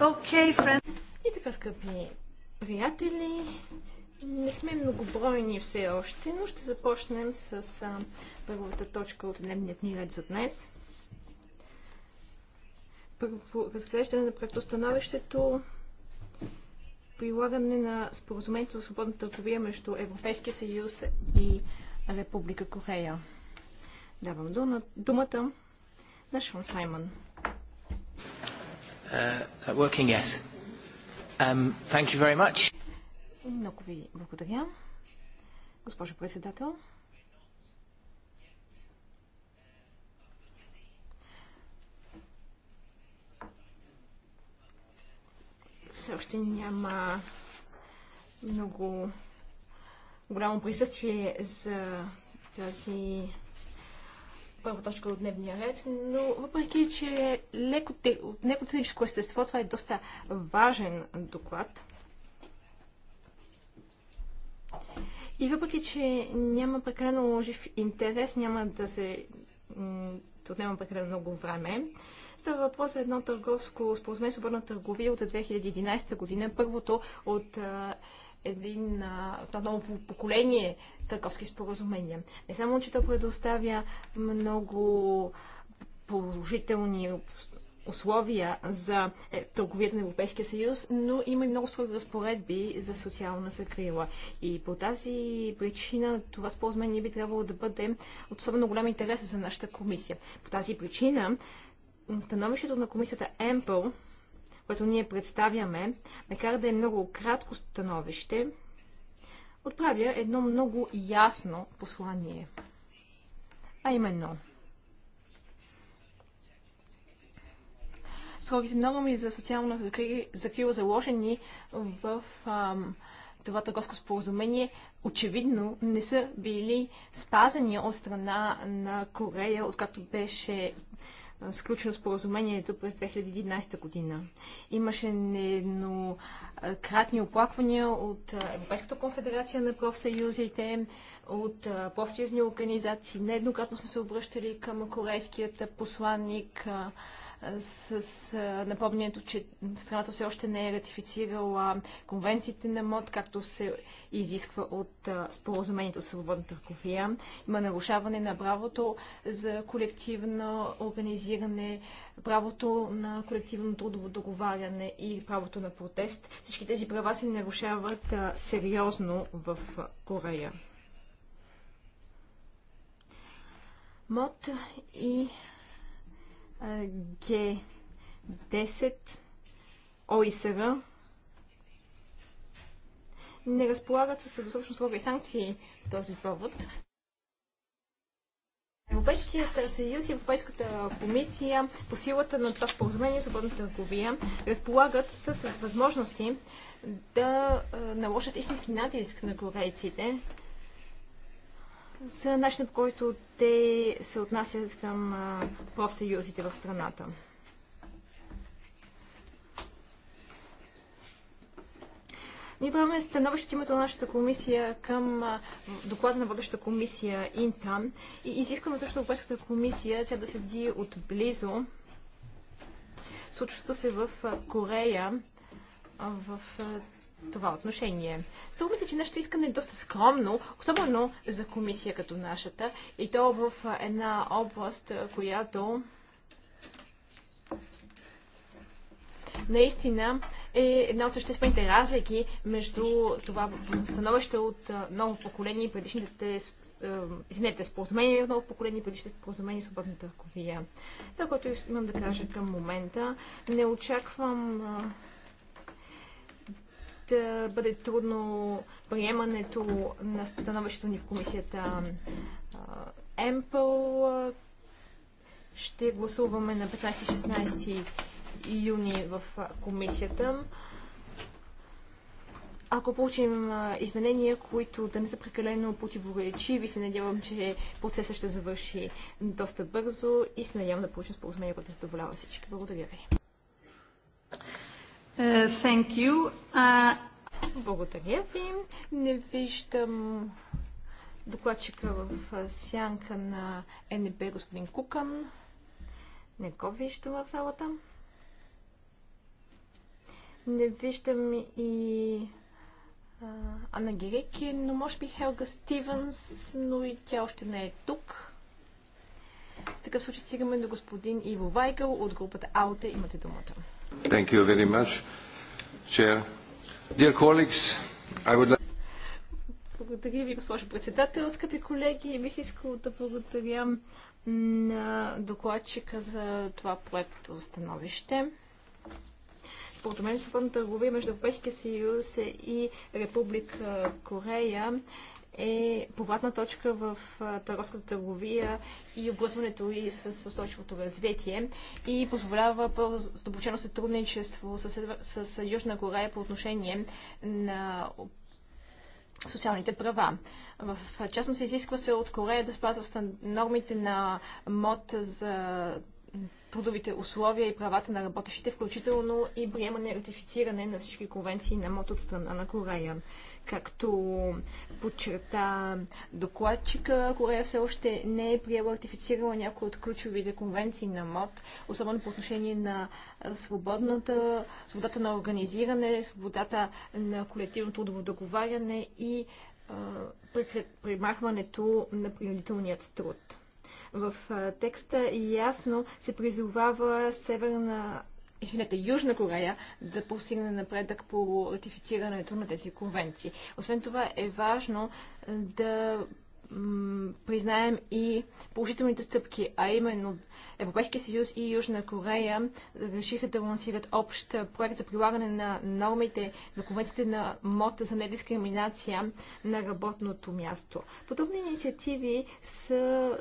Okay, friend. И така, скъпи приятели, не сме многобройни все още, но ще започнем с а, първата точка от дневният ни ред за днес. Първо разглеждане на проектостановището прилагане на споразумението за свободна търговия между Европейския съюз и Република Корея. Давам думата на Шон Саймон. Uh, working, yes. Um, thank you very much. Много ви благодаря. Госпожо председател. Все още няма много голямо присъствие за тази първа точка от дневния ред, но въпреки, че леко, от леко техническо естество, това е доста важен доклад. И въпреки, че няма прекалено жив интерес, няма да се да отнема прекалено много време. Става въпрос за едно търговско споразумение свободна търговия от 2011 година, първото от един, а, ново поколение търговски споразумения. Не само, че то предоставя много положителни условия за е, търговията на Европейския съюз, но има и много строги разпоредби за социална закрила. И по тази причина това споразумение би трябвало да бъде от особено голям интерес за нашата комисия. По тази причина становището на комисията Емпъл което ние представяме, макар да е много кратко становище, отправя едно много ясно послание. А именно, сроките норми за социална закрила заложени в ам, това търговско споразумение очевидно не са били спазени от страна на Корея, откакто беше сключено споразумението през 2011 година. Имаше нееднократни оплаквания от Европейската конфедерация на профсъюзите, от профсъюзни организации. Нееднократно сме се обръщали към корейският посланник с, с че страната все още не е ратифицирала конвенциите на МОД, както се изисква от споразумението с свободна търговия. Има нарушаване на правото за колективно организиране, правото на колективно трудово договаряне и правото на протест. Всички тези права се нарушават сериозно в Корея. МОД и г10 ОИСР не разполагат с достатъчно и санкции в този повод. Европейският съюз и Европейската комисия по силата на това споразумение свободна търговия разполагат с възможности да наложат истински натиск на корейците, за начина по който те се отнасят към профсъюзите в страната. Ние правим становище името на нашата комисия към доклада на водещата комисия Интан и изискваме също Европейската комисия тя да седи отблизо случващото се в Корея в това отношение. Струва се, че нещо искане е доста скромно, особено за комисия като нашата, и то в една област, която наистина е една от съществените разлики между това становище от ново поколение и предишните извинете, споразумения от ново поколение и предишните споразумения с обратна търговия. Това, което имам да кажа към момента, не очаквам ще бъде трудно приемането на становището ни в комисията Емпъл. Ще гласуваме на 15-16 юни в комисията. Ако получим изменения, които да не са прекалено противоречиви, се надявам, че процесът ще завърши доста бързо и се надявам да получим споразумение, което задоволява всички. Благодаря ви. Е, thank you. Благодаря ви. Не виждам докладчика в сянка на НБ господин Кукан. Не го виждам в залата. Не виждам и Ана Гиреки, но може би Хелга Стивенс, но и тя още не е тук. В такъв случай стигаме до господин Иво Вайгъл от групата Ауте. Имате думата. Thank you very much, Chair. Dear colleagues, I would like... Благодаря ви, госпожо председател. Скъпи колеги, бих искал да благодаря на докладчика за това проекто становище. Според мен, свободната търговия между Европейския съюз и Република Корея е повратна точка в търговската търговия и облъзването и с устойчивото развитие и позволява по-задълбочено сътрудничество с, с Южна Корея по отношение на социалните права. В частност изисква се от Корея да спазва нормите на МОД за трудовите условия и правата на работещите, включително и приемане и ратифициране на всички конвенции на МОТ от страна на Корея. Както подчерта докладчика, Корея все още не е приела ратифицирала някои от ключовите конвенции на МОД, особено по отношение на свободната, свободата на организиране, свободата на колективно трудово договаряне и примахването на принудителният труд. В текста и ясно се призовава Северна извинете, Южна Корея да постигне напредък по ратифицирането на тези конвенции. Освен това е важно да признаем и положителните стъпки, а именно Европейския съюз и Южна Корея решиха да лансират общ проект за прилагане на нормите за конвенциите на МОТА за недискриминация на работното място. Подобни инициативи са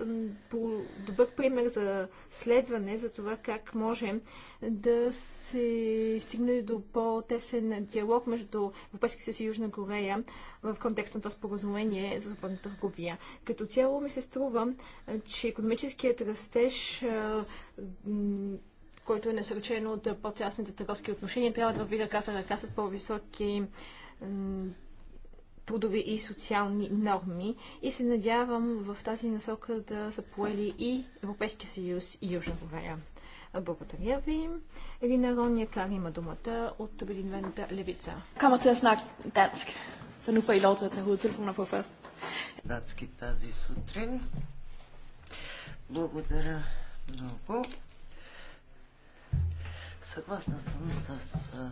добър пример за следване за това как можем да се стигне до по-тесен диалог между Европейския съюз и Южна Корея в контекста на това споразумение за свободна търговия. Като цяло ми се струва, че економическият растеж който е насърчен от по-тясните търговски отношения, трябва да върви каса ръка с по-високи трудови и социални норми. И се надявам в тази насока да са поели и Европейския съюз и Южна Корея. Благодаря ви. Елина Рония Кар има думата от Обединената левица. Камата е знак Денск. Så nu får I lov til at tage hovedtelefoner på først. Датски тази сутрин. Благодаря много. Съгласна съм с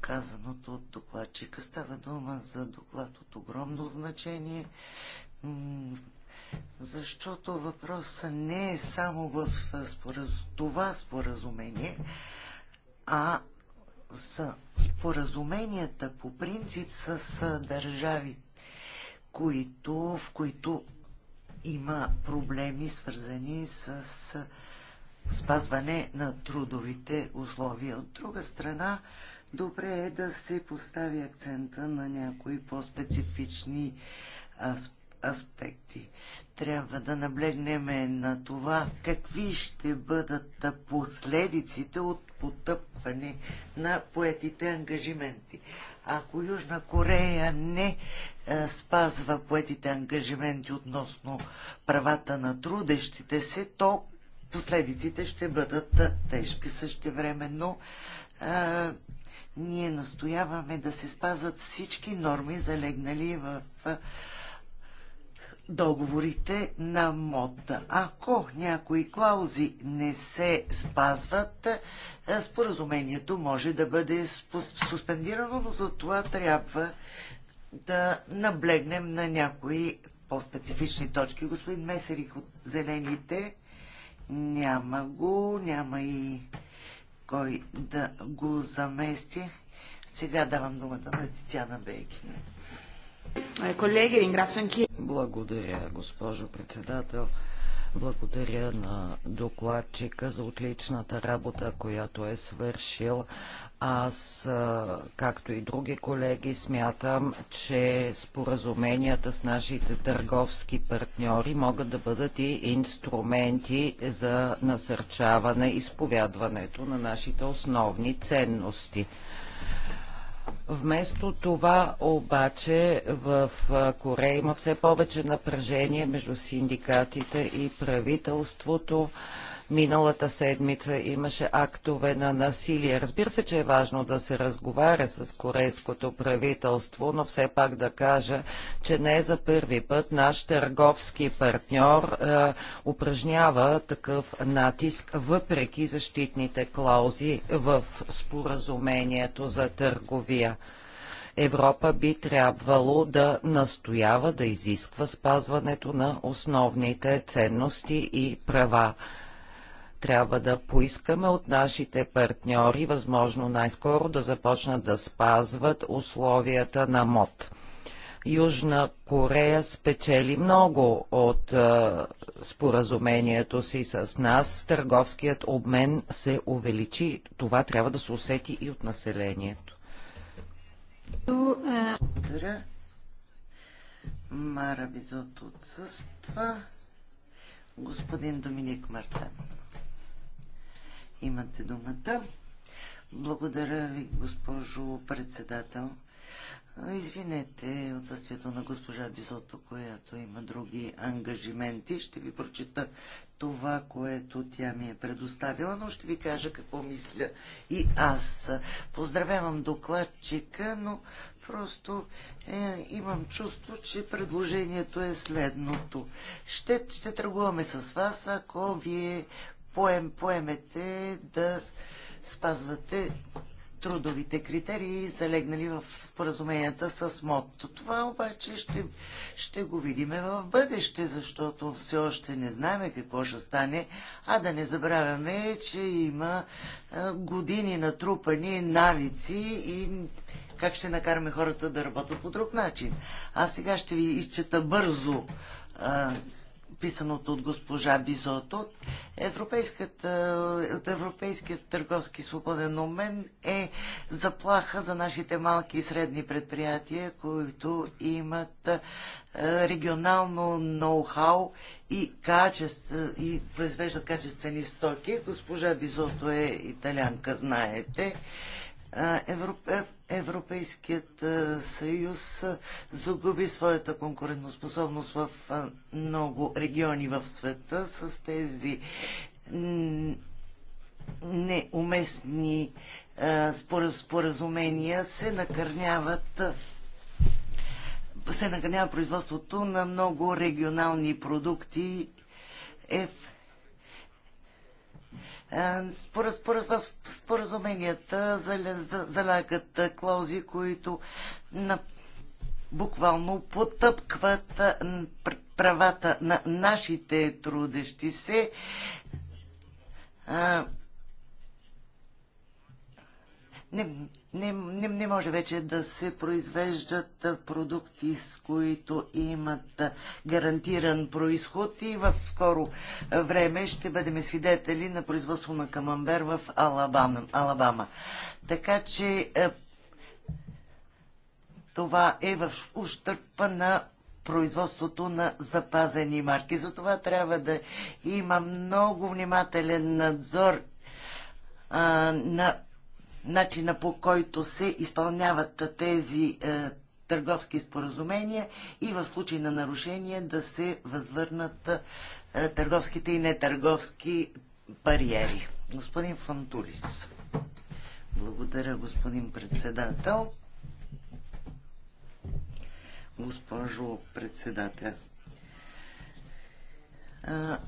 казаното от докладчика. Става дума за доклад от огромно значение, защото въпросът не е само в това споразумение, а са споразуменията по принцип с държави, които, в които има проблеми свързани с спазване на трудовите условия. От друга страна, добре е да се постави акцента на някои по-специфични аспекти. Трябва да наблегнеме на това какви ще бъдат последиците от потъпване на поетите ангажименти. Ако Южна Корея не е, спазва поетите ангажименти относно правата на трудещите се, то последиците ще бъдат е, тежки но Е, ние настояваме да се спазват всички норми, залегнали в е, договорите на МОД. Ако някои клаузи не се спазват, е, споразумението може да бъде суспендирано, но за това трябва да наблегнем на някои по-специфични точки. Господин Месерих от Зелените няма го, няма и кой да го замести. Сега давам думата на Тициана Бейкин. Е, колеги, ringrazio anch'io. Благодаря, госпожо председател. Благодаря на докладчика за отличната работа, която е свършил. Аз, както и други колеги, смятам, че споразуменията с нашите търговски партньори могат да бъдат и инструменти за насърчаване и изповядването на нашите основни ценности. Вместо това обаче в Корея има все повече напрежение между синдикатите и правителството. Миналата седмица имаше актове на насилие. Разбира се, че е важно да се разговаря с корейското правителство, но все пак да кажа, че не е за първи път наш търговски партньор е, упражнява такъв натиск, въпреки защитните клаузи в споразумението за търговия. Европа би трябвало да настоява да изисква спазването на основните ценности и права. Трябва да поискаме от нашите партньори, възможно най-скоро, да започнат да спазват условията на МОД. Южна Корея спечели много от а, споразумението си с нас. Търговският обмен се увеличи. Това трябва да се усети и от населението. Благодаря. Мара Бизот отсъства. Господин Доминик Мартен. Имате думата. Благодаря ви, госпожо председател. Извинете отсъствието на госпожа Бизото, която има други ангажименти. Ще ви прочита това, което тя ми е предоставила, но ще ви кажа какво мисля и аз. Поздравявам докладчика, но просто е, имам чувство, че предложението е следното. Ще, ще търгуваме с вас, ако вие поем, поемете да спазвате трудовите критерии, залегнали в споразуменията с МОД. Това обаче ще, ще го видим в бъдеще, защото все още не знаем какво ще стане, а да не забравяме, че има години натрупани навици и как ще накараме хората да работят по друг начин. Аз сега ще ви изчета бързо писаното от госпожа Бизото. Европейската, от Европейският търговски свободен обмен е заплаха за нашите малки и средни предприятия, които имат е, регионално ноу-хау и, качество, и произвеждат качествени стоки. Госпожа Бизото е италянка, знаете. Е, Европейският е, съюз е, загуби своята конкурентоспособност в много региони в света с тези неуместни споразумения се накърняват се накърнява производството на много регионални продукти е в е, в споразуменията залягат клаузи, които на, буквално потъпкват е, правата на нашите трудещи се. Е, не, не, не, не може вече да се произвеждат продукти, с които имат гарантиран происход и в скоро време ще бъдем свидетели на производство на камамбер в Алабама. Алабама. Така че това е в ущърпа на производството на запазени марки. Затова трябва да има много внимателен надзор а, на начина по който се изпълняват тези е, търговски споразумения и в случай на нарушение да се възвърнат е, търговските и нетърговски бариери. Господин Фантулис. Благодаря, господин председател. Госпожо председател. А... Е,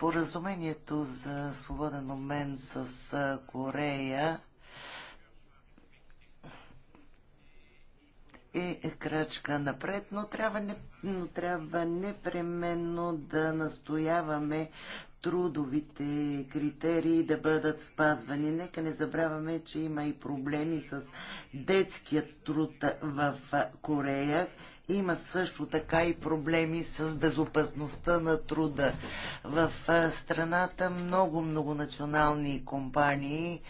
Споразумението за свободен обмен с Корея е крачка напред, но трябва, не, но трябва непременно да настояваме трудовите критерии да бъдат спазвани. Нека не забравяме, че има и проблеми с детският труд в Корея, има също така и проблеми с безопасността на труда. В страната много многонационални компании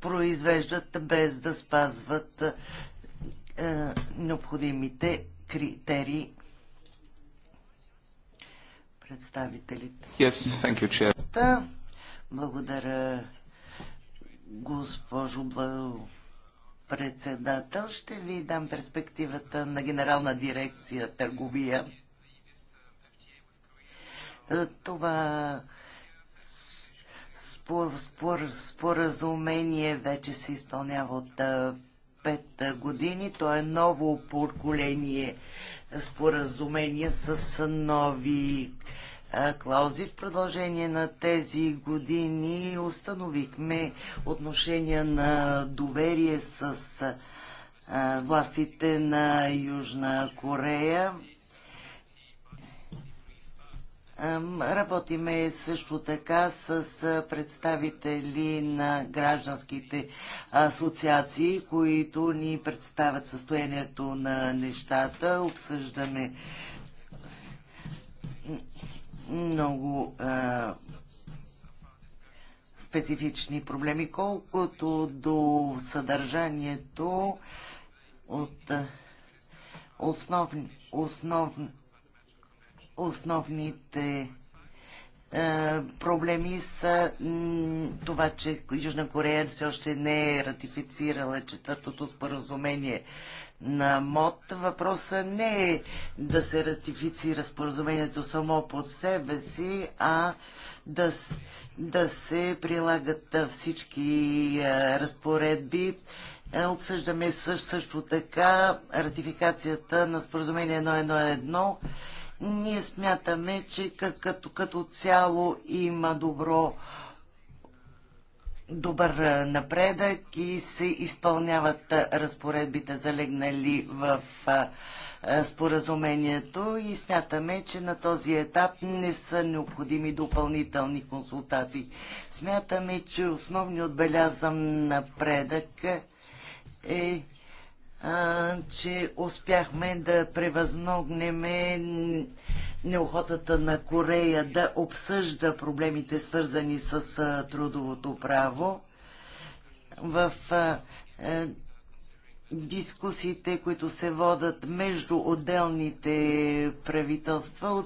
произвеждат без да спазват необходимите критерии представителите. Yes, thank you, chair. благодаря, госпожо Благо председател. Ще ви дам перспективата на генерална дирекция търговия. Е, това спор, спор, споразумение вече се изпълнява от е, пет години. То е ново поколение споразумение с нови клаузи. В продължение на тези години установихме отношения на доверие с властите на Южна Корея. Работиме също така с представители на гражданските асоциации, които ни представят състоянието на нещата. Обсъждаме много а, специфични проблеми. Колкото до съдържанието от основни, основ, основните проблеми са това, че Южна Корея все още не е ратифицирала четвъртото споразумение на МОД. Въпросът не е да се ратифицира споразумението само по себе си, а да, да се прилагат всички разпоредби. Е, обсъждаме също, също така ратификацията на споразумение 1.1.1 ние смятаме, че като, като цяло има добро добър напредък и се изпълняват разпоредбите залегнали в споразумението и смятаме, че на този етап не са необходими допълнителни консултации. Смятаме, че основният отбелязан напредък е че успяхме да превъзмогнем неохотата на Корея да обсъжда проблемите, свързани с трудовото право. В е, дискусиите, които се водат между отделните правителства,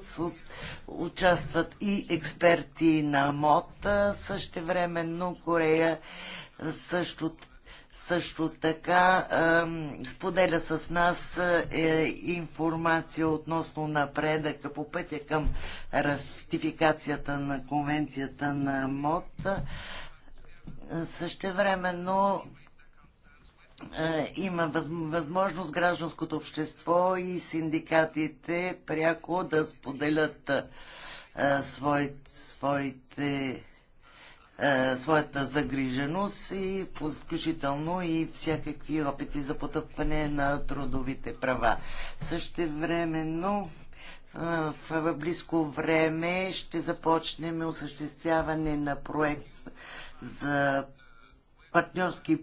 участват и експерти на МОД. Същевременно Корея също също така е, споделя с нас е, информация относно напредъка по пътя към ратификацията на конвенцията на МОД. Е, същевременно е, има възможност гражданското общество и синдикатите пряко да споделят е, своите, своите е, своята загриженост и включително и всякакви опити за потъпване на трудовите права. времено, е, в близко време ще започнем осъществяване на проект за партньорски,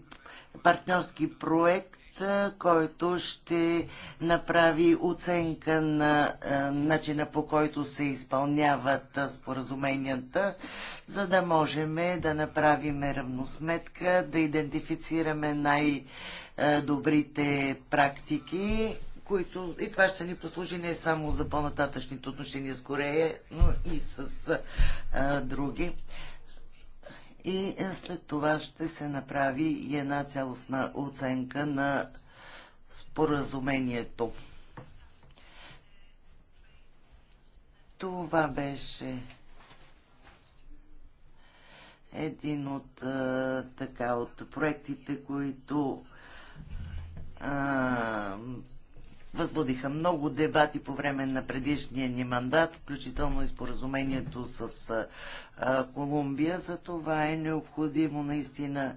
партньорски проект който ще направи оценка на е, начина по който се изпълняват е, споразуменията, за да можем да направим равносметка, да идентифицираме най-добрите практики които и това ще ни послужи не само за по-нататъчните отношения с Корея, но и с а, е, други и след това ще се направи и една цялостна оценка на споразумението. Това беше един от, така, от проектите, които а, възбудиха много дебати по време на предишния ни мандат, включително и споразумението с а, Колумбия. За това е необходимо наистина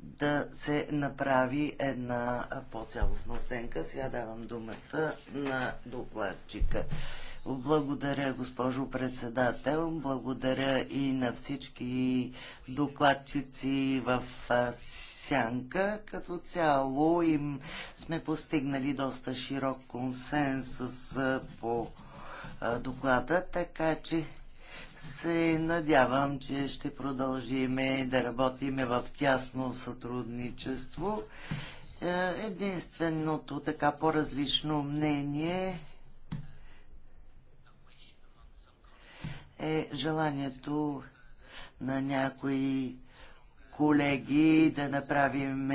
да се направи една по-цялостна оценка. Сега давам думата на докладчика. Благодаря, госпожо председател. Благодаря и на всички докладчици в сянка. Като цяло им сме постигнали доста широк консенсус по доклада, така че се надявам, че ще продължиме да работиме в тясно сътрудничество. Е, единственото така по-различно мнение е желанието на някои колеги, да направим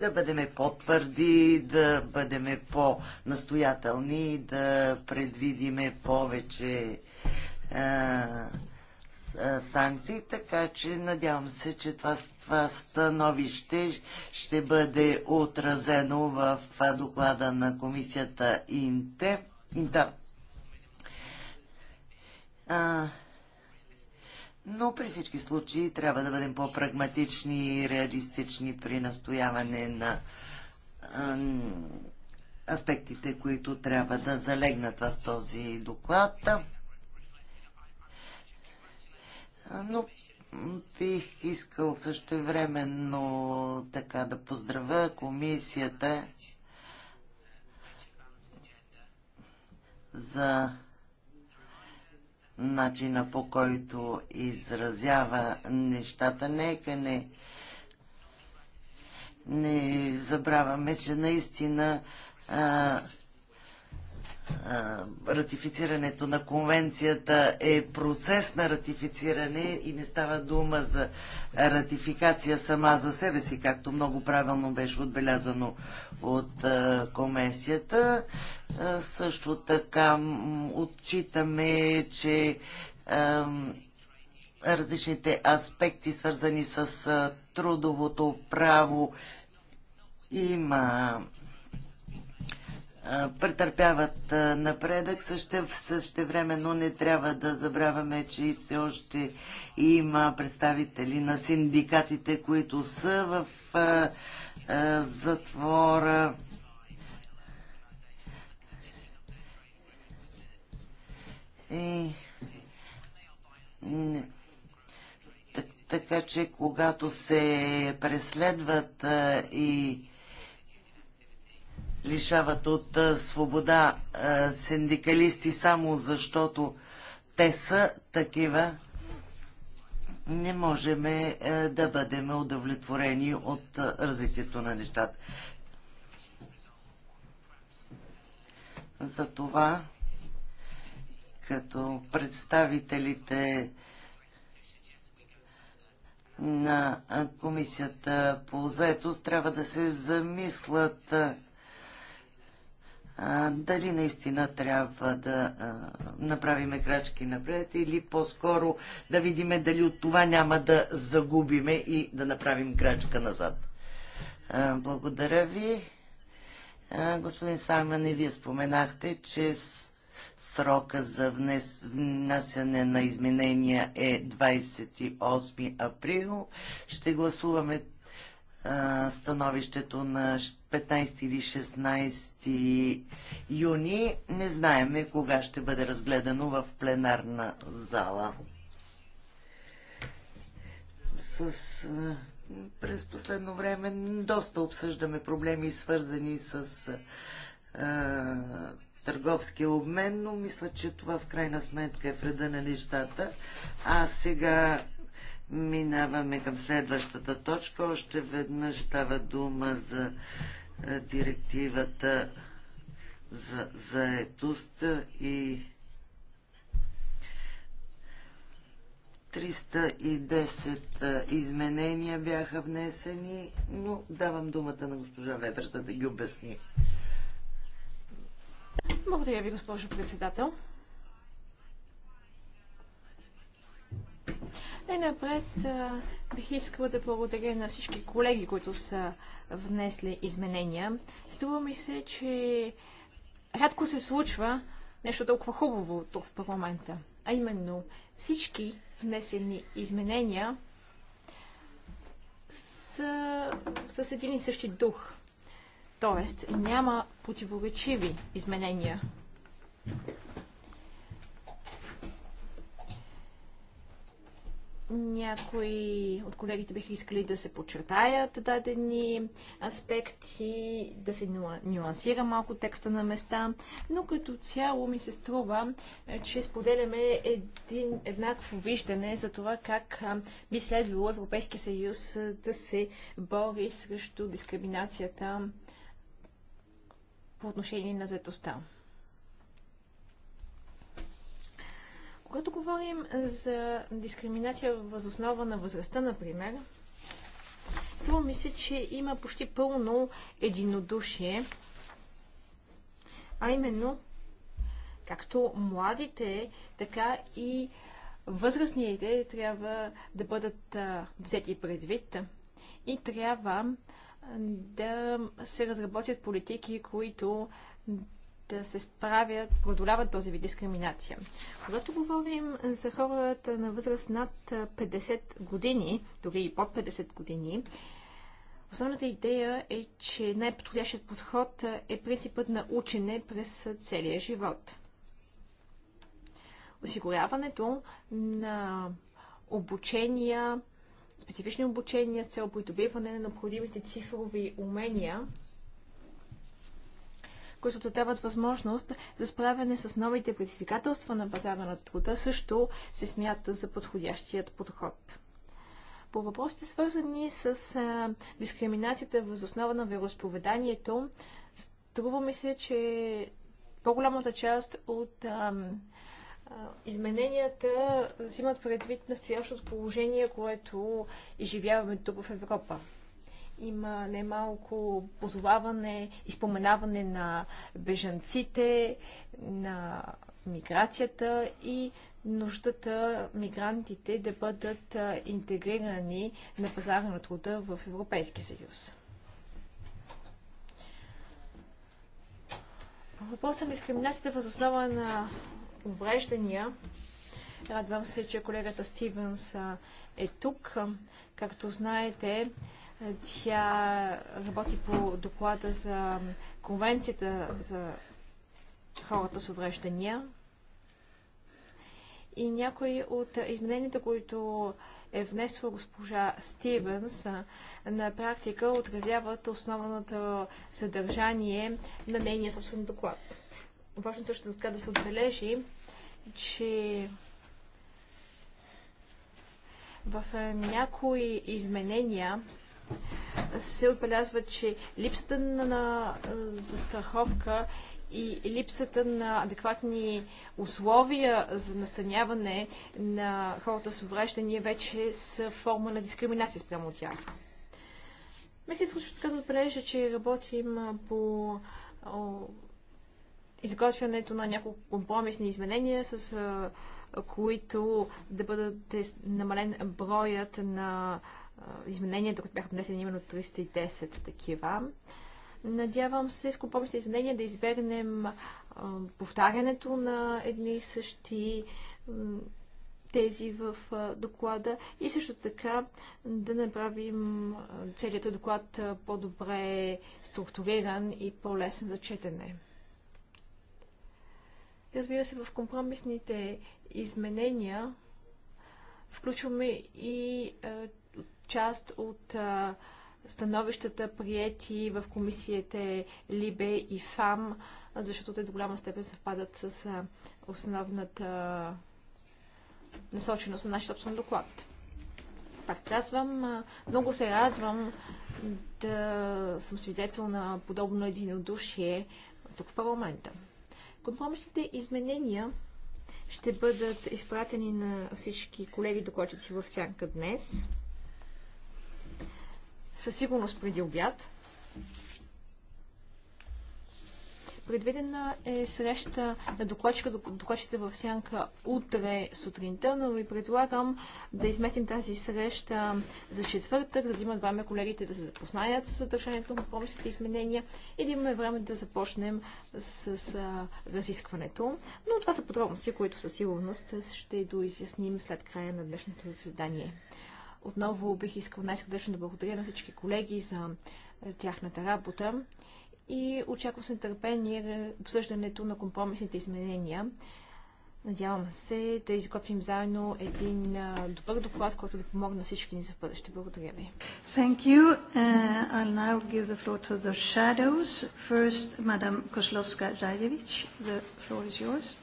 да бъдем по-твърди, да бъдем по-настоятелни, да предвидиме повече а, санкции, така че надявам се, че това, това становище ще бъде отразено в доклада на комисията Инте. Инта. А, но при всички случаи трябва да бъдем по-прагматични и реалистични при настояване на аспектите, които трябва да залегнат в този доклад. Но бих искал също времено така да поздравя комисията за начина по който изразява нещата. Нека не, не забравяме, че наистина а, е, ратифицирането на конвенцията е процес на ратифициране и не става дума за ратификация сама за себе си, както много правилно беше отбелязано от е, конвенцията. Е, също така отчитаме, че различните аспекти, свързани с трудовото право, има претърпяват напредък. Също, но не трябва да забравяме, че и все още има представители на синдикатите, които са в а, а, затвора. И... Така че когато се преследват а, и лишават от свобода синдикалисти само защото те са такива, не можем да бъдем удовлетворени от развитието на нещата. Затова, като представителите на комисията по заетост трябва да се замислят а, дали наистина трябва да а, направиме крачки напред или по-скоро да видиме дали от това няма да загубиме и да направим крачка назад. А, благодаря ви. А, господин Саймън, и вие споменахте, че срока за внес, внасяне на изменения е 28 април. Ще гласуваме становището на 15 или 16 юни. Не знаеме кога ще бъде разгледано в пленарна зала. С, през последно време доста обсъждаме проблеми, свързани с а, търговския обмен, но мисля, че това в крайна сметка е вреда на нещата. А сега Минаваме към следващата точка. Още веднъж става дума за е, директивата за заетост и 310 е, изменения бяха внесени, но давам думата на госпожа Вебер, за да ги обясни. Благодаря ви, госпожо председател. Най-напред е, бих искала да благодаря на всички колеги, които са внесли изменения. Струва ми се, че рядко се случва нещо толкова хубаво тук в парламента. А именно всички внесени изменения са с един и същи дух. Тоест няма противоречиви изменения. Някои от колегите биха искали да се подчертаят дадени аспекти, да се нюансира малко текста на места, но като цяло ми се струва, е, че споделяме един, еднакво виждане за това как би следвало Европейския съюз да се бори срещу дискриминацията по отношение на заедостта. Когато говорим за дискриминация въз основа на възрастта, например, струва ми се, че има почти пълно единодушие, а именно както младите, така и възрастните трябва да бъдат взети предвид и трябва да се разработят политики, които да се справят, продоляват този вид дискриминация. Когато говорим за хората на възраст над 50 години, дори и под 50 години, основната идея е, че най-подходящият подход е принципът на учене през целия живот. Осигуряването на обучения, специфични обучения с цел придобиване на необходимите цифрови умения – които дават възможност за справяне с новите предизвикателства на пазара на труда, също се смята за подходящият подход. По въпросите свързани с а, дискриминацията въз основа на вероисповеданието, струва ми се, че по-голямата част от а, измененията взимат предвид настоящото положение, което изживяваме тук в Европа. Има немалко позоваване, изпоменаване на бежанците, на миграцията и нуждата мигрантите да бъдат интегрирани на пазара на труда в Европейския съюз. Въпросът на дискриминацията въз основа на увреждания. Радвам се, че колегата Стивенс е тук. Както знаете, тя работи по доклада за Конвенцията за хората с увреждания. И някои от измененията, които е внесла госпожа Стивенс, на практика отразяват основното съдържание на нейния собствен доклад. Важно също така да се отбележи, че в някои изменения се отбелязва, че липсата на застраховка и липсата на адекватни условия за настаняване на хората с увреждания вече са форма на дискриминация спрямо тях. Бих искал така да отбележа, че работим по изготвянето на няколко компромисни изменения, с които да бъдат е, намален броят на измененията, които бяха внесени именно 310 такива. Надявам се с компромисните изменения да избегнем повтарянето на едни и същи тези в доклада и също така да направим целият доклад по-добре структуриран и по-лесен за четене. Разбира се, в компромисните изменения включваме и част от становищата, приети в комисиите Либе и ФАМ, защото те до голяма степен съвпадат с основната насоченост на нашия собствен доклад. Пак казвам, много се радвам да съм свидетел на подобно единодушие тук в парламента. Компромисните изменения ще бъдат изпратени на всички колеги докладчици в сянка днес със сигурност преди обяд. Предвидена е среща на докладчика, докладчите в сянка утре сутринта, но ви предлагам да изместим тази среща за четвъртък, за да имат време колегите да се запознаят с съдържанието на компромисните изменения и да имаме време да започнем с, с разискването. Но това са подробности, които със сигурност ще доизясним след края на днешното заседание. Отново бих искал най-сърдечно да благодаря на всички колеги за е, тяхната работа и очаквам с нетърпение обсъждането на компромисните изменения. Надявам се да изготвим заедно един е, добър доклад, който да помогне на всички ни за бъдеще. Благодаря ви. Thank you. Uh, I'll now give the floor to the shadows. First, Madam zajevic the floor is yours.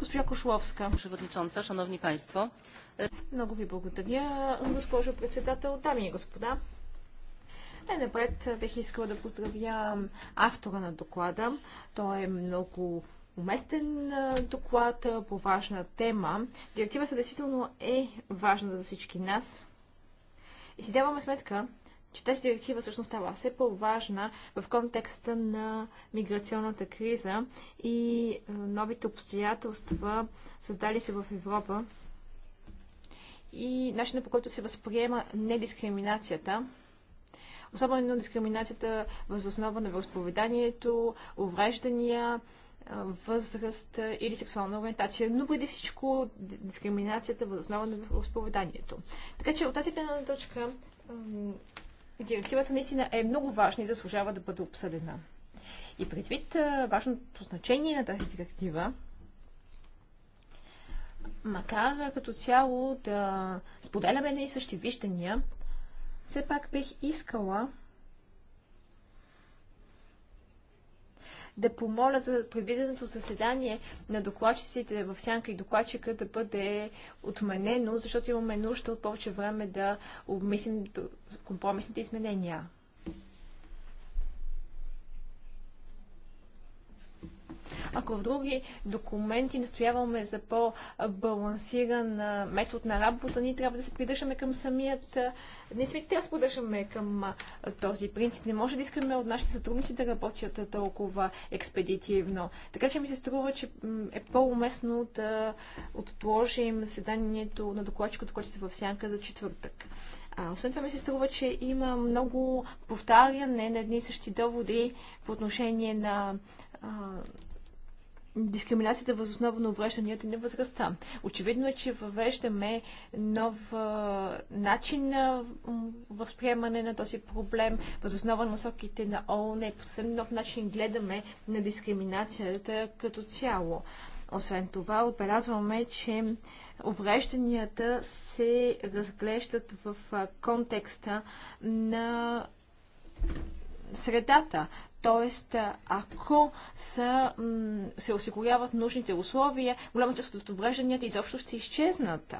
Госпожа Кошловска. Przewodnicząca, szanowni państwo. Много ви благодаря, госпожо председател, дами и господа. Най-напред бих искала да поздравя автора на доклада. Той е много уместен доклад по важна тема. Директивата действително е важна за всички нас. И си даваме сметка, че тази директива всъщност става все по-важна в контекста на миграционната криза и новите обстоятелства, създали се в Европа и начина по който се възприема недискриминацията, особено дискриминацията въз основа на възповеданието, увреждания, възраст или сексуална ориентация, но преди всичко дискриминацията въз основа на вероисповеданието. Така че от тази гледна точка директивата наистина е много важна и заслужава да бъде обсъдена. И предвид важното значение на тази директива, макар като цяло да споделяме едни и същи виждания, все пак бих искала да помоля за предвиденото заседание на докладчиците в сянка и докладчика да бъде отменено, защото имаме нужда от повече време да обмислим компромисните изменения. Ако в други документи настояваме за по-балансиран метод на работа, ние трябва да се придържаме към самият не трябва да се поддържаме към този принцип. Не може да искаме от нашите сътрудници да работят толкова експедитивно. Така че ми се струва, че е по-уместно да отложим заседанието на докладчик от сте е в сянка за четвъртък. А, освен това ми се струва, че има много повтаряне на едни и същи доводи по отношение на а, дискриминацията въз основа на уврежданията и на възрастта. Очевидно е, че въвеждаме нов начин на възприемане на този проблем, въз основа на насоките на ООН, е по съвсем нов начин гледаме на дискриминацията като цяло. Освен това, отбелязваме, че уврежданията се разглеждат в контекста на средата. Тоест, ако са, се осигуряват нужните условия, голяма част от уврежданията изобщо ще изчезнат.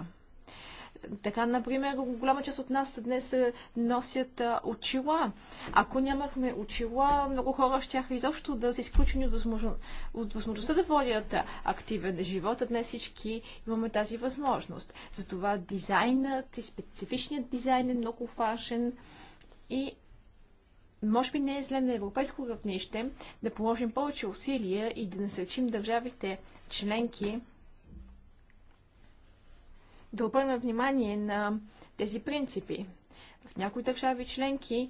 Така, например, голяма част от нас днес носят очила. Ако нямахме очила, много хора ще изобщо да са изключени от, възможно... от възможността да водят активен живот. А днес всички имаме тази възможност. Затова дизайнът и специфичният дизайн е много важен и може би не е зле на европейско равнище да положим повече усилия и да насърчим държавите членки да обърнат внимание на тези принципи. В някои държави членки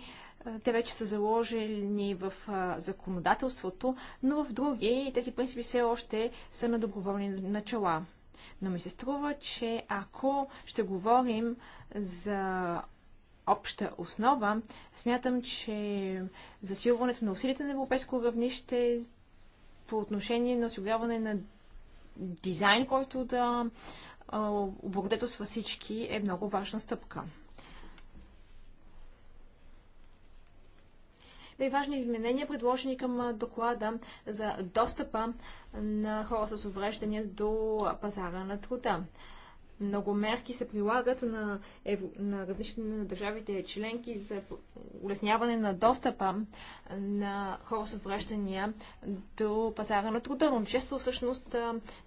те вече са заложени в законодателството, но в други тези принципи все още са на доброволни начала. Но ми се струва, че ако ще говорим за обща основа, смятам, че засилването на усилите на европейско равнище по отношение на осигуряване на дизайн, който да облагодетелства всички, е много важна стъпка. и важни изменения, предложени към доклада за достъпа на хора с увреждания до пазара на труда. Много мерки се прилагат на, ев... на различни на държавите членки за улесняване на достъпа на хора с увреждания до пазара на труда. Но често всъщност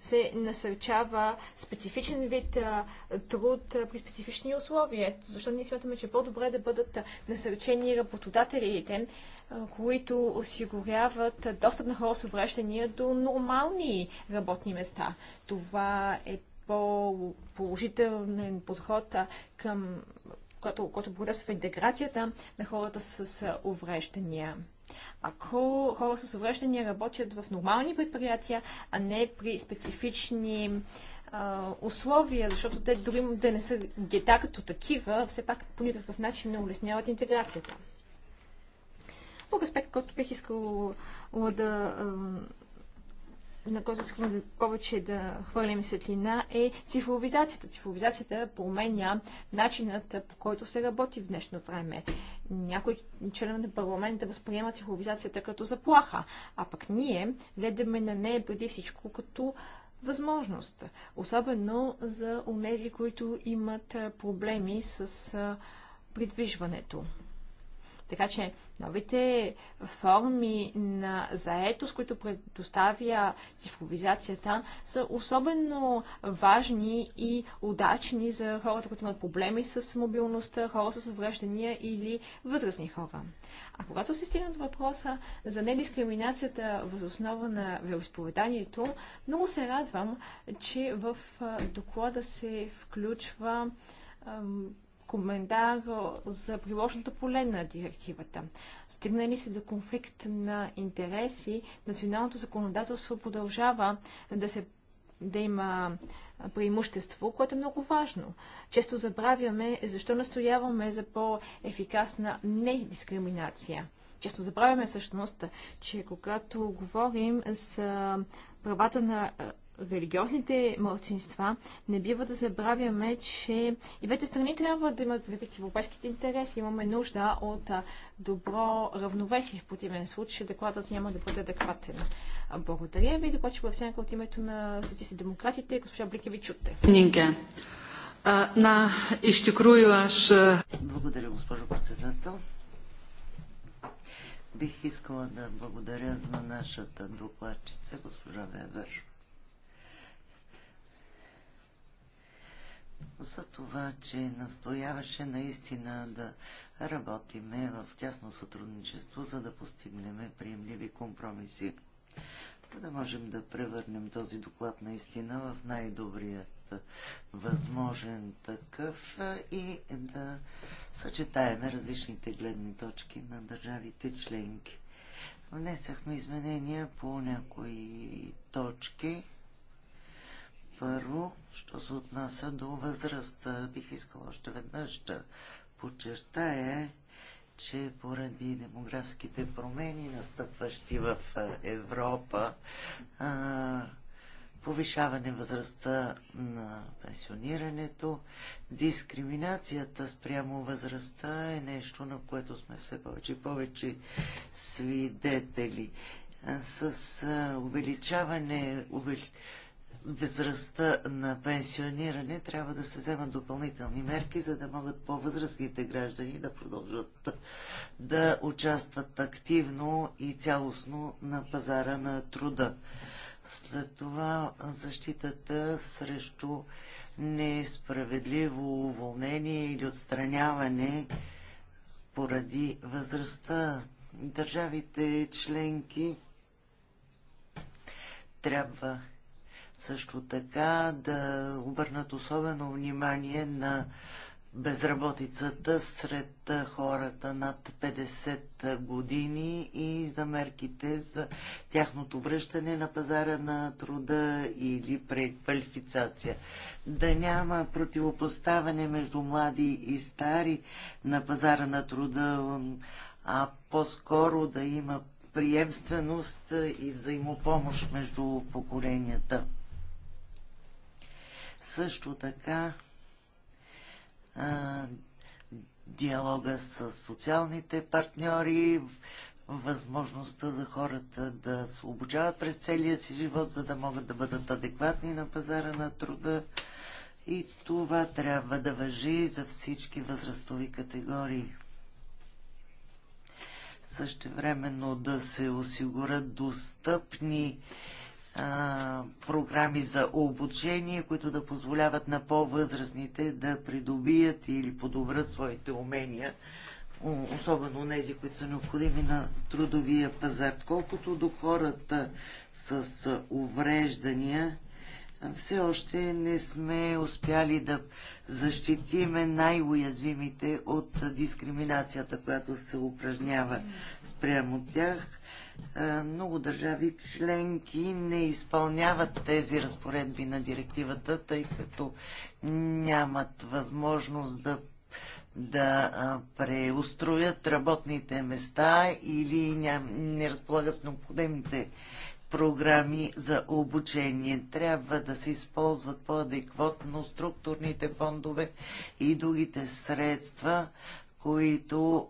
се насърчава специфичен вид труд при специфични условия. Защото ние смятаме, че е по-добре да бъдат насърчени работодателите, които осигуряват достъп на хора с увреждания до нормални работни места. Това е по-положителен подход към който, който благодейства интеграцията на хората с увреждания. Ако хора с увреждания работят в нормални предприятия, а не при специфични а, условия, защото те дори да не са гета като такива, все пак по никакъв начин не улесняват интеграцията. Друг аспект, който бих искала да на който искам повече да хвърлим светлина, е цифровизацията. Цифровизацията променя начинът по който се работи в днешно време. Някои членове на парламента възприемат цифровизацията като заплаха, а пък ние гледаме на нея преди всичко като възможност. Особено за онези, които имат проблеми с придвижването. Така че новите форми на заетост, които предоставя цифровизацията, са особено важни и удачни за хората, които имат проблеми с мобилността, хора с увреждания или възрастни хора. А когато се стигна до въпроса за недискриминацията въз основа на вероисповеданието, много се радвам, че в доклада се включва коментар за приложното поле на директивата. ли се до конфликт на интереси, националното законодателство продължава да, се, да има преимущество, което е много важно. Често забравяме защо настояваме за по-ефикасна недискриминация. Често забравяме всъщност, че когато говорим за правата на религиозните мълчинства, не бива да забравяме, че и двете страни трябва да имат предвид европейските интереси. Имаме нужда от добро равновесие. В противен случай докладът няма да бъде адекватен. Благодаря ви. Докладчик във всяка от името на Съдисти демократите, госпожа Бликеви Чуте. На, изтикрую аз... Благодаря, госпожо председател. Бих искала да благодаря за нашата докладчица, госпожа Вебер. за това, че настояваше наистина да работиме в тясно сътрудничество, за да постигнем приемливи компромиси, за да можем да превърнем този доклад наистина в най-добрият възможен такъв и да съчетаем различните гледни точки на държавите членки. Внесахме изменения по някои точки. Първо, що се отнася до възрастта, бих искала още веднъж да подчертая, че поради демографските промени, настъпващи в Европа, повишаване възрастта на пенсионирането, дискриминацията спрямо възрастта е нещо, на което сме все повече и повече свидетели. С увеличаване, увеличаване възрастта на пенсиониране, трябва да се вземат допълнителни мерки, за да могат по-възрастните граждани да продължат да участват активно и цялостно на пазара на труда. След това защитата срещу несправедливо уволнение или отстраняване поради възрастта. Държавите членки трябва също така да обърнат особено внимание на безработицата сред хората над 50 години и за мерките за тяхното връщане на пазара на труда или преквалификация. Да няма противопоставане между млади и стари на пазара на труда, а по-скоро да има приемственост и взаимопомощ между поколенията. Също така а, диалога с социалните партньори, възможността за хората да се обучават през целия си живот, за да могат да бъдат адекватни на пазара на труда. И това трябва да въжи за всички възрастови категории. Същевременно да се осигурят достъпни програми за обучение, които да позволяват на по-възрастните да придобият или подобрят своите умения, особено тези, които са необходими на трудовия пазар. Колкото до хората с увреждания, все още не сме успяли да защитиме най-уязвимите от дискриминацията, която се упражнява спрямо тях. Е, много държави членки не изпълняват тези разпоредби на директивата, тъй като нямат възможност да, да преустроят работните места или ням, не разполагат с необходимите програми за обучение. Трябва да се използват по-адекватно структурните фондове и другите средства, които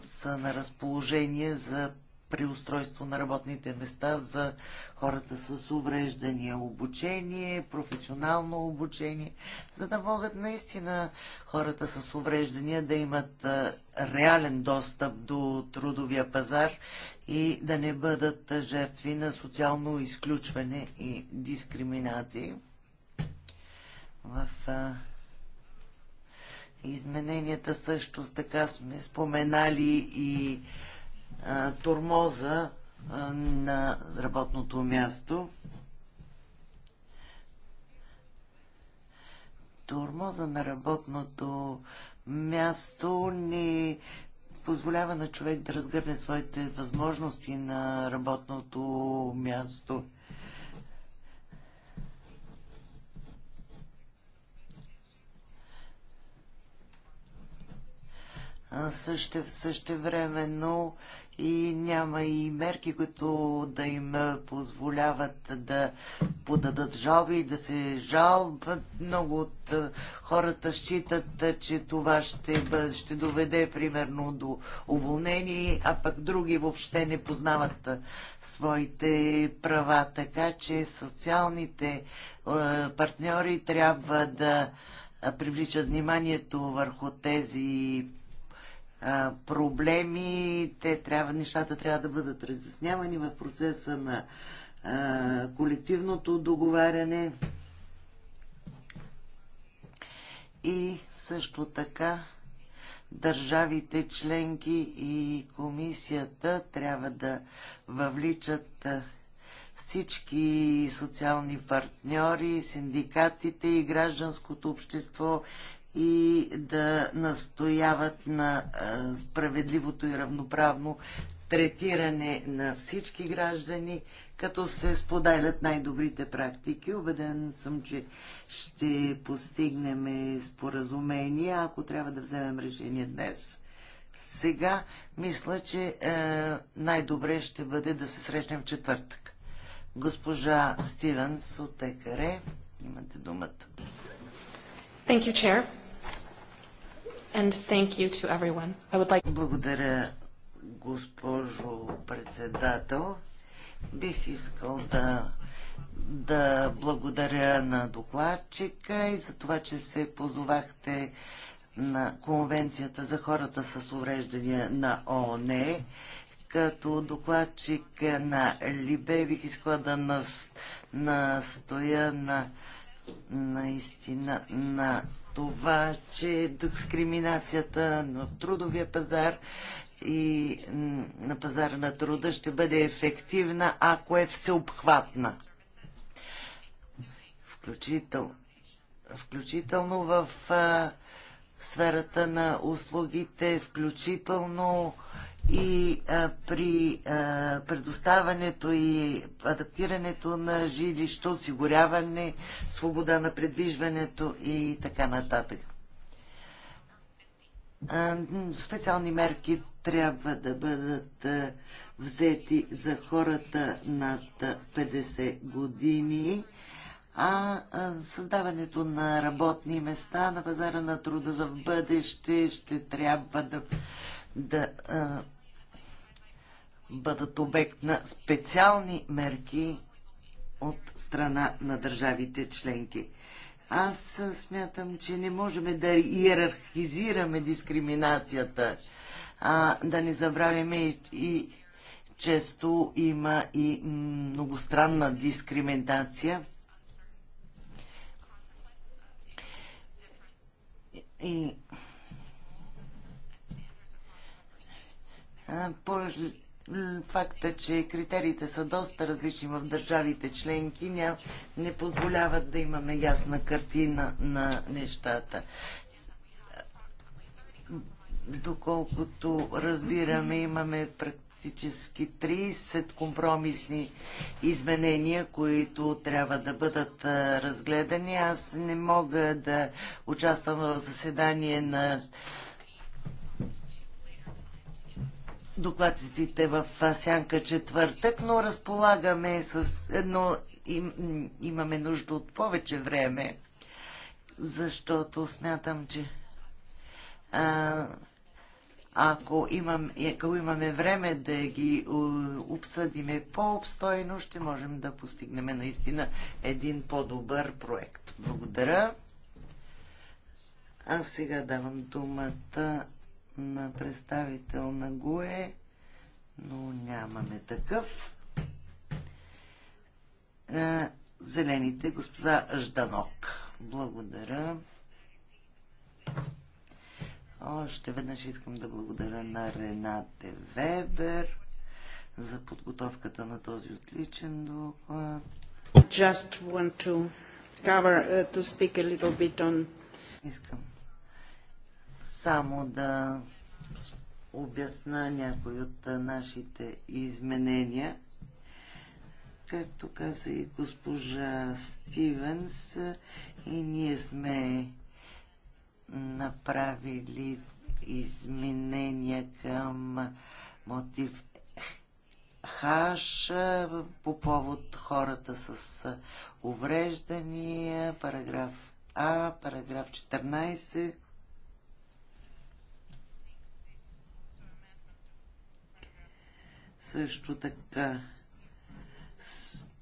са на разположение за преустройство на работните места за хората с увреждания, обучение, професионално обучение, за да могат наистина хората с увреждания да имат реален достъп до трудовия пазар и да не бъдат жертви на социално изключване и дискриминации. В измененията също така сме споменали и турмоза на работното място. Турмоза на работното място ни позволява на човек да разгърне своите възможности на работното място. Също, но и няма и мерки, които да им позволяват да подадат жалби и да се жалбат. Много от е, хората считат, е, че това ще, бъде, ще доведе примерно до уволнение, а пък други въобще не познават е, своите права. Така че социалните партньори трябва да привличат вниманието върху тези проблеми, те трябва, нещата трябва да бъдат разяснявани в процеса на а, колективното договаряне. И също така държавите членки и комисията трябва да въвличат всички социални партньори, синдикатите и гражданското общество и да настояват на справедливото и равноправно третиране на всички граждани, като се споделят най-добрите практики. Обеден съм, че ще постигнем споразумение, ако трябва да вземем решение днес. Сега мисля, че най-добре ще бъде да се срещнем в четвъртък. Госпожа Стивенс от ЕКРЕ, имате думата. Thank you, Chair and thank you to everyone. I would like... Благодаря, госпожо председател. Бих искал да, да благодаря на докладчика и за това, че се позовахте на Конвенцията за хората с увреждания на ООН. Като докладчик на Либе бих искала да настоя на наистина на това, че дискриминацията в трудовия пазар и на пазара на труда ще бъде ефективна, ако е всеобхватна. Включител, включително в а, сферата на услугите, включително и а, при а, предоставането и адаптирането на жилище, осигуряване, свобода на предвижването и така нататък. А, специални мерки трябва да бъдат а, взети за хората над 50 години, а, а създаването на работни места на пазара на труда за в бъдеще ще трябва да да а, бъдат обект на специални мерки от страна на държавите членки. Аз смятам, че не можем да иерархизираме дискриминацията, а да не забравяме и, и често има и многостранна дискриминация. И, и по факта, че критериите са доста различни в държавите членки, ня, не позволяват да имаме ясна картина на нещата. Доколкото разбираме, имаме практически 30 компромисни изменения, които трябва да бъдат разгледани. Аз не мога да участвам в заседание на Докладците в сянка четвъртък, но разполагаме с едно, им, имаме нужда от повече време, защото смятам, че а, ако, имам, ако имаме време да ги обсъдиме по-обстойно, ще можем да постигнем наистина един по-добър проект. Благодаря. А сега давам думата на представител на ГУЕ, но нямаме такъв. Е, зелените, госпожа Жданок. Благодаря. Още веднъж искам да благодаря на Ренате Вебер за подготовката на този отличен доклад. Just want to cover, uh, to speak a little bit on... Искам само да обясна някои от нашите изменения. Както каза и госпожа Стивенс, и ние сме направили изменения към мотив Хаш по повод хората с увреждания, параграф А, параграф 14 Също така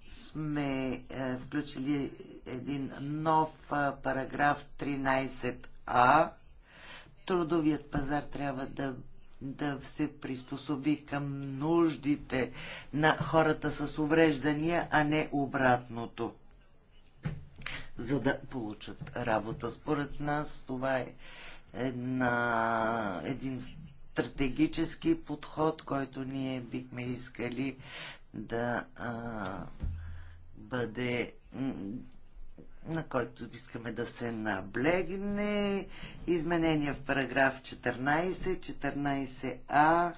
сме е, включили един нов е, параграф 13а. Трудовият пазар трябва да да се приспособи към нуждите на хората с увреждания, а не обратното, за да получат работа. Според нас това е една, един стратегически подход, който ние бихме искали да а, бъде на който искаме да се наблегне. Изменения в параграф 14, 14а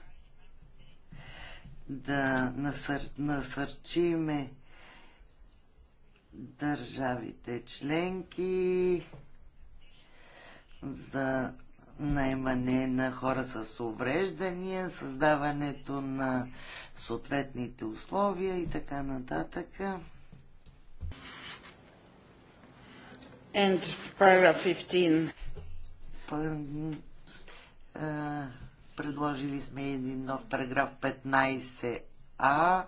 да насър, насърчиме държавите членки за наемане на хора с увреждания, създаването на съответните условия и така нататък. And paragraph 15. Пър... А, предложили сме един нов параграф 15а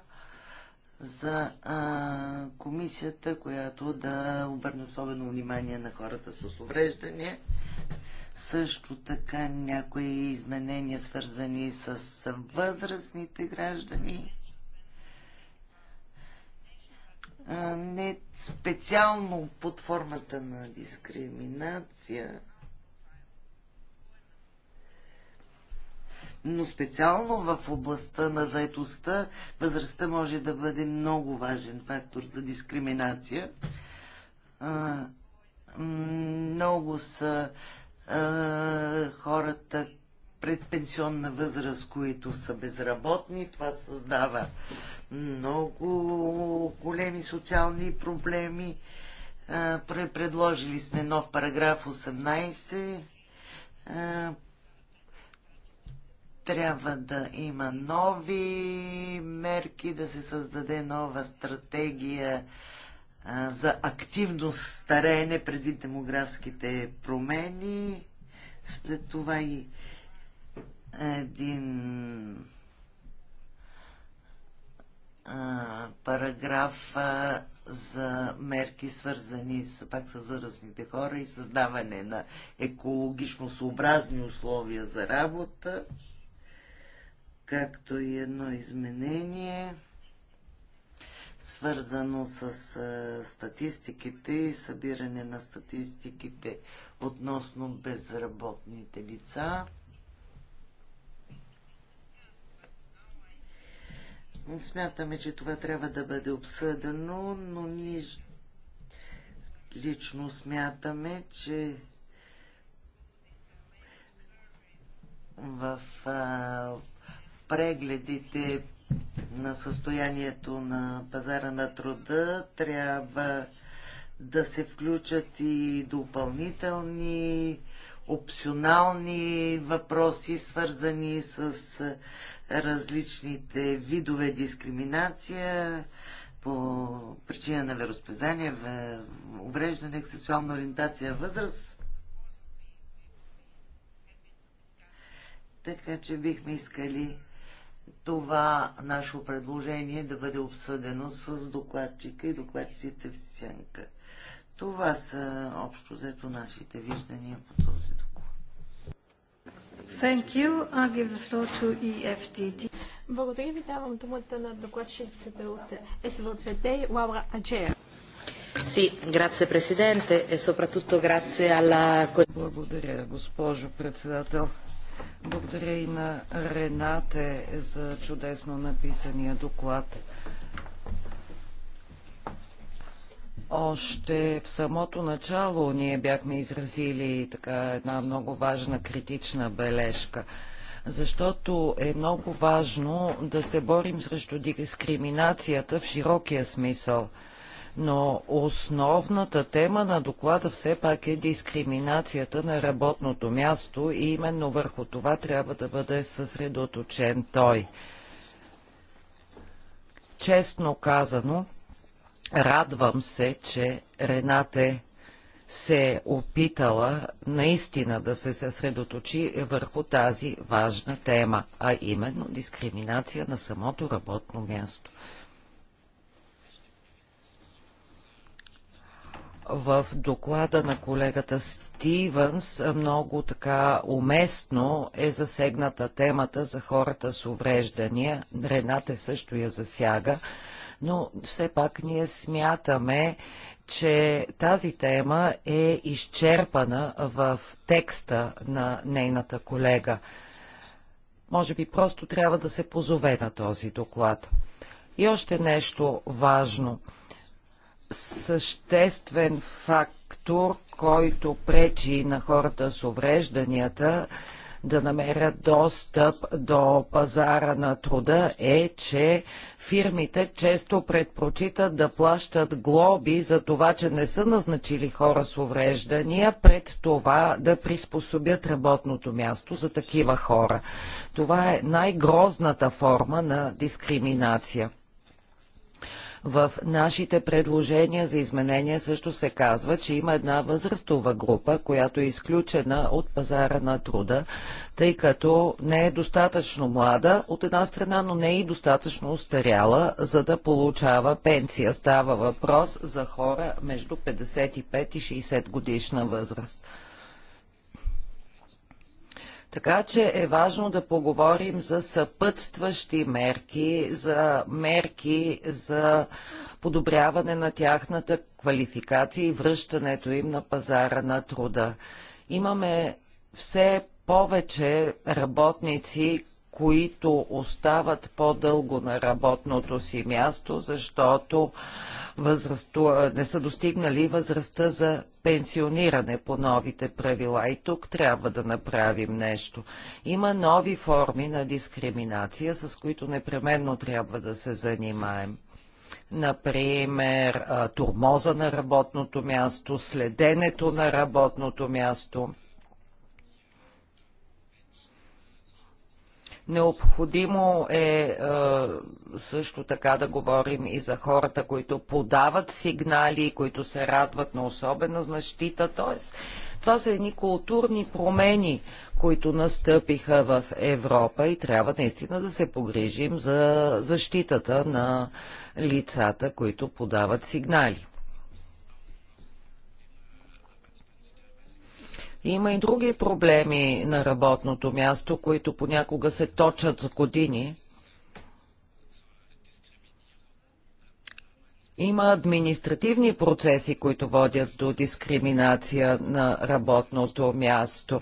за а, комисията, която да обърне особено внимание на хората с увреждания също така някои изменения, свързани с възрастните граждани. Не специално под формата на дискриминация, но специално в областта на заетостта възрастта може да бъде много важен фактор за дискриминация. Много са хората пред пенсионна възраст, които са безработни. Това създава много големи социални проблеми. Предложили сме нов параграф 18. Трябва да има нови мерки, да се създаде нова стратегия за активно стареене преди демографските промени. След това и един параграф за мерки, свързани с, пак с възрастните хора и създаване на екологично съобразни условия за работа, както и едно изменение – свързано с е, статистиките и събиране на статистиките относно безработните лица. Смятаме, че това трябва да бъде обсъдено, но ние лично смятаме, че в а, прегледите на състоянието на пазара на труда трябва да се включат и допълнителни опционални въпроси, свързани с различните видове дискриминация по причина на вероспознание, увреждане, сексуална ориентация, възраст. Така че бихме искали това наше предложение да бъде обсъдено с докладчика и докладчиците в сянка. Това са общо взето нашите виждания по този доклад. Thank you. I give the floor to EFDD. Благодаря ви. Давам думата на докладчицата от СВД Лаура Аджея. Sì, grazie Presidente e soprattutto grazie alla... Благодаря, госпожо председател. Благодаря и на Ренате за чудесно написания доклад. Още в самото начало ние бяхме изразили така една много важна критична бележка, защото е много важно да се борим срещу дискриминацията в широкия смисъл – но основната тема на доклада все пак е дискриминацията на работното място и именно върху това трябва да бъде съсредоточен той. Честно казано, радвам се, че Ренате се е опитала наистина да се съсредоточи върху тази важна тема, а именно дискриминация на самото работно място. в доклада на колегата Стивенс много така уместно е засегната темата за хората с увреждания. Рената е също я засяга, но все пак ние смятаме, че тази тема е изчерпана в текста на нейната колега. Може би просто трябва да се позове на този доклад. И още нещо важно – съществен фактор, който пречи на хората с уврежданията да намерят достъп до пазара на труда е, че фирмите често предпочитат да плащат глоби за това, че не са назначили хора с увреждания, пред това да приспособят работното място за такива хора. Това е най-грозната форма на дискриминация. В нашите предложения за изменения също се казва, че има една възрастова група, която е изключена от пазара на труда, тъй като не е достатъчно млада от една страна, но не е и достатъчно устаряла, за да получава пенсия. Става въпрос за хора между 55 и 60 годишна възраст. Така че е важно да поговорим за съпътстващи мерки, за мерки за подобряване на тяхната квалификация и връщането им на пазара на труда. Имаме все повече работници, които остават по-дълго на работното си място, защото възраст, не са достигнали възрастта за пенсиониране по новите правила и тук трябва да направим нещо. Има нови форми на дискриминация, с които непременно трябва да се занимаем например, турмоза на работното място, следенето на работното място. Необходимо е, е също така да говорим и за хората, които подават сигнали, които се радват на особена защита, т.е. Това са едни културни промени, които настъпиха в Европа и трябва наистина да се погрижим за защитата на лицата, които подават сигнали. Има и други проблеми на работното място, които понякога се точат за години. Има административни процеси, които водят до дискриминация на работното място.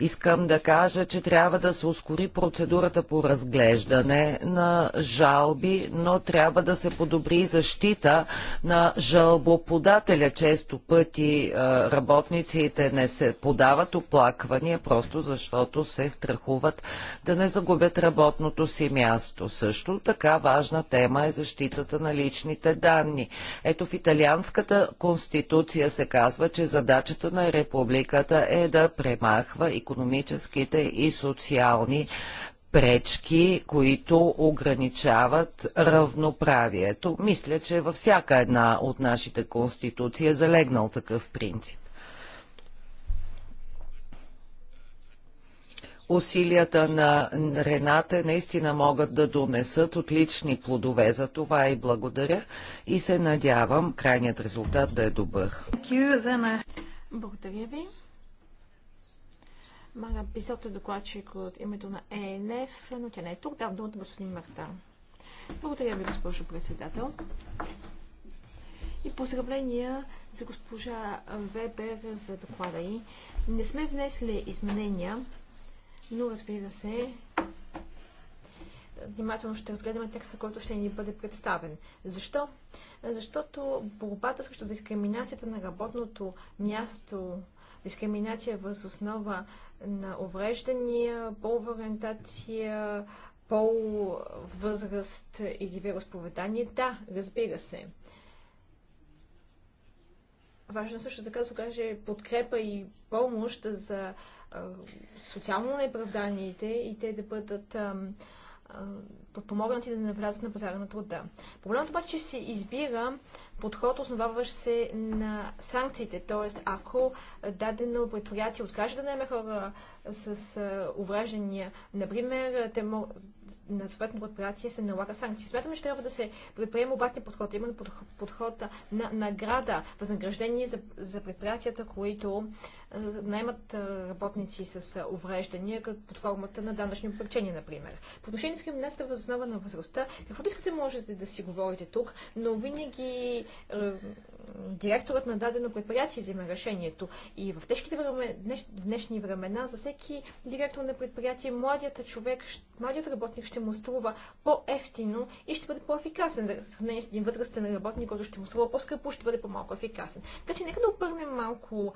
Искам да кажа, че трябва да се ускори процедурата по разглеждане на жалби, но трябва да се подобри защита на жалбоподателя. Често пъти е, работниците не се подават оплаквания, просто защото се страхуват да не загубят работното си място. Също така важна тема е защитата на личните данни. Ето в италианската конституция се казва, че задачата на републиката е да премахва и економическите и социални пречки, които ограничават равноправието. Мисля, че във всяка една от нашите конституции е залегнал такъв принцип. усилията на Рената наистина могат да донесат отлични плодове. За това и благодаря и се надявам крайният резултат да е добър. Благодаря ви. Мага писата е докладчик от името на ЕНФ, но тя не е тук. Дам думата господин Мартан. Благодаря ви, госпожо председател. И поздравления за госпожа Вебер за доклада й. Не сме внесли изменения, но разбира се, внимателно ще разгледаме текста, който ще ни бъде представен. Защо? Защото борбата срещу дискриминацията на работното място, дискриминация въз основа на увреждания, полвариентация, пол, възраст или вероисповедание. Да, разбира се. Важно е също така се окаже подкрепа и помощ за социално неправданиите и те да бъдат ам, подпомогнати да не влязат на пазара на труда. Проблемът обаче, че се избира подход, основаващ се на санкциите. Т.е. ако дадено предприятие откаже да наеме хора с увреждания, например, те, могат на съответно предприятие се налага санкции. Смятаме, че трябва да се предприема обратния подход, именно подход на награда, възнаграждение за, за предприятията, които наймат работници с увреждания под формата на данъчни облегчения, например. По отношение с дискриминацията въз на възрастта, каквото искате можете да си говорите тук, но винаги е, директорът на дадено предприятие взима решението. И в тежките време, днеш, днешни времена за всеки директор на предприятие младият човек, младият работник работник ще му струва по-ефтино и ще бъде по-ефикасен. За сравнение с един възрастен работник, който ще му струва по-скъпо, ще бъде по-малко ефикасен. Така че нека да обърнем малко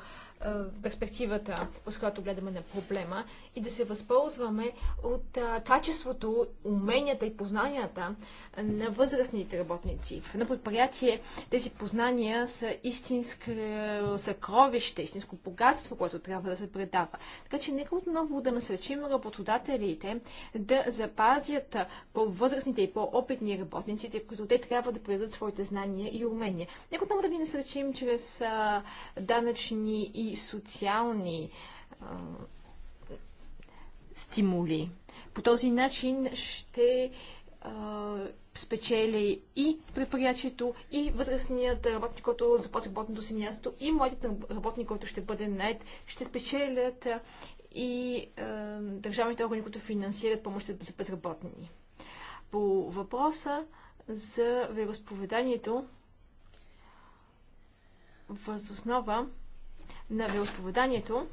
перспективата, с която гледаме на проблема и да се възползваме от качеството, уменията и познанията на възрастните работници. В едно предприятие тези познания са истинско е, съкровище, истинско богатство, което трябва да се предава. Така че нека отново да насърчим работодателите да запазят по-възрастните и по-опитни работниците, които те трябва да предадат своите знания и умения. Нека отново да ги насречим чрез данъчни и и социални а, стимули. По този начин ще а, спечели и предприятието, и възрастният работник, който започва работното си място, и младият работник, който ще бъде нает, ще спечелят и а, държавните органи, които финансират помощта за безработни. По въпроса за вероисповеданието, възоснова основа на вероисповеданието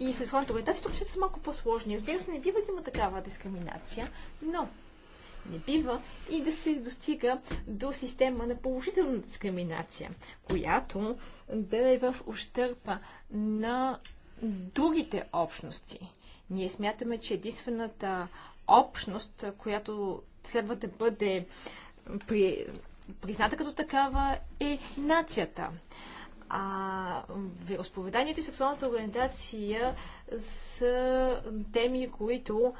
и сексуалната ориентация, тук са малко по-сложни. Разбира се, не бива да има такава дискриминация, но не бива и да се достига до система на положителна дискриминация, която да е в ущърпа на другите общности. Ние смятаме, че единствената общност, която следва да бъде при, призната като такава, е нацията. А вероисповеданието и сексуалната ориентация са теми, които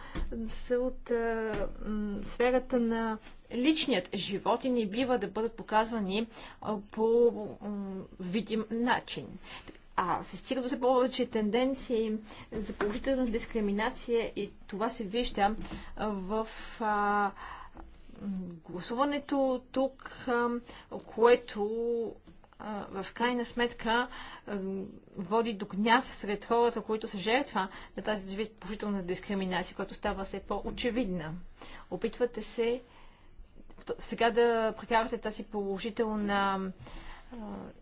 са от а, м, сферата на личният живот и не бива да бъдат показвани а, по м, видим начин. А се стига до все повече тенденции за положителна дискриминация и това се вижда в а, гласуването тук, което в крайна сметка води до гняв сред хората, които са жертва на тази положителна дискриминация, която става все по-очевидна. Опитвате се сега да прекарате тази положителна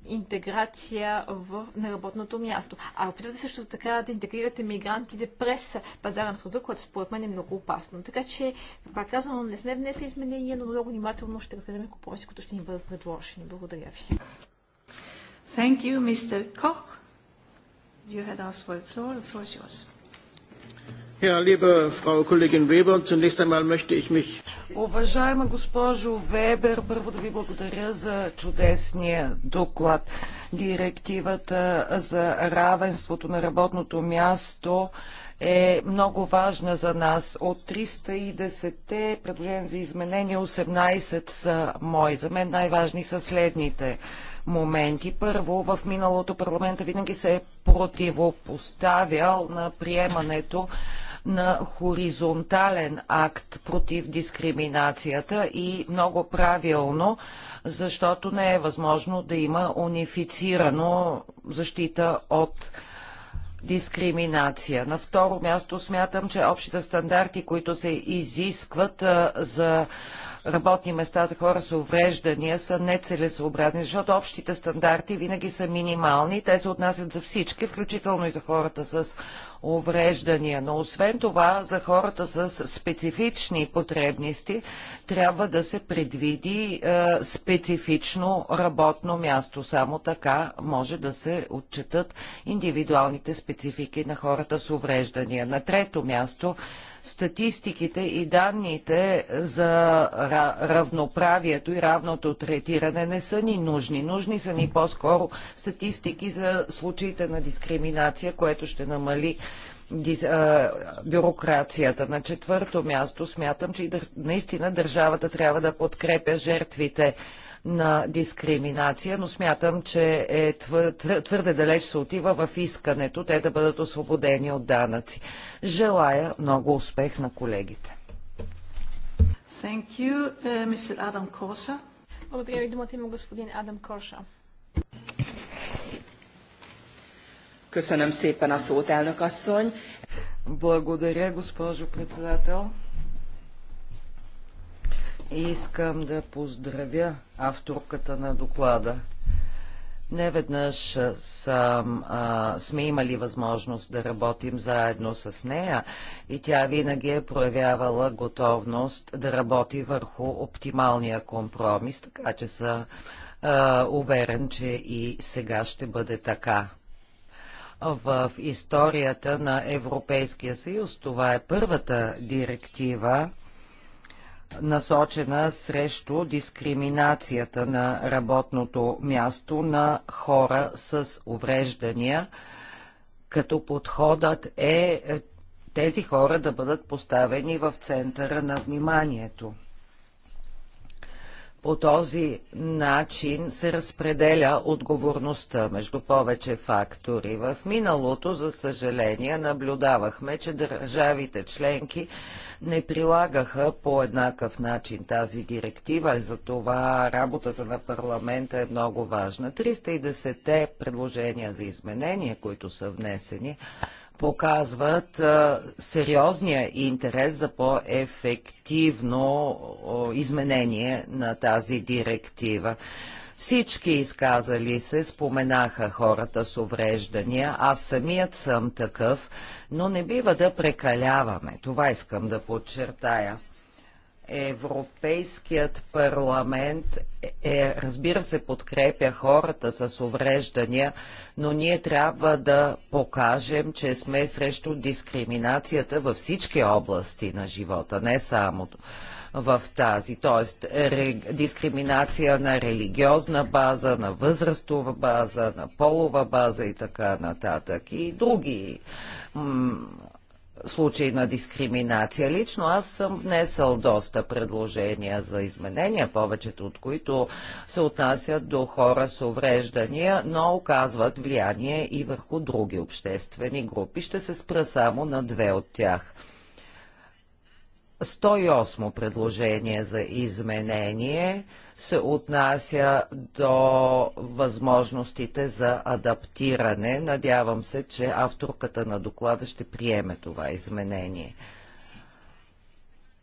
интеграция в, на работното място. А опитвате също така да интегрирате мигрантите през пазара на труда, което според мен е много опасно. Така че, пак казвам, не сме внесли изменения, но много внимателно ще разгледаме компромиси, които ще ни бъдат предложени. Благодаря ви. Thank you, Mr. Koch. You had asked for the floor. The floor is yours. Ja, liebe Frau Kollegin Weber, zunächst einmal möchte ich mich... Уважаема госпожо Вебер, първо да ви благодаря за чудесния доклад. Директивата за равенството на работното място е много важна за нас. От 310-те предложения за изменение 18 са мои. За мен най-важни са следните – моменти. Първо, в миналото парламента винаги се е противопоставял на приемането на хоризонтален акт против дискриминацията и много правилно, защото не е възможно да има унифицирано защита от дискриминация. На второ място смятам, че общите стандарти, които се изискват а, за работни места за хора с увреждания са нецелесообразни, защото общите стандарти винаги са минимални. Те се отнасят за всички, включително и за хората с увреждания. Но освен това, за хората с специфични потребности трябва да се предвиди е, специфично работно място. Само така може да се отчетат индивидуалните специфики на хората с увреждания. На трето място статистиките и данните за равноправието и равното третиране не са ни нужни. Нужни са ни по-скоро статистики за случаите на дискриминация, което ще намали бюрокрацията. На четвърто място смятам, че наистина държавата трябва да подкрепя жертвите на дискриминация, но смятам, че е твърде, далеч се отива в искането те да бъдат освободени от данъци. Желая много успех на колегите. Thank you, uh, Mr. Adam Благодаря ви, думата има господин Адам Корша. Köszönöm szépen a szót, elnök asszony. Благодаря, госпожо председател. Искам да поздравя авторката на доклада. Не веднъж съм, а, сме имали възможност да работим заедно с нея и тя винаги е проявявала готовност да работи върху оптималния компромис, така че са а, уверен, че и сега ще бъде така в историята на Европейския съюз. Това е първата директива, насочена срещу дискриминацията на работното място на хора с увреждания, като подходът е тези хора да бъдат поставени в центъра на вниманието. По този начин се разпределя отговорността между повече фактори. В миналото, за съжаление, наблюдавахме, че държавите членки не прилагаха по еднакъв начин тази директива. За това работата на парламента е много важна. 310-те предложения за изменения, които са внесени, показват а, сериозния интерес за по-ефективно изменение на тази директива. Всички изказали се споменаха хората с увреждания, аз самият съм такъв, но не бива да прекаляваме. Това искам да подчертая. Европейският парламент е, разбира се, подкрепя хората с увреждания, но ние трябва да покажем, че сме срещу дискриминацията във всички области на живота, не само в тази, т.е. дискриминация на религиозна база, на възрастова база, на полова база и така нататък и други случаи на дискриминация. Лично аз съм внесъл доста предложения за изменения, повечето от които се отнасят до хора с увреждания, но оказват влияние и върху други обществени групи. Ще се спра само на две от тях. 108 предложение за изменение – се отнася до възможностите за адаптиране. Надявам се, че авторката на доклада ще приеме това изменение.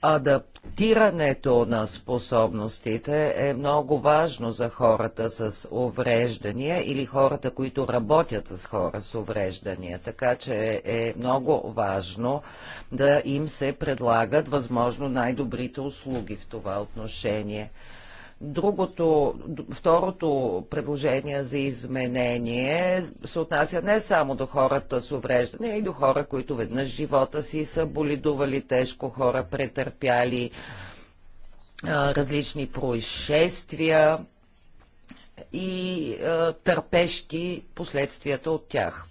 Адаптирането на способностите е много важно за хората с увреждания или хората, които работят с хора с увреждания. Така че е много важно да им се предлагат възможно най-добрите услуги в това отношение. Другото, второто предложение за изменение се отнася не само до хората с увреждане, а и до хора, които веднъж живота си са болидували тежко, хора претърпяли а, различни происшествия и а, търпещи последствията от тях.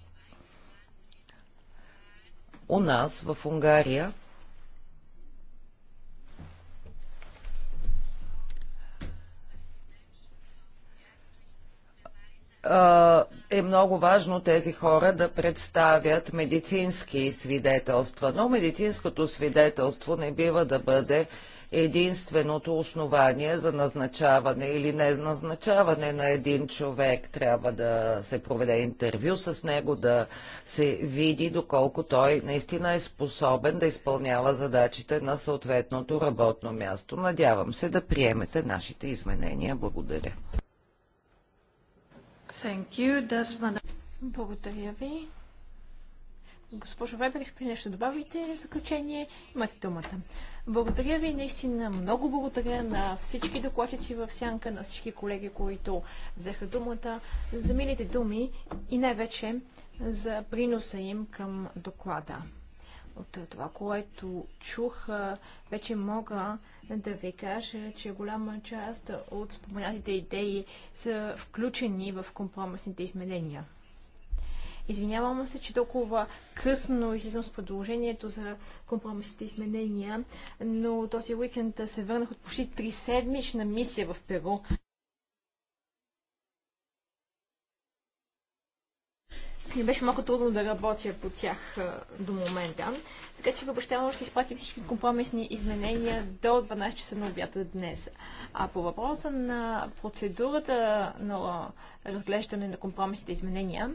У нас в Унгария е много важно тези хора да представят медицински свидетелства, но медицинското свидетелство не бива да бъде единственото основание за назначаване или не назначаване на един човек. Трябва да се проведе интервю с него, да се види доколко той наистина е способен да изпълнява задачите на съответното работно място. Надявам се да приемете нашите изменения. Благодаря. Благодаря ви. Госпожо Вебер, искате нещо да добавите в заключение? Имате думата. Благодаря ви наистина. Много благодаря на всички докладчици в сянка, на всички колеги, които взеха думата, за милите думи и най-вече за приноса им към доклада. От това, което чух, вече мога да ви кажа, че голяма част от споменатите идеи са включени в компромисните изменения. Извинявам се, че толкова късно излизам с предложението за компромисните изменения, но този уикенд се върнах от почти три седмична мисия в Перу. ми беше малко трудно да работя по тях до момента. Така че ви обещавам, ще изпратя всички компромисни изменения до 12 часа на обята днес. А по въпроса на процедурата на разглеждане на компромисните изменения,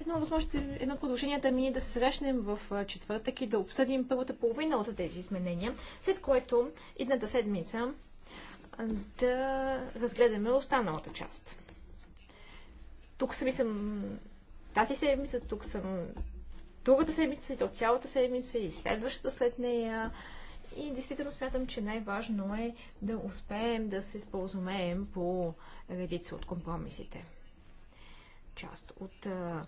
едно, възможно, едно продължение да ми е да се срещнем в четвъртък и да обсъдим първата половина от тези изменения, след което едната седмица да разгледаме останалата част. Тук сами съм тази седмица тук съм, другата седмица и то цялата седмица и следващата след нея. И действително смятам, че най-важно е да успеем да се споразумеем по редица от компромисите. Част от а,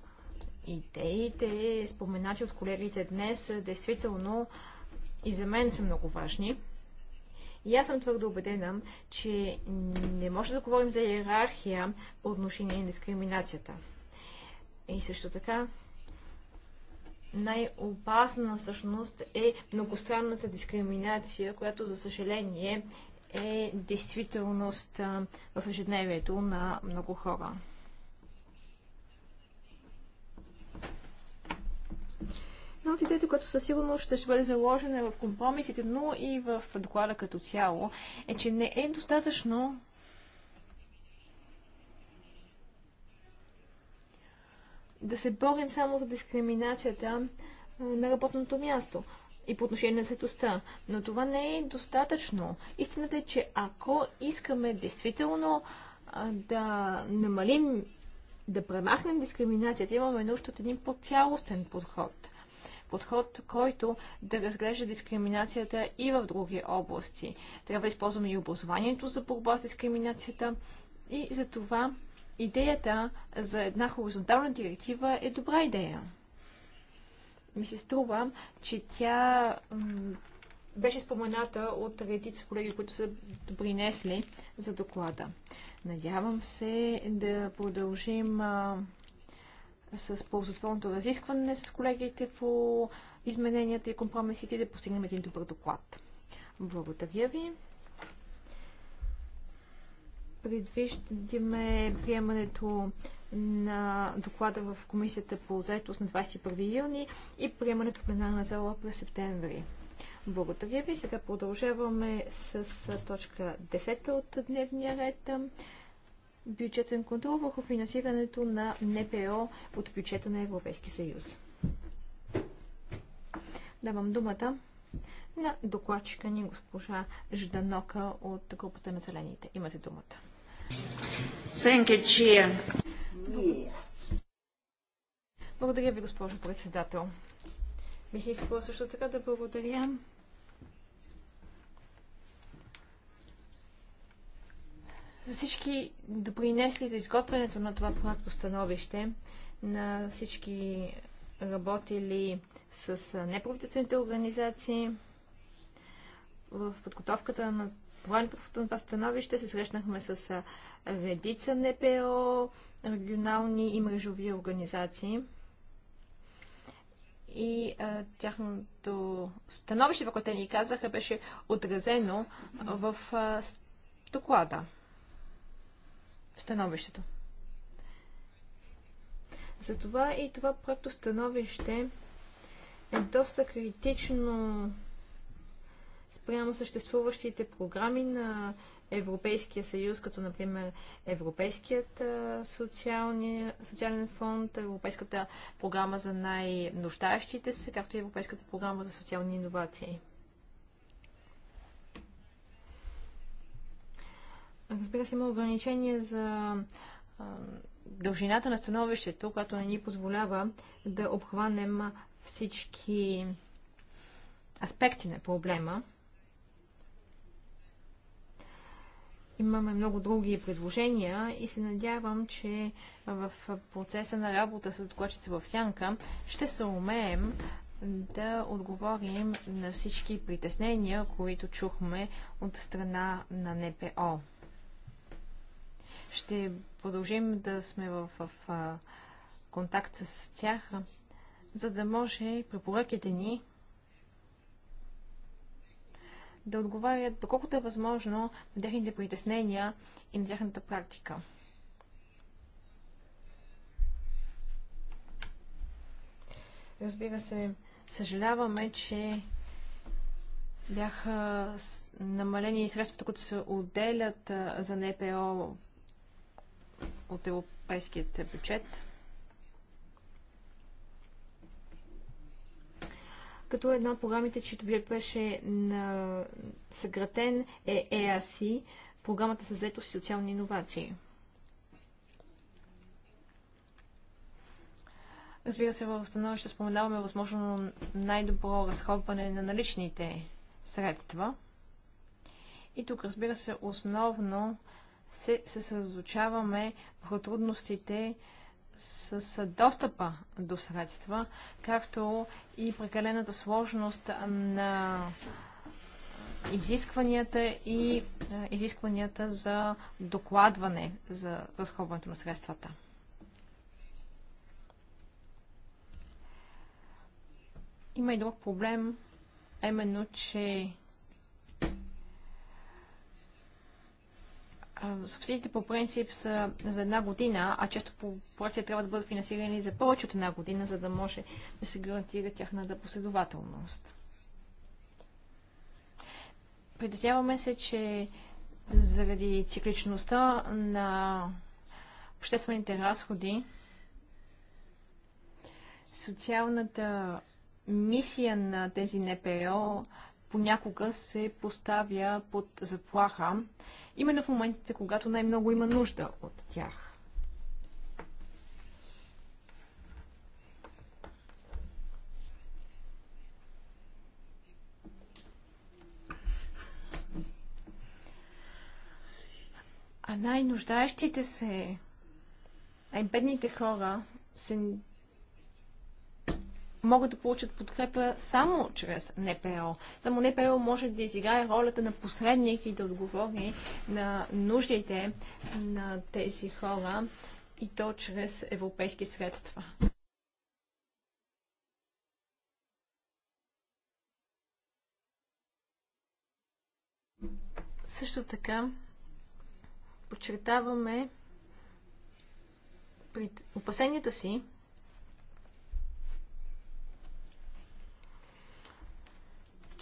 идеите, споменати от колегите днес, действително и за мен са много важни. И аз съм твърдо убедена, че не може да говорим за иерархия по отношение на дискриминацията. И също така, най-опасна всъщност е многостранната дискриминация, която за съжаление е действителност в ежедневието на много хора. Но идеята, която със сигурност ще, ще бъде заложена е в компромисите, но и в доклада като цяло, е, че не е достатъчно да се борим само за дискриминацията на работното място и по отношение на светостта. Но това не е достатъчно. Истината е, че ако искаме действително да намалим, да премахнем дискриминацията, имаме нужда от един по-цялостен подход. Подход, който да разглежда дискриминацията и в други области. Трябва да използваме и образованието за борба с дискриминацията и за това идеята за една хоризонтална директива е добра идея. Ми се струва, че тя беше спомената от редица колеги, които са принесли за доклада. Надявам се да продължим а, с ползотворното разискване с колегите по измененията и компромисите и да постигнем един добър доклад. Благодаря ви предвиждаме приемането на доклада в Комисията по заетост на 21 юни и приемането в пленарна зала през септември. Благодаря ви. Сега продължаваме с точка 10 от дневния ред. Бюджетен контрол върху финансирането на НПО от бюджета на Европейски съюз. Давам думата на докладчика ни госпожа Жданока от групата на Зелените. Имате думата. Благодаря ви, госпожо председател. Бих искала също така да благодаря за всички допринесли за изготвянето на това проекто становище, на всички работили с неправителствените организации в подготовката на Буквално по на това становище. Се срещнахме с редица НПО, регионални и мрежови организации. И а, тяхното становище, което те ни казаха, беше отразено в а, доклада. В становището. Затова и това проекто становище е доста критично спрямо съществуващите програми на Европейския съюз, като например Европейският социални, социален фонд, Европейската програма за най-нуждаещите се, както и Европейската програма за социални иновации. Разбира се, има ограничение за а, дължината на становището, което не ни позволява да обхванем всички аспекти на проблема. Имаме много други предложения и се надявам, че в процеса на работа с докладчите в Сянка ще се умеем да отговорим на всички притеснения, които чухме от страна на НПО. Ще продължим да сме в, в, в контакт с тях, за да може препоръките ни да отговарят, доколкото е възможно, на техните притеснения и на тяхната практика. Разбира се, съжаляваме, че бяха намалени средствата, които се отделят за НПО от европейският бюджет. като една от програмите, чието бюджет беше на... съкратен е EAC, програмата за заетост и социални иновации. Разбира се, в становище споменаваме възможно най-добро разходване на наличните средства. И тук, разбира се, основно се съсредоточаваме върху трудностите, с достъпа до средства, както и прекалената сложност на изискванията и изискванията за докладване за разходването на средствата. Има и друг проблем, именно, че Субсидиите по принцип са за една година, а често по проекция трябва да бъдат финансирани за повече от една година, за да може да се гарантира тяхната последователност. Притесняваме се, че заради цикличността на обществените разходи, социалната мисия на тези НПО понякога се поставя под заплаха, именно в моментите, когато най-много има нужда от тях. А най-нуждаещите се, най-бедните хора се могат да получат подкрепа само чрез НПО. Само НПО може да изиграе ролята на посредник и да отговори на нуждите на тези хора и то чрез европейски средства. Също така подчертаваме пред опасенията си,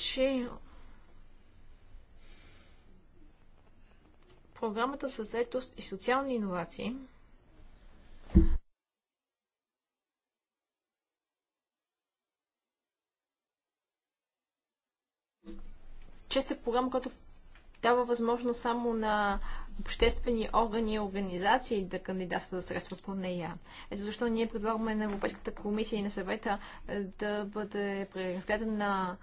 че програмата за заетост и социални иновации честа е програма, която дава възможност само на обществени органи и организации да кандидатстват за средства по нея. Ето защо ние предлагаме на Европейската комисия и на съвета е, да бъде преразгледана на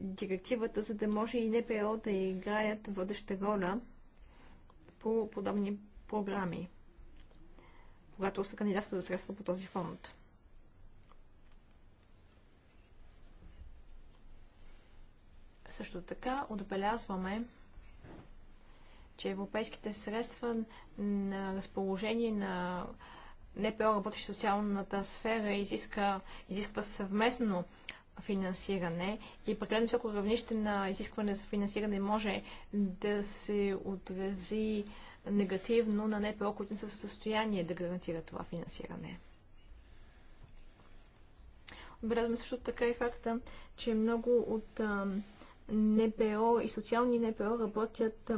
директивата, за да може и НПО да играят водеща роля по подобни програми, когато се кандидатства за средства по този фонд. Също така отбелязваме, че европейските средства на разположение на НПО, работещи в социалната сфера, изисква, изисква съвместно финансиране и прекалено високо равнище на изискване за финансиране може да се отрази негативно на НПО, които не са в състояние да гарантира това финансиране. Отбелязваме също така и факта, че много от НПО и социални НПО работят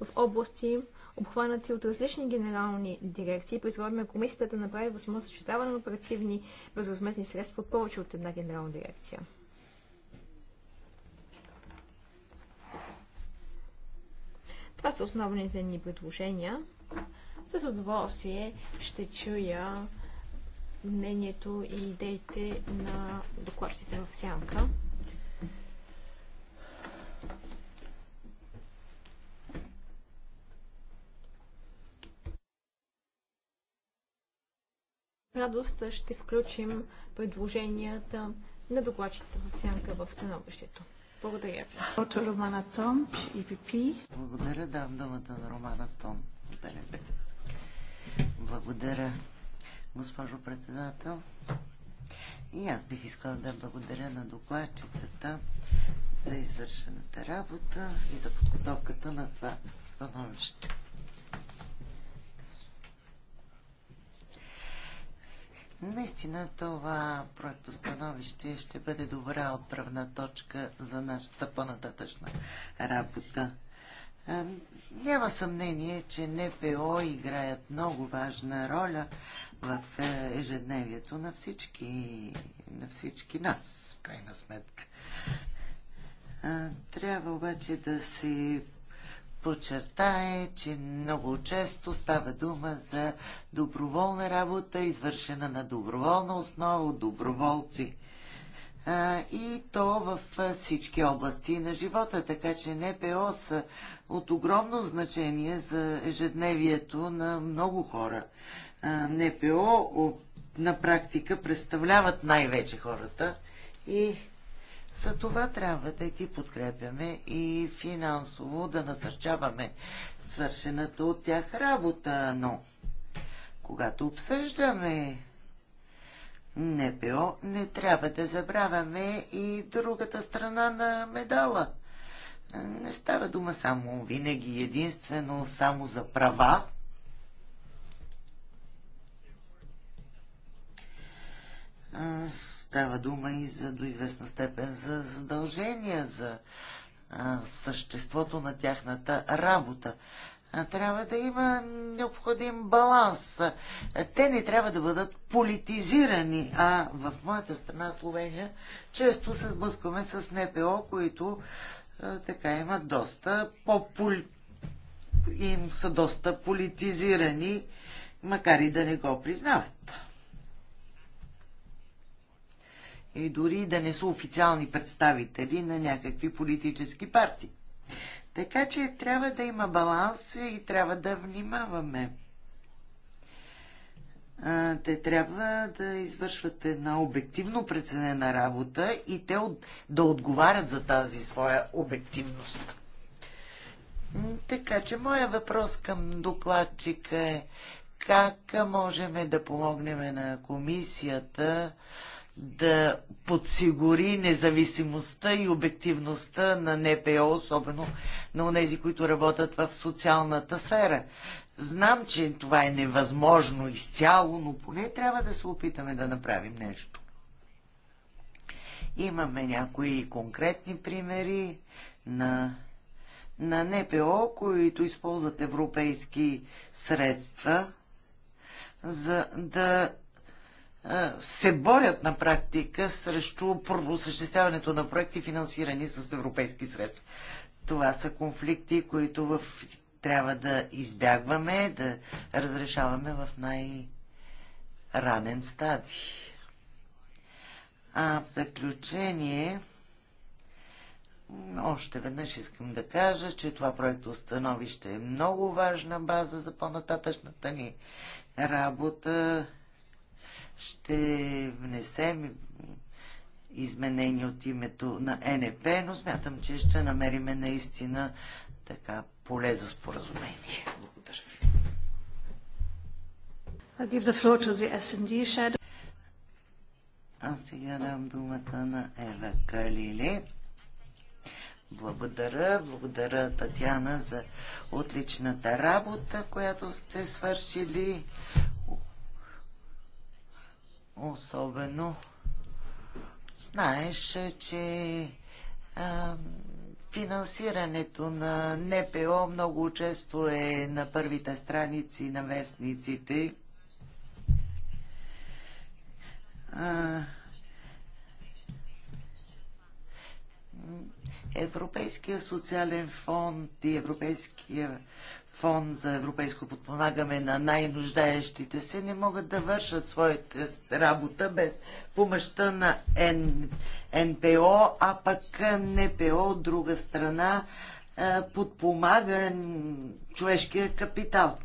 в области, обхванати от различни генерални дирекции. време комисията да направи възможност съчетаване на оперативни безвъзмезни средства от повече от една генерална дирекция. Това са основните ни предложения. С удоволствие ще чуя мнението и идеите на докладчиците в сянка. радост ще включим предложенията на докладчица в сянка в становището. Благодаря ви. От Романа Том, ИПП. Благодаря, дам думата на Романа Том. Благодаря Благодаря, госпожо председател. И аз бих искала да благодаря на докладчицата за извършената работа и за подготовката на това становище. Наистина това проектостановище ще бъде добра отправна точка за нашата по-нататъчна работа. Няма съмнение, че НПО играят много важна роля в е, ежедневието на всички, на всички нас, в крайна сметка. Трябва обаче да се подчертае, че много често става дума за доброволна работа, извършена на доброволна основа от доброволци. И то в всички области на живота, така че НПО са от огромно значение за ежедневието на много хора. НПО на практика представляват най-вече хората и за това трябва да ги подкрепяме и финансово да насърчаваме свършената от тях работа, но когато обсъждаме НПО, не трябва да забравяме и другата страна на медала. Не става дума само винаги единствено само за права. С става дума и за до известна степен за задължения, за а, съществото на тяхната работа. А, трябва да има необходим баланс. Те не трябва да бъдат политизирани, а в моята страна Словения често се сблъскваме с НПО, които а, така имат доста по им са доста политизирани, макар и да не го признават и дори да не са официални представители на някакви политически партии. Така че трябва да има баланс и трябва да внимаваме. Те трябва да извършват една обективно преценена работа и те да отговарят за тази своя обективност. Така че моя въпрос към докладчика е как можем да помогнем на комисията да подсигури независимостта и обективността на НПО, особено на тези, които работят в социалната сфера. Знам, че това е невъзможно изцяло, но поне трябва да се опитаме да направим нещо. Имаме някои конкретни примери на, на НПО, които използват европейски средства, за да се борят на практика срещу осъществяването на проекти, финансирани с европейски средства. Това са конфликти, които в... трябва да избягваме, да разрешаваме в най-ранен стадий. А в заключение, още веднъж искам да кажа, че това проекто становище е много важна база за по-нататъчната ни работа ще внесем изменения от името на НП, но смятам, че ще намериме наистина така поле за споразумение. Благодаря ви. Аз сега дам думата на Ева Калили. Благодаря, благодаря Татяна за отличната работа, която сте свършили особено знаеш, че а, финансирането на НПО много често е на първите страници на вестниците. А, Европейския социален фонд и Европейския фонд за европейско подпомагане на най-нуждаещите се не могат да вършат своята работа без помощта на Н... НПО, а пък НПО от друга страна е, подпомага човешкия капитал.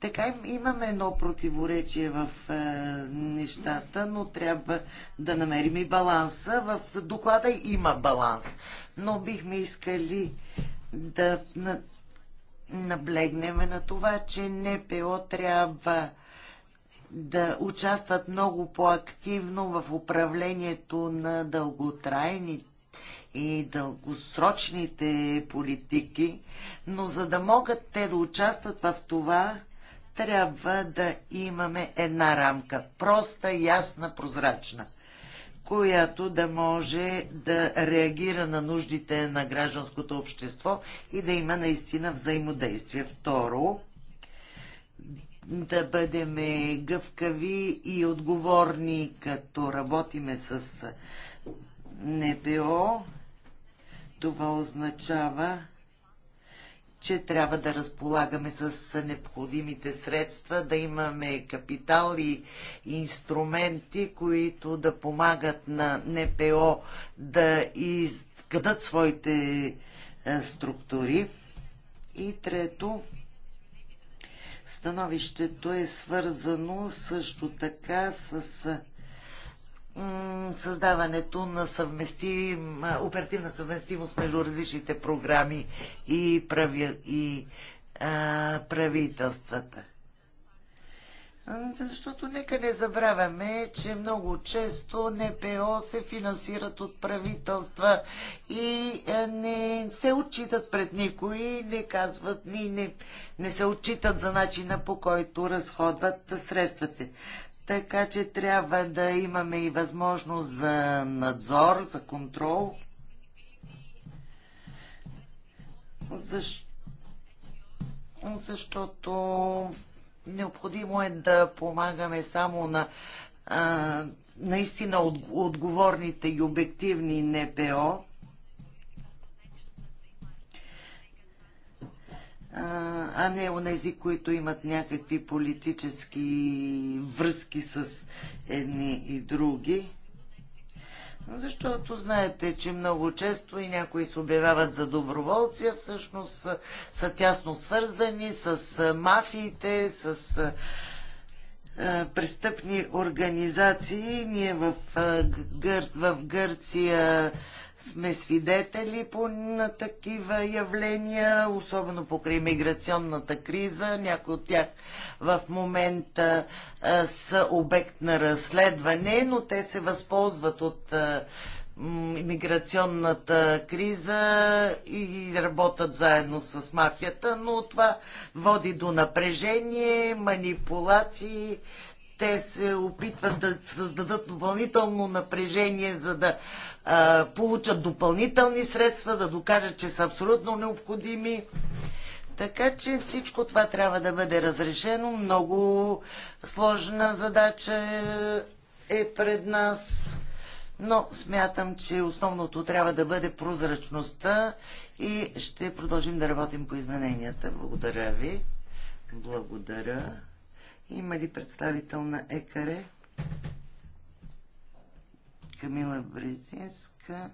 Така имаме едно противоречие в е, нещата, но трябва да намерим и баланса. В доклада има баланс, но бихме искали да наблегнем на това, че НПО трябва да участват много по-активно в управлението на дълготрайни и дългосрочните политики, но за да могат те да участват в това, трябва да имаме една рамка. Проста, ясна, прозрачна която да може да реагира на нуждите на гражданското общество и да има наистина взаимодействие. Второ, да бъдем гъвкави и отговорни, като работиме с НПО. Това означава че трябва да разполагаме с необходимите средства, да имаме капитал и инструменти, които да помагат на НПО да изградат своите е, структури. И трето, становището е свързано също така с създаването на съвместим, оперативна съвместимост между различните програми и, прави, и а, правителствата. Защото нека не забравяме, че много често НПО се финансират от правителства и е, не се отчитат пред никой, не казват, ни не, не се отчитат за начина по който разходват средствата. Така че трябва да имаме и възможност за надзор, за контрол. Защо? Защото необходимо е да помагаме само на а, наистина отговорните и обективни НПО а не онези, които имат някакви политически връзки с едни и други. Защото знаете, че много често и някои се обявяват за доброволци, а всъщност са, са тясно свързани с мафиите, с престъпни организации. Ние в, Гър, в Гърция сме свидетели по, на такива явления, особено покрай миграционната криза. Някои от тях в момента а, са обект на разследване, но те се възползват от миграционната криза и работят заедно с мафията, но това води до напрежение, манипулации, те се опитват да създадат допълнително напрежение, за да а, получат допълнителни средства, да докажат, че са абсолютно необходими. Така че всичко това трябва да бъде разрешено. Много сложна задача е пред нас. Но смятам, че основното трябва да бъде прозрачността и ще продължим да работим по измененията. Благодаря ви. Благодаря. Има ли представител на ЕКАРЕ? Камила Брезинска.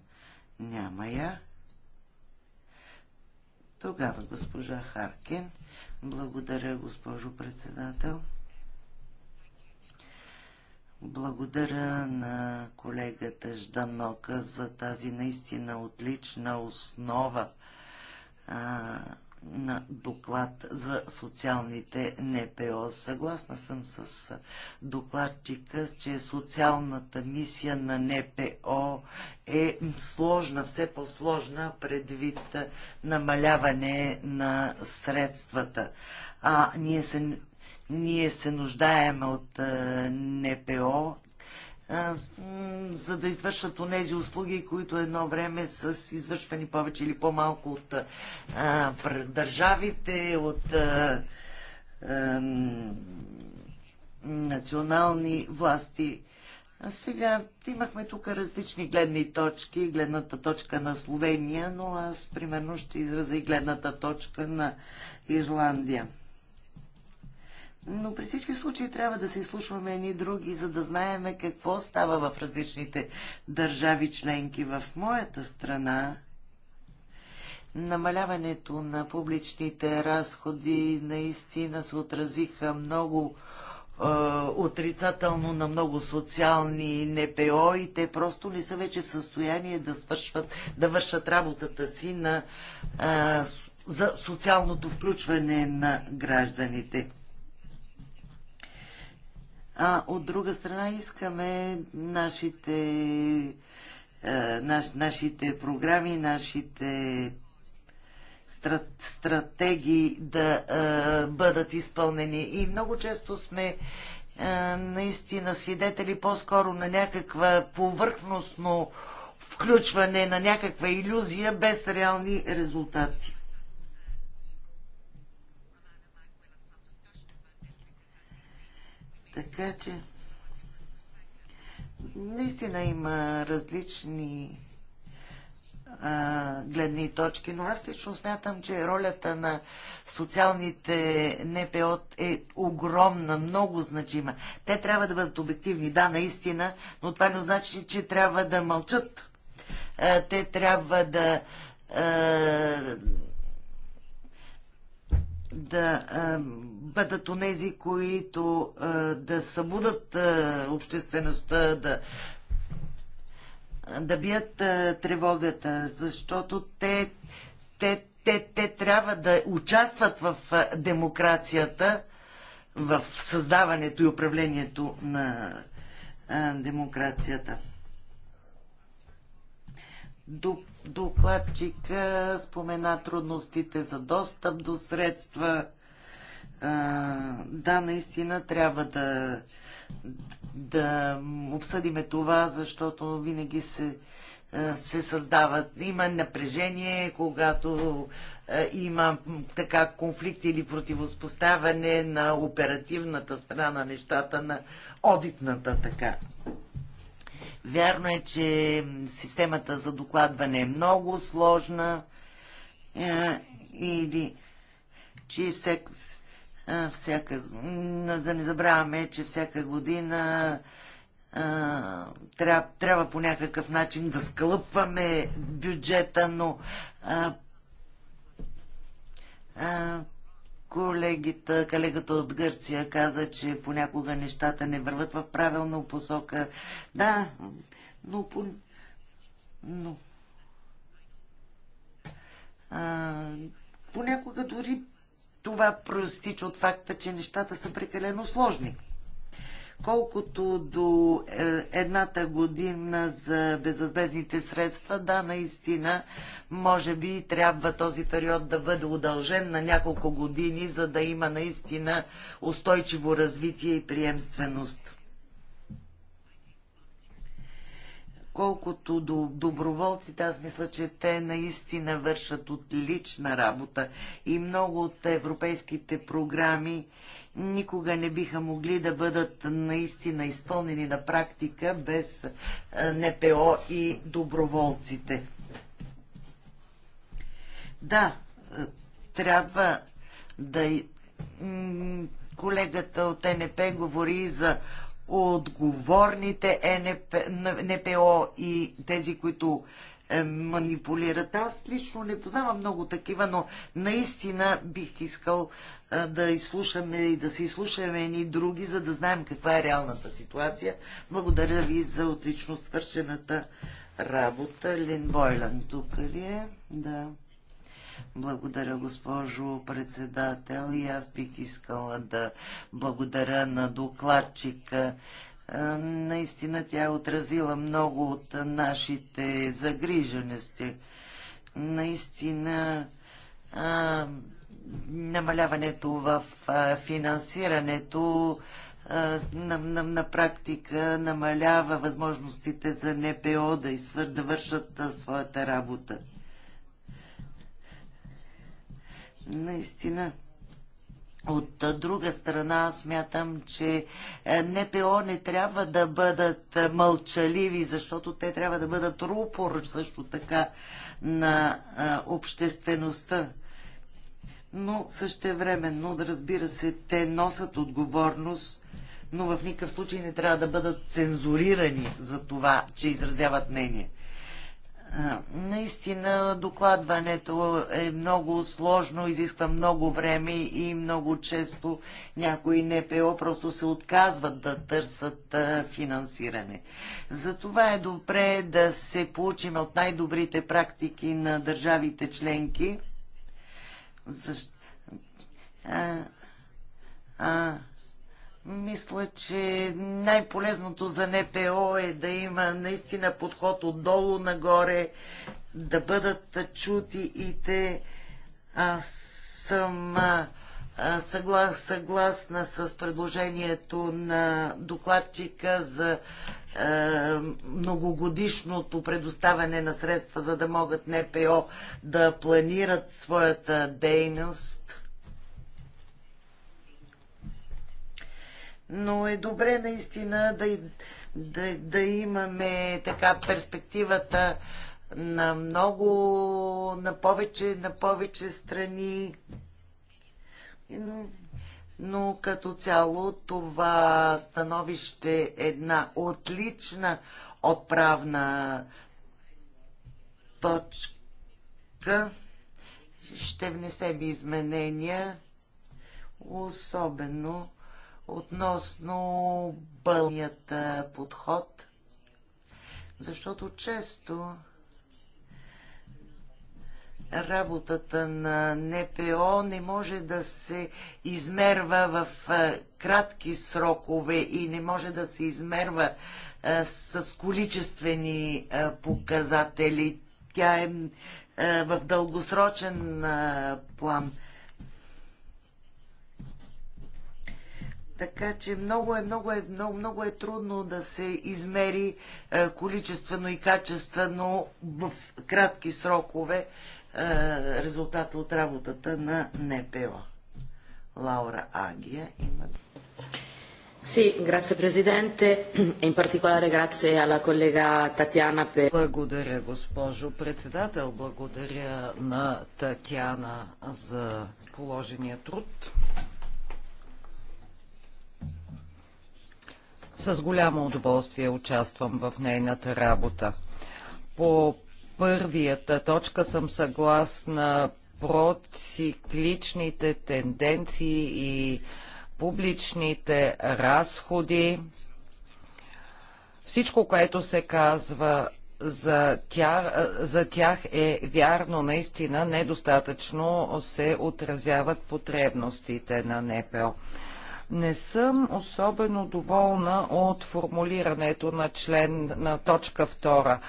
Няма я. Тогава госпожа Харкин. Благодаря, госпожо председател. Благодаря на колегата Жданока за тази наистина отлична основа а, на доклад за социалните НПО. Съгласна съм с докладчика, че социалната мисия на НПО е сложна, все по-сложна предвид намаляване на средствата. А ние се, ние се нуждаем от е, НПО за да извършат онези услуги, които едно време са извършвани повече или по-малко от а, държавите, от а, а, национални власти. А сега имахме тук различни гледни точки, гледната точка на Словения, но аз примерно ще изразя и гледната точка на Ирландия. Но при всички случаи трябва да се изслушваме едни други, за да знаеме какво става в различните държави членки. В моята страна намаляването на публичните разходи наистина се отразиха много е, отрицателно на много социални НПО и те просто не са вече в състояние да, свършват, да вършат работата си на, е, за социалното включване на гражданите а от друга страна искаме нашите, е, наш, нашите програми, нашите стратегии да а, е, бъдат изпълнени. И много често сме а, е, наистина свидетели по-скоро на някаква повърхностно включване, на някаква иллюзия без реални резултати. Така че наистина има различни а, гледни точки, но аз лично смятам, че ролята на социалните НПО е огромна, много значима. Те трябва да бъдат обективни, да, наистина, но това не значи, че трябва да мълчат. А, те трябва да а, да а, бъдат онези, които а, да събудат а, обществеността, да, да бият а, тревогата, защото те, те, те, те трябва да участват в а, демокрацията, в създаването и управлението на а, демокрацията докладчика спомена трудностите за достъп до средства. Да, наистина трябва да, да обсъдиме това, защото винаги се, се създават. Има напрежение, когато има така конфликт или противоспоставяне на оперативната страна нещата на одитната така. Вярно е, че системата за докладване е много сложна е, или че всяк, е, всяка, да не забравяме, че всяка година а, е, трябва, трябва по някакъв начин да скълъпваме бюджета, но а, колегата, колегата от Гърция каза, че понякога нещата не върват в правилна посока. Да, но... По... но... А, понякога дори това простича от факта, че нещата са прекалено сложни. Колкото до е, едната година за безвъзмезните средства, да, наистина, може би трябва този период да бъде удължен на няколко години, за да има наистина устойчиво развитие и приемственост. колкото до доброволците, аз мисля, че те наистина вършат отлична работа и много от европейските програми никога не биха могли да бъдат наистина изпълнени на практика без е, НПО и доброволците. Да, е, трябва да. Колегата от НП говори за отговорните НП, НПО и тези, които е, манипулират. Аз лично не познавам много такива, но наистина бих искал да изслушаме и да се изслушаме ни други, за да знаем каква е реалната ситуация. Благодаря ви за отлично свършената работа. Лин Бойлен тук ли е? Да. Благодаря, госпожо председател. И аз бих искала да благодаря на докладчика. Наистина тя е отразила много от нашите загрижености. Наистина намаляването в финансирането на, на, на практика намалява възможностите за НПО да, извър, да вършат своята работа. Наистина. От друга страна, смятам, че НПО не трябва да бъдат мълчаливи, защото те трябва да бъдат рупор също така на обществеността но същевременно, да разбира се, те носят отговорност, но в никакъв случай не трябва да бъдат цензурирани за това, че изразяват мнение. Наистина докладването е много сложно, изисква много време и много често някои НПО просто се отказват да търсят финансиране. Затова е добре да се получим от най-добрите практики на държавите членки защо? А, а, мисля, че най-полезното за НПО е да има наистина подход отдолу нагоре, да бъдат чути и те. Аз съм а, съглас, съгласна с предложението на докладчика за многогодишното предоставяне на средства, за да могат НПО да планират своята дейност. Но е добре наистина да, да, да имаме така перспективата на много, на повече, на повече страни но като цяло това становище е една отлична отправна точка. Ще внесе ви изменения, особено относно бълният подход, защото често работата на НПО не може да се измерва в кратки срокове и не може да се измерва с количествени показатели. Тя е в дългосрочен план. Така че много е, много е, много, много е трудно да се измери количествено и качествено в кратки срокове е, резултата от работата на НПО. Лаура Агия има. Sì, grazie Presidente e in particolare grazie alla collega Tatiana per... Благодаря, госпожо председател. Благодаря на Татьяна за положения труд. С голямо удоволствие участвам в нейната работа. По първията точка съм съгласна процикличните тенденции и публичните разходи. Всичко, което се казва за тях, за тях е вярно, наистина недостатъчно се отразяват потребностите на НПО. Не съм особено доволна от формулирането на член на точка втора.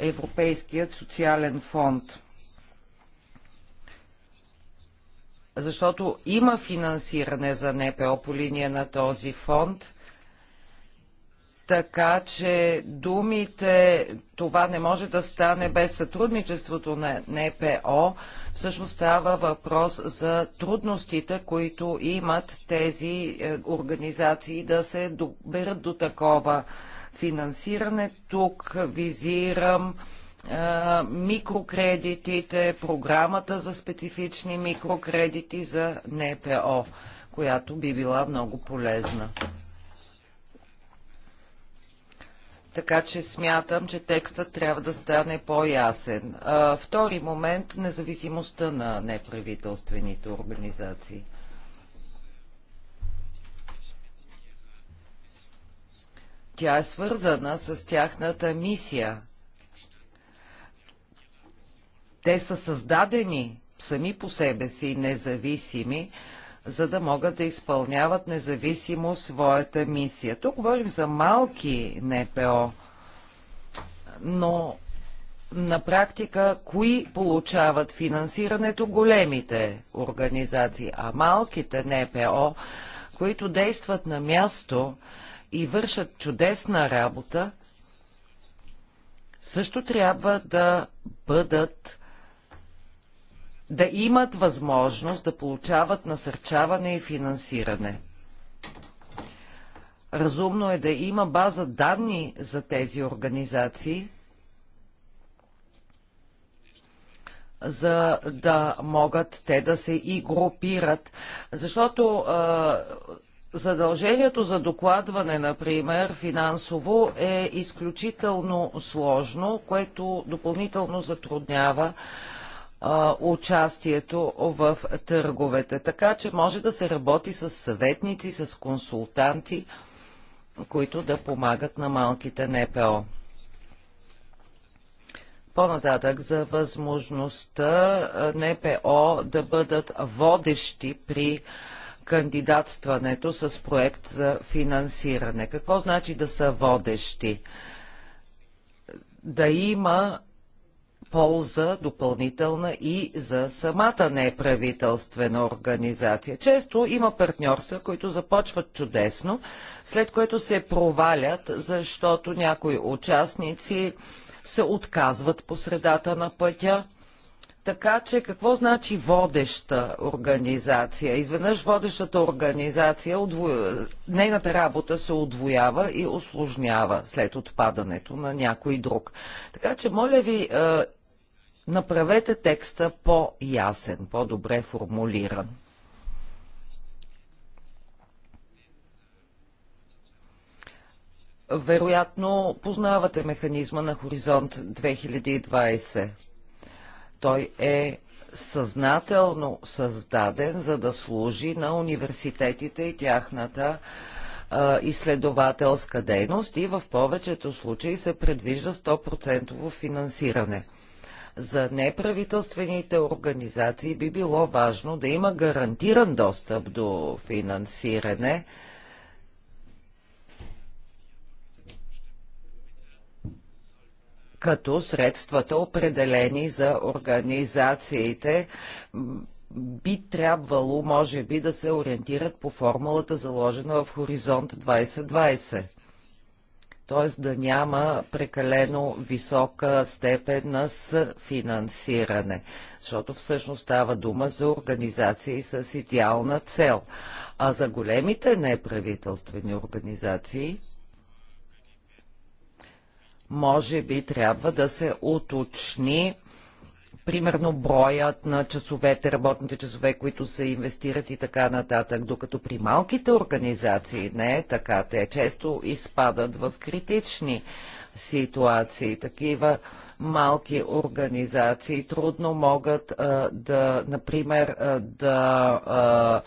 Европейският социален фонд. Защото има финансиране за НПО по линия на този фонд, така че думите това не може да стане без сътрудничеството на НПО. Всъщност става въпрос за трудностите, които имат тези е, организации да се доберат до такова финансиране. Тук визирам а, микрокредитите, програмата за специфични микрокредити за НПО, която би била много полезна. Така че смятам, че текстът трябва да стане по-ясен. втори момент – независимостта на неправителствените организации. Тя е свързана с тяхната мисия. Те са създадени сами по себе си независими, за да могат да изпълняват независимо своята мисия. Тук говорим за малки НПО, но на практика кои получават финансирането? Големите организации, а малките НПО, които действат на място, и вършат чудесна работа, също трябва да бъдат да имат възможност да получават насърчаване и финансиране. Разумно е да има база данни за тези организации, за да могат те да се и групират. Защото а, Задължението за докладване, например, финансово е изключително сложно, което допълнително затруднява а, участието в търговете. Така че може да се работи с съветници, с консултанти, които да помагат на малките НПО. По-нататък за възможността НПО да бъдат водещи при кандидатстването с проект за финансиране. Какво значи да са водещи? Да има полза допълнителна и за самата неправителствена организация. Често има партньорства, които започват чудесно, след което се провалят, защото някои участници се отказват по средата на пътя така че какво значи водеща организация? Изведнъж водещата организация, удво... нейната работа се отвоява и осложнява след отпадането на някой друг. Така че, моля ви, е, направете текста по-ясен, по-добре формулиран. Вероятно познавате механизма на Хоризонт 2020. Той е съзнателно създаден, за да служи на университетите и тяхната а, изследователска дейност и в повечето случаи се предвижда 100% финансиране. За неправителствените организации би било важно да има гарантиран достъп до финансиране, като средствата определени за организациите би трябвало, може би, да се ориентират по формулата заложена в Хоризонт 2020 т.е. да няма прекалено висока степен на съфинансиране, защото всъщност става дума за организации с идеална цел. А за големите неправителствени организации може би трябва да се уточни примерно броят на часовете, работните часове, които се инвестират и така нататък, докато при малките организации не е така. Те често изпадат в критични ситуации. Такива малки организации трудно могат а, да, например, а, да а,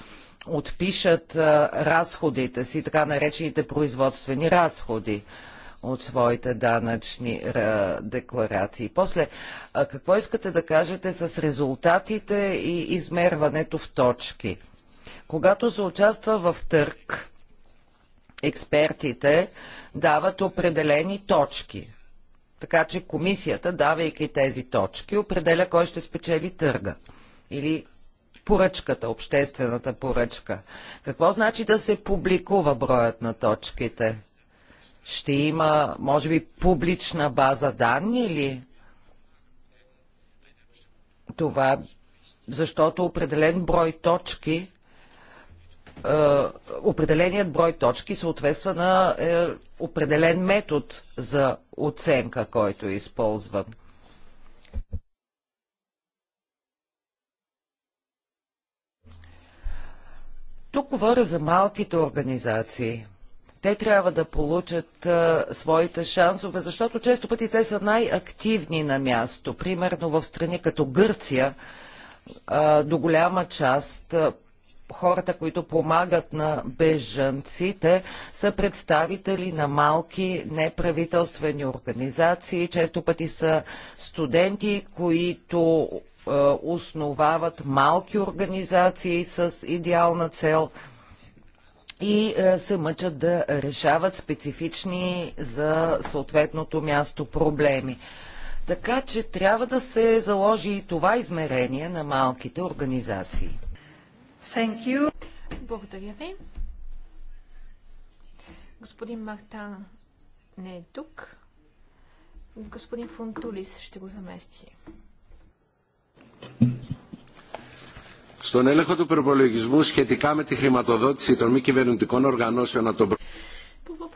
отпишат а, разходите си, така наречените производствени разходи от своите данъчни декларации. После, какво искате да кажете с резултатите и измерването в точки? Когато се участва в търг, експертите дават определени точки. Така че комисията, давайки тези точки, определя кой ще спечели търга или поръчката, обществената поръчка. Какво значи да се публикува броят на точките? Ще има, може би, публична база данни или това, защото определен брой точки, е, определеният брой точки съответства на е, определен метод за оценка, който е използван. Тук говоря за малките организации. Те трябва да получат а, своите шансове, защото често пъти те са най-активни на място. Примерно в страни като Гърция, а, до голяма част а, хората, които помагат на бежанците, са представители на малки неправителствени организации. Често пъти са студенти, които основават малки организации с идеална цел – и е, се мъчат да решават специфични за съответното място проблеми. Така че трябва да се заложи и това измерение на малките организации. Thank you. Благодаря ви. Господин Мартан не е тук. Господин Фунтулис ще го замести στον έλεγχο του προπολογισμού σχετικά με τη χρηματοδότηση των μη κυβερνητικών οργανώσεων από τον По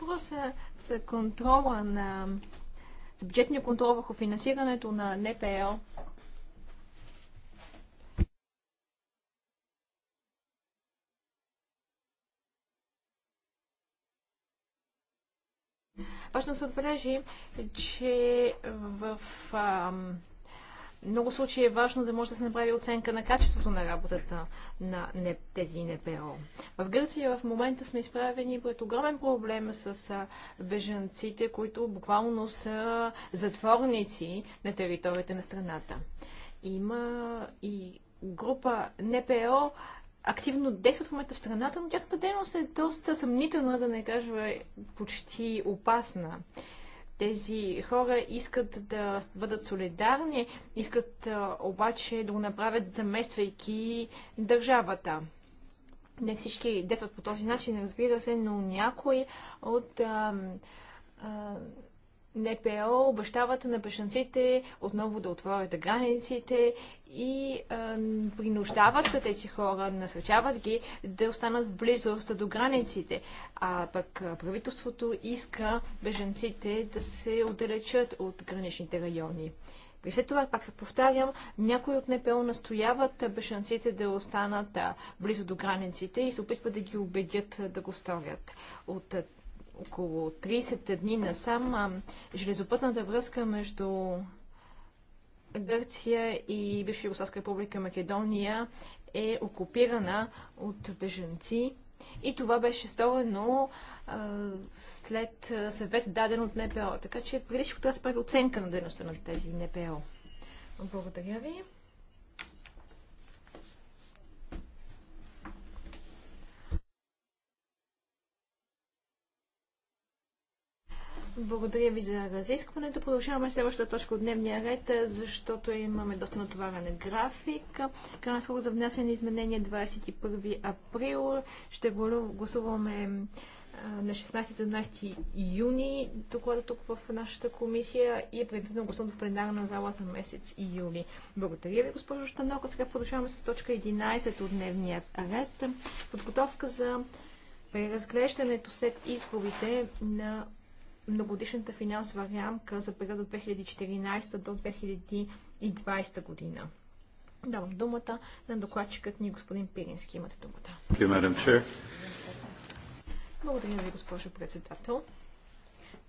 Важно да се отбележи, че в ам, много случаи е важно да може да се направи оценка на качеството на работата на тези НПО. В Гърция в момента сме изправени пред огромен проблем с бежанците, които буквално са затворници на територията на страната. Има и група НПО, активно действат в момента в страната, но тяхната дейност е доста съмнителна, да не кажа е почти опасна. Тези хора искат да бъдат солидарни, искат обаче да го направят замествайки държавата. Не всички действат по този начин, разбира се, но някои от а, а, НПО обещават на бешенците отново да отворят границите и а, принуждават тези хора, насърчават ги да останат в близост до границите. А пък правителството иска беженците да се отдалечат от граничните райони. При след това, пак повтарям, някои от НПО настояват бешенците да останат близо до границите и се опитват да ги убедят да го сторят. От около 30 дни насам железопътната връзка между Гърция и бивша Югославска република Македония е окупирана от беженци. И това беше сторено след съвет даден от НПО. Така че преди всичко трябва да прави оценка на дейността на тези НПО. Благодаря ви. Благодаря ви за разискването. Продължаваме следващата точка от дневния ред, защото имаме доста натоварен график. Крайна срок за внасяне изменение 21 април. Ще гласуваме на 16-17 юни доклада тук в нашата комисия и е предвидено гласуването в пленарна зала за месец и юли. Благодаря ви, госпожо Штанока. Сега продължаваме с точка 11 от дневния ред. Подготовка за преразглеждането след изборите на многодишната финансова рамка за периода 2014 до 2020 година. Давам думата на докладчикът ни господин Пирински. Имате думата. Благодаря ви, госпожо председател.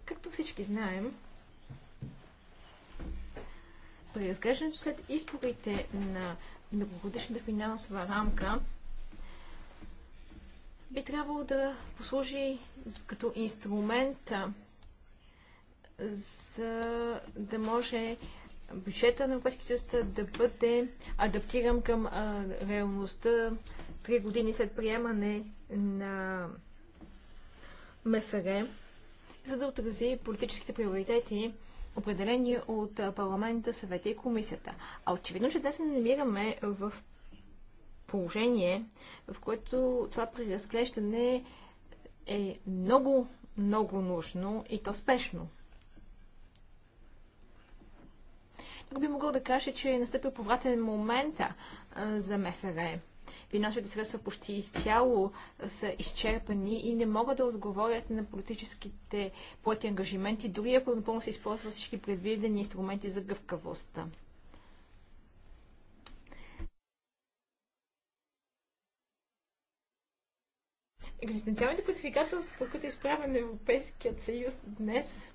Както всички знаем, при разглеждането след изборите на многогодишната финансова рамка би трябвало да послужи като инструмент за да може бюджета на Европейския съюз да бъде адаптиран към а, реалността три години след приемане на МФР, за да отрази политическите приоритети, определени от парламента, съвета и комисията. А очевидно, че днес се намираме в положение, в което това преразглеждане е много, много нужно и то спешно. би могъл да каже, че е настъпил повратен момент за МФР. Финансовите средства почти изцяло са изчерпани и не могат да отговорят на политическите плати ангажименти, дори ако напълно се използват всички предвидени инструменти за гъвкавост. Екзистенциалните предизвикателства, които е изправя на Европейският съюз днес,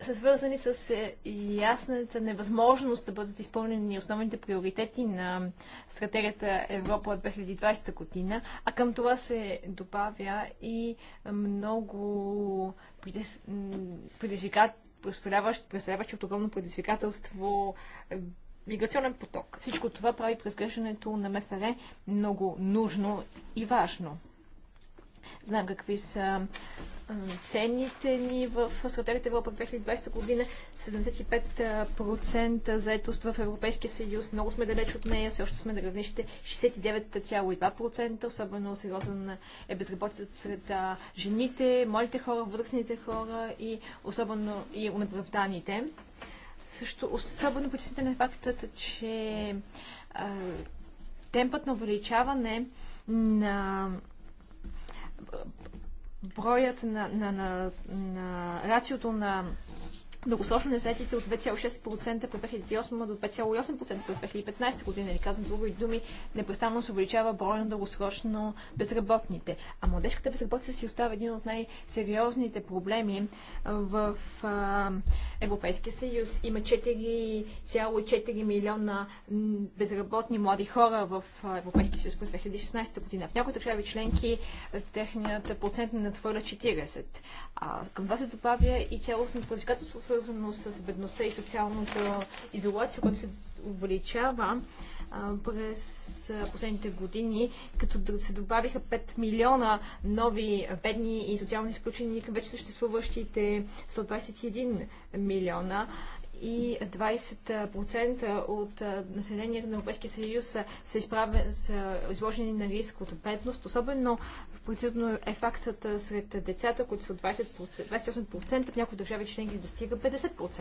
са свързани с е, ясната невъзможност да бъдат изпълнени основните приоритети на стратегията Европа 2020 година, а към това се добавя и много предизвикателство представляващ, от огромно предизвикателство е, миграционен поток. Всичко това прави през на МФР много нужно и важно. Знам какви са цените ни в стратегията Европа 2020 година. 75% заетост в Европейския съюз. Много сме далеч от нея. Все още сме на равнище 69,2%. Особено сериозен е безработицата сред жените, младите хора, възрастните хора и особено и унеправданите. Също особено притеснителен е фактът, че темпът на увеличаване на броят на, на, на, на рациото на дългосрочно заетите от 2,6% през 2008 до 2,8% през 2015 година. Или казвам други думи, непрестанно се увеличава броя на дългосрочно безработните. А младежката безработица си остава един от най-сериозните проблеми в а, Европейския съюз. Има 4,4 милиона безработни млади хора в Европейския съюз през 2016 година. В някои държави членки техният процент не надхвърля 40. А, към това се добавя и цялостно предизвикателство свързано с бедността и социалната изолация, която се увеличава през последните години, като се добавиха 5 милиона нови бедни и социално изключени към вече съществуващите 121 милиона и 20% от населението на Европейския съюз са, изправен, са изложени на риск от бедност. Особено процедурно е фактът сред децата, които са от 20%, 28%, в някои държави членки достига 50%.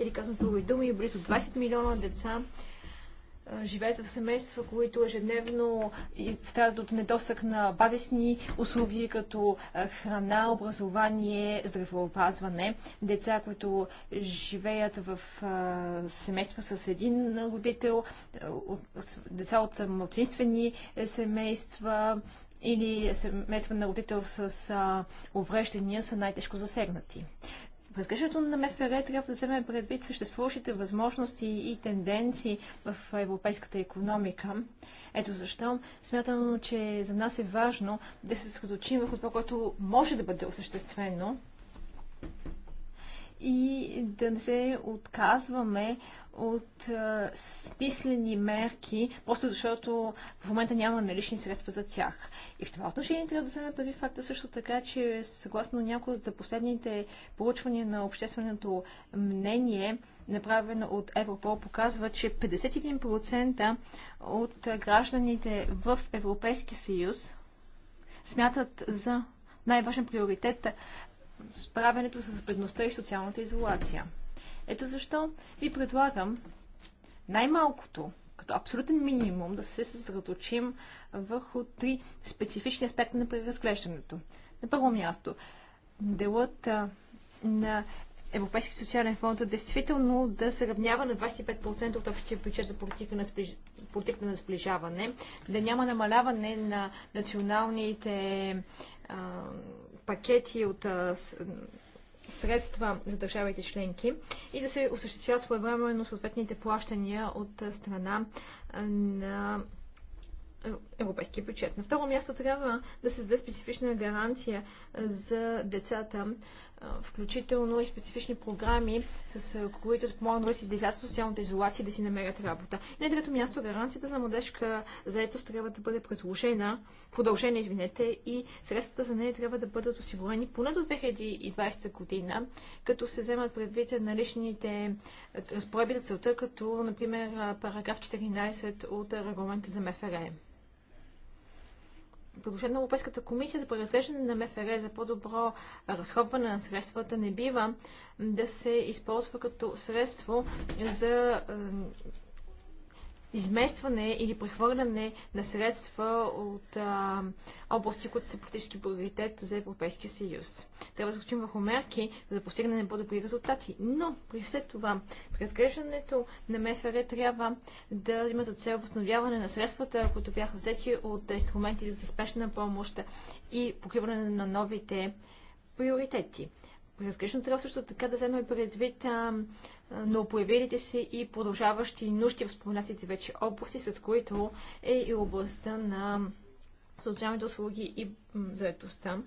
Или казвам с други думи, близо 20 милиона деца живеят в семейства, които ежедневно страдат от недостъг на базисни услуги, като храна, образование, здравеопазване. Деца, които живеят в семейства с един родител, деца от младсинствени е, семейства или семейства на родител с увреждания са най-тежко засегнати разгръщането на МФР трябва да вземе предвид съществуващите възможности и тенденции в европейската економика. Ето защо смятам, че за нас е важно да се съсредоточим върху това, което може да бъде осъществено и да не се отказваме от а, смислени мерки, просто защото в момента няма налични средства за тях. И в това отношение трябва да вземем преди факта също така, че съгласно някои от последните проучвания на общественото мнение, направено от Европол, показва, че 51% от гражданите в Европейския съюз смятат за най-важен приоритет справянето с бедността и социалната изолация. Ето защо ви предлагам най-малкото, като абсолютен минимум, да се съсредоточим върху три специфични аспекта на преразглеждането. На първо място, делът на Европейски социален фонд действително да се равнява на 25% от общия бюджет за политика на, сближ... политика на сближаване, да няма намаляване на националните а, пакети от а, с, средства за държавите членки и да се осъществяват своевременно съответните плащания от страна на европейския бюджет. На второ място трябва да се създаде специфична гаранция за децата включително и специфични програми, с които помогнат да излязат от социалната изолация и да си намерят работа. И на трето място, гаранцията за младежка заетост трябва да бъде предложена, продължена, извинете, и средствата за нея трябва да бъдат осигурени поне до 2020 година, като се вземат предвид наличните разпореби за целта, като, например, параграф 14 от регламента за МФРМ предложение на Европейската комисия за преразглеждане на МФР за по-добро разходване на средствата не бива да се използва като средство за изместване или прехвърляне на средства от а, области, които са политически приоритет за Европейския съюз. Трябва да се върху мерки за постигане на по-добри резултати. Но при все това, при разглеждането на МФР трябва да има за цел възстановяване на средствата, които бяха взети от инструментите за спешна помощ и покриване на новите приоритети. Различно трябва също така да вземе предвид а, но появилите се и продължаващи нужди в споменатите вече области, след които е и областта на социалните услуги и заедостта.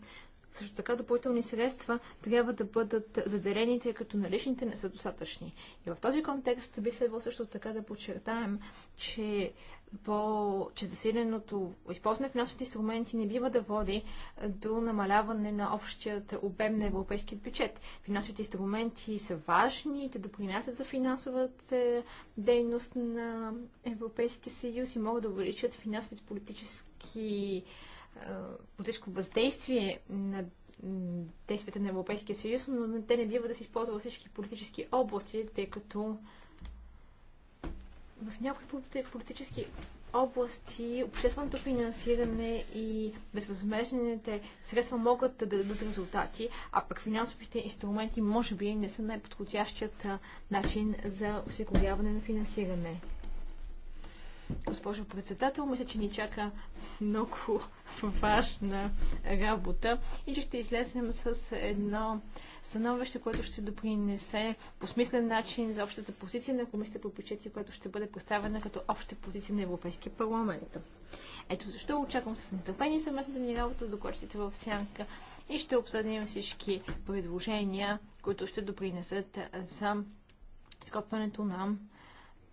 Също така допълнителни средства трябва да бъдат заделени, тъй като наличните не са достатъчни. И в този контекст би следвало също така да подчертаем, че по, че засиленото използване на финансовите инструменти не бива да води до намаляване на общият обем на европейския бюджет. Финансовите инструменти са важни, те допринасят за финансовата дейност на Европейския съюз и могат да увеличат финансовите политически политическо въздействие на действията на Европейския съюз, но те не бива да се използват всички политически области, тъй като в някои политически области общественото финансиране и безвъзмежните средства могат да дадат резултати, а пък финансовите инструменти може би не са най-подходящият начин за осигуряване на финансиране. Госпожо председател, мисля, че ни чака много важна работа и че ще излезем с едно становище, което ще допринесе по смислен начин за общата позиция на Комисията по бюджети, която ще бъде поставена като обща позиция на Европейския парламент. Ето защо очаквам с нетърпение съвместната ни работа с докладчиците в Сянка и ще обсъдим всички предложения, които ще допринесат за скопването на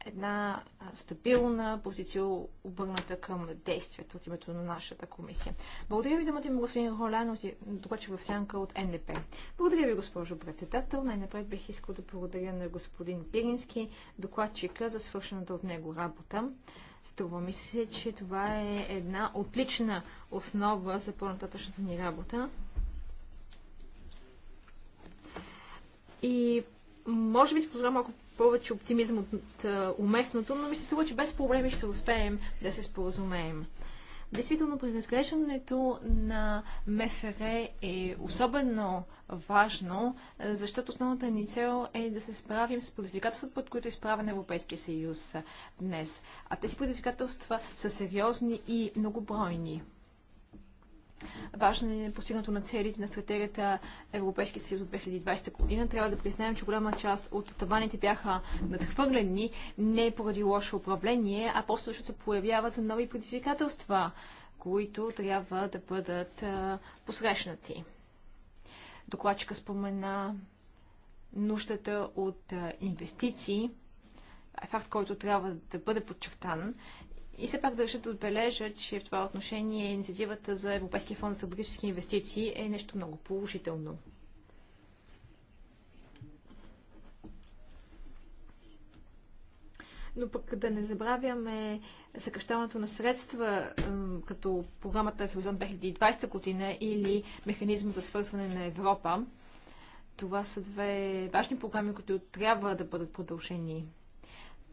една стабилна позиция, обърната към действията от името на нашата комисия. Благодаря ви, думата има господин Ролян, докладчик в сянка от НДП. Благодаря ви, госпожо председател. Най-напред бих искал да благодаря на господин Пирински, докладчика, за свършената от него работа. Струва ми се, че това е една отлична основа за по-нататъчната ни работа. И може би си малко повече оптимизъм от уместното, но ми се струва, че без проблеми ще успеем да се споразумеем. Действително, при разглеждането на МФР е особено важно, защото основната ни цел е да се справим с предизвикателствата, под които е изправен Европейския съюз днес. А тези предизвикателства са сериозни и многобройни. Важно е постигнато на целите на стратегията Европейски съюз от 2020 година. Трябва да признаем, че голяма част от таваните бяха надхвърлени не поради лошо управление, а просто защото се появяват нови предизвикателства, които трябва да бъдат посрещнати. Докладчика спомена нуждата от инвестиции, е факт, който трябва да бъде подчертан. И все пак държа да отбележа, че в това отношение инициативата за Европейския фонд за стратегически инвестиции е нещо много положително. но пък да не забравяме съкръщаването на средства, като програмата Хоризонт 2020 година или механизма за свързване на Европа. Това са две важни програми, които трябва да бъдат продължени.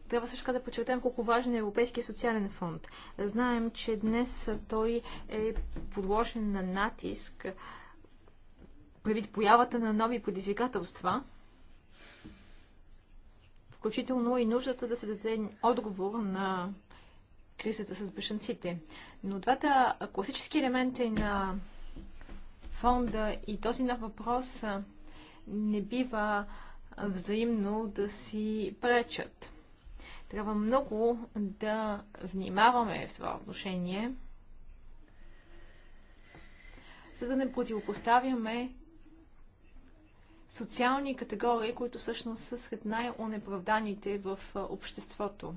Трябва също така да подчертаем колко важен е Европейския социален фонд. Знаем, че днес той е подложен на натиск предвид появата на нови предизвикателства, включително и нуждата да се даде отговор на кризата с бешенците. Но двата класически елементи на фонда и този на въпрос не бива взаимно да си пречат. Трябва много да внимаваме в това отношение, за да не противопоставяме социални категории, които всъщност са сред най-унеправданите в обществото.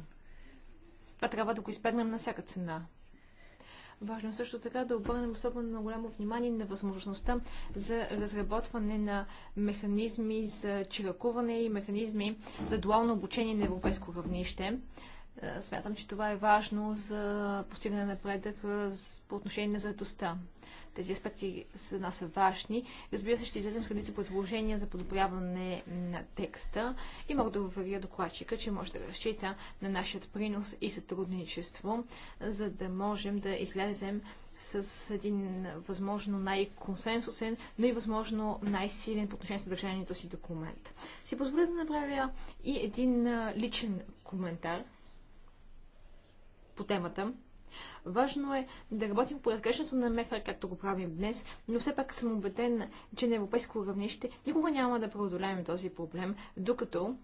Това трябва да го избегнем на всяка цена. Важно е също така да обърнем особено голямо внимание на възможността за разработване на механизми за чиракуване и механизми за дуално обучение на европейско равнище. Е, смятам, че това е важно за постигане на напредък е, по отношение на заедостта. Тези аспекти за нас са важни. Разбира се, ще излезем с редица предложения за подобряване на текста и мога да уверя докладчика, че може да разчита на нашия принос и сътрудничество, за да можем да излезем с един възможно най-консенсусен, но и възможно най-силен по отношение на съдържанието си документ. Си позволя да направя и един личен коментар по темата. Важно е да работим по разгрешението на МФР, както го правим днес, но все пак съм убеден, че на европейско равнище никога няма да преодолеем този проблем, докато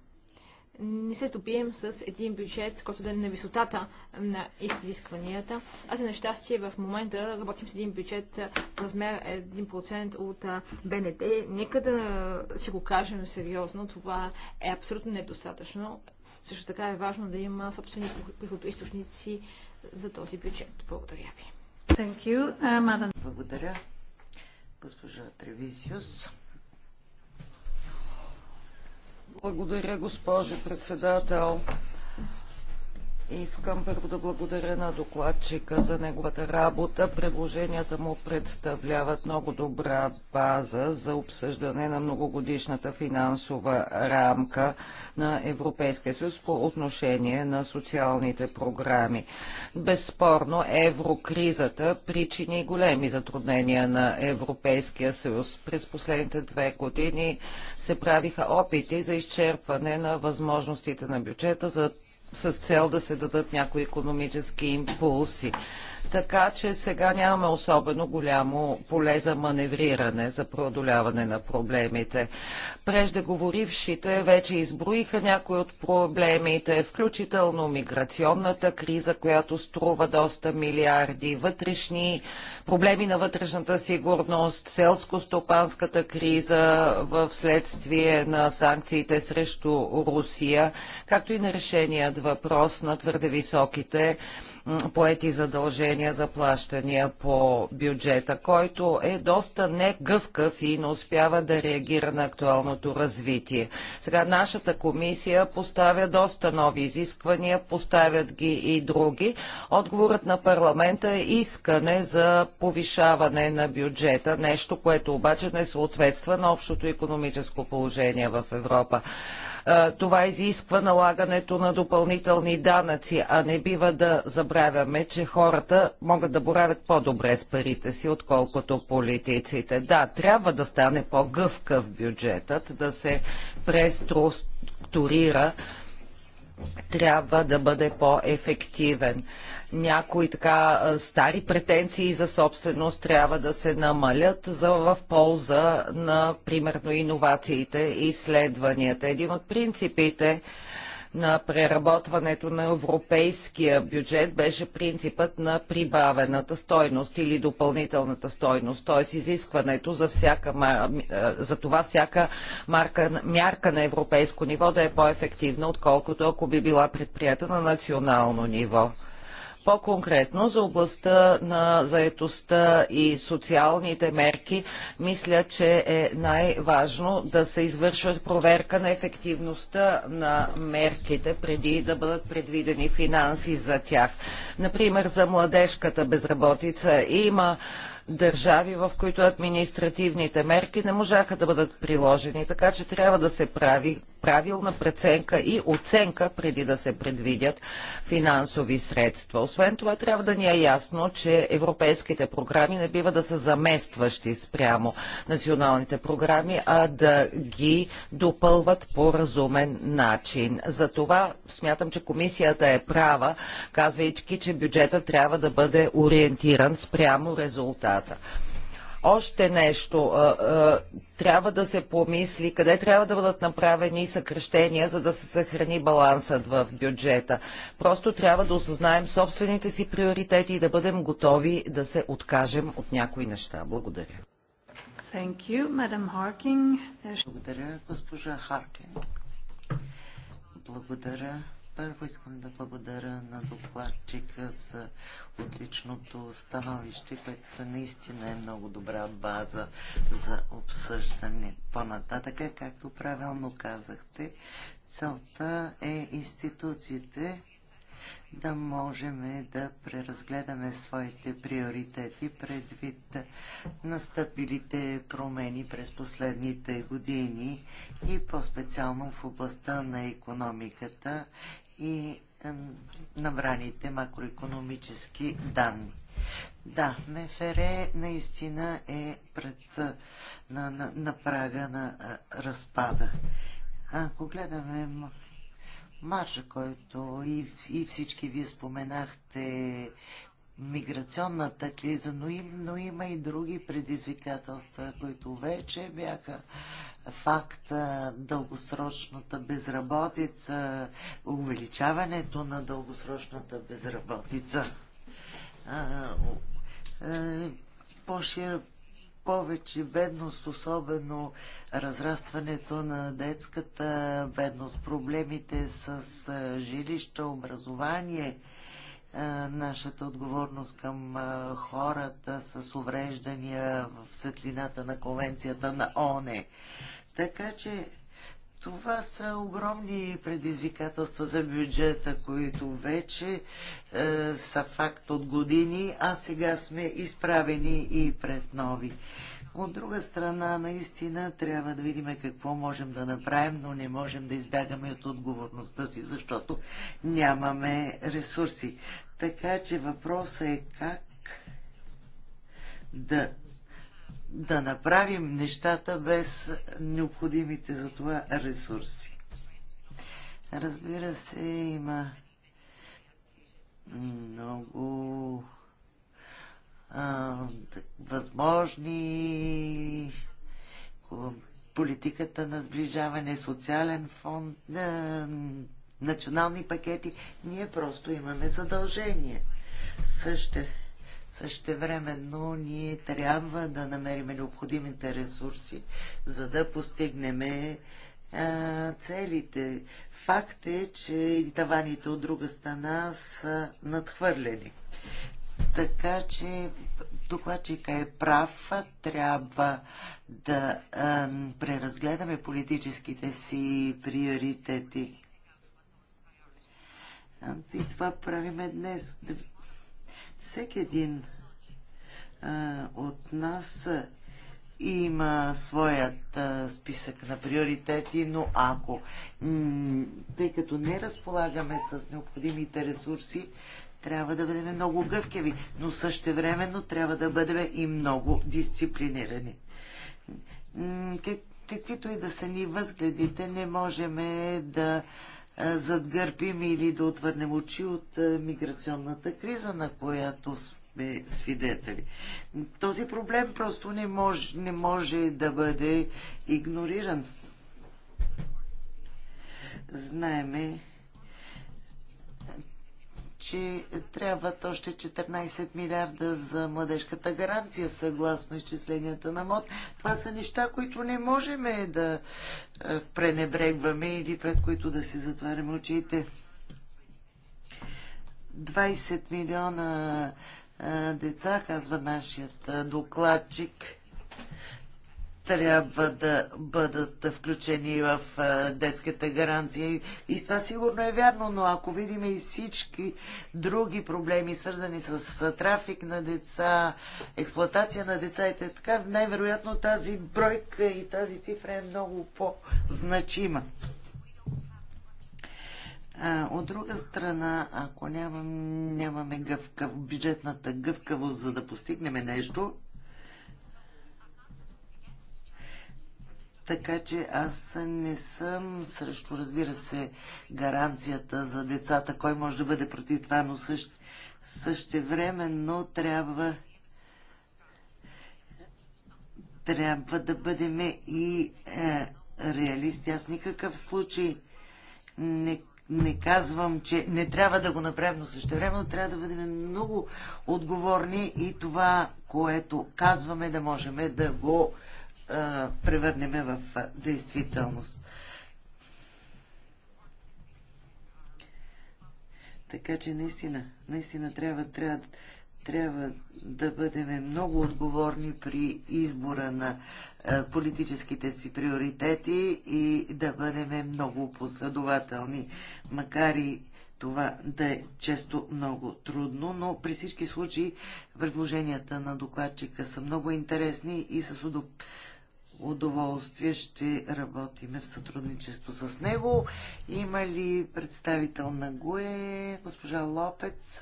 не се стопием с един бюджет, който да е на висотата на изискванията. А за нещастие в момента работим с един бюджет в размер 1% от БНТ. Нека да си го кажем сериозно, това е абсолютно недостатъчно. Също така е важно да има собствени приходоисточници за този бюджет. Благодаря ви. Thank you, uh, Благодаря, госпожа Тревизиус. Благодаря, госпожо председател. Искам първо да благодаря на докладчика за неговата работа. Предложенията му представляват много добра база за обсъждане на многогодишната финансова рамка на Европейския съюз по отношение на социалните програми. Безспорно, еврокризата причини големи затруднения на Европейския съюз. През последните две години се правиха опити за изчерпване на възможностите на бюджета за с цел да се дадат някои економически импулси. Така че сега нямаме особено голямо поле за маневриране, за преодоляване на проблемите. Преждеговорившите вече изброиха някои от проблемите, включително миграционната криза, която струва доста милиарди, вътрешни проблеми на вътрешната сигурност, селско-стопанската криза в следствие на санкциите срещу Русия, както и на решения въпрос на твърде високите поети задължения за плащания по бюджета, който е доста негъвкав и не успява да реагира на актуалното развитие. Сега нашата комисия поставя доста нови изисквания, поставят ги и други. Отговорът на парламента е искане за повишаване на бюджета, нещо, което обаче не съответства на общото економическо положение в Европа. Е, това изисква налагането на допълнителни данъци, а не бива да забравяме, че хората могат да боравят по-добре с парите си, отколкото политиците. Да, трябва да стане по-гъвкав бюджетът, да се преструктурира трябва да бъде по-ефективен някои така стари претенции за собственост трябва да се намалят за, в полза на, примерно, иновациите и изследванията. Един от принципите на преработването на европейския бюджет беше принципът на прибавената стойност или допълнителната стойност, т.е. изискването за, всяка, за това всяка марка, мярка на европейско ниво да е по-ефективна, отколкото ако би била предприята на национално ниво. По-конкретно за областта на заетостта и социалните мерки, мисля, че е най-важно да се извършва проверка на ефективността на мерките преди да бъдат предвидени финанси за тях. Например, за младежката безработица има държави, в които административните мерки не можаха да бъдат приложени, така че трябва да се прави правилна преценка и оценка преди да се предвидят финансови средства. Освен това, трябва да ни е ясно, че европейските програми не бива да са заместващи спрямо националните програми, а да ги допълват по разумен начин. За това смятам, че комисията е права, казвайки, че бюджета трябва да бъде ориентиран спрямо резултата. Още нещо. Трябва да се помисли къде трябва да бъдат направени съкрещения, за да се съхрани балансът в бюджета. Просто трябва да осъзнаем собствените си приоритети и да бъдем готови да се откажем от някои неща. Благодаря. Thank you, Madam Harking. Благодаря, госпожа Харкин. Благодаря. Първо искам да благодаря на докладчика за отличното становище, което наистина е много добра база за обсъждане по нататък Както правилно казахте, целта е институциите да можем да преразгледаме своите приоритети предвид настъпилите промени през последните години и по-специално в областта на економиката и набраните макроекономически данни. Да, МФР наистина е пред е, на, на, на прага на а, е, разпада. Ако гледаме маржа, който и, и всички вие споменахте, миграционната криза, но, им, но има и други предизвикателства, които вече бяха факта дългосрочната безработица, увеличаването на дългосрочната безработица. Е, по повече бедност, особено разрастването на детската бедност, проблемите с е, жилища, образование, е, нашата отговорност към хората с увреждания в светлината на конвенцията на ОНЕ. Така че това са огромни предизвикателства за бюджета, които вече е, са факт от години, а сега сме изправени и пред нови. От друга страна, наистина трябва да видим какво можем да направим, но не можем да избягаме от отговорността си, защото нямаме ресурси. Така че въпросът е как да да направим нещата без необходимите за това ресурси. Разбира се, има много а, възможни политиката на сближаване, социален фонд, а, национални пакети. Ние просто имаме задължение. Също Същевременно ние трябва да намерим необходимите ресурси, за да постигнем целите. Факт е, че и таваните от друга страна са надхвърлени. Така че докладчика е прав, трябва да а, преразгледаме политическите си приоритети. И това правиме днес. Всеки един а, от нас има своят а, списък на приоритети, но ако, тъй като не разполагаме с необходимите ресурси, трябва да бъдем много гъвкеви, но същевременно трябва да бъдем и много дисциплинирани. Как, каквито и да са ни възгледите, не можем да а, е, им или да отвърнем очи от е, миграционната криза, на която сме свидетели. Този проблем просто не може, не може да бъде игнориран. Знаеме, че трябват още 14 милиарда за младежката гаранция, съгласно изчисленията на МОД. Това са неща, които не можем да е, пренебрегваме или пред които да си затваряме очите. 20 милиона е, деца, казва нашият е, докладчик – трябва да бъдат включени в детската гаранция. И това сигурно е вярно, но ако видим и всички други проблеми, свързани с трафик на деца, експлоатация на деца и така, най-вероятно тази бройка и тази цифра е много по-значима. От друга страна, ако нямам, нямаме гъвкав, бюджетната гъвкавост, за да постигнем нещо, Така че аз не съм срещу, разбира се, гаранцията за децата. Кой може да бъде против това, но също, но трябва трябва да бъдем и е, реалисти. Аз никакъв случай не, не казвам, че не трябва да го направим, но но трябва да бъдем много отговорни и това, което казваме, да можем да го превърнем в действителност. Така че наистина, наистина трябва, трябва, трябва да бъдем много отговорни при избора на политическите си приоритети и да бъдем много последователни, макар и това да е често много трудно, но при всички случаи предложенията на докладчика са много интересни и с удоволствие удоволствие ще работиме в сътрудничество с него. Има ли представител на ГУЕ, госпожа Лопец,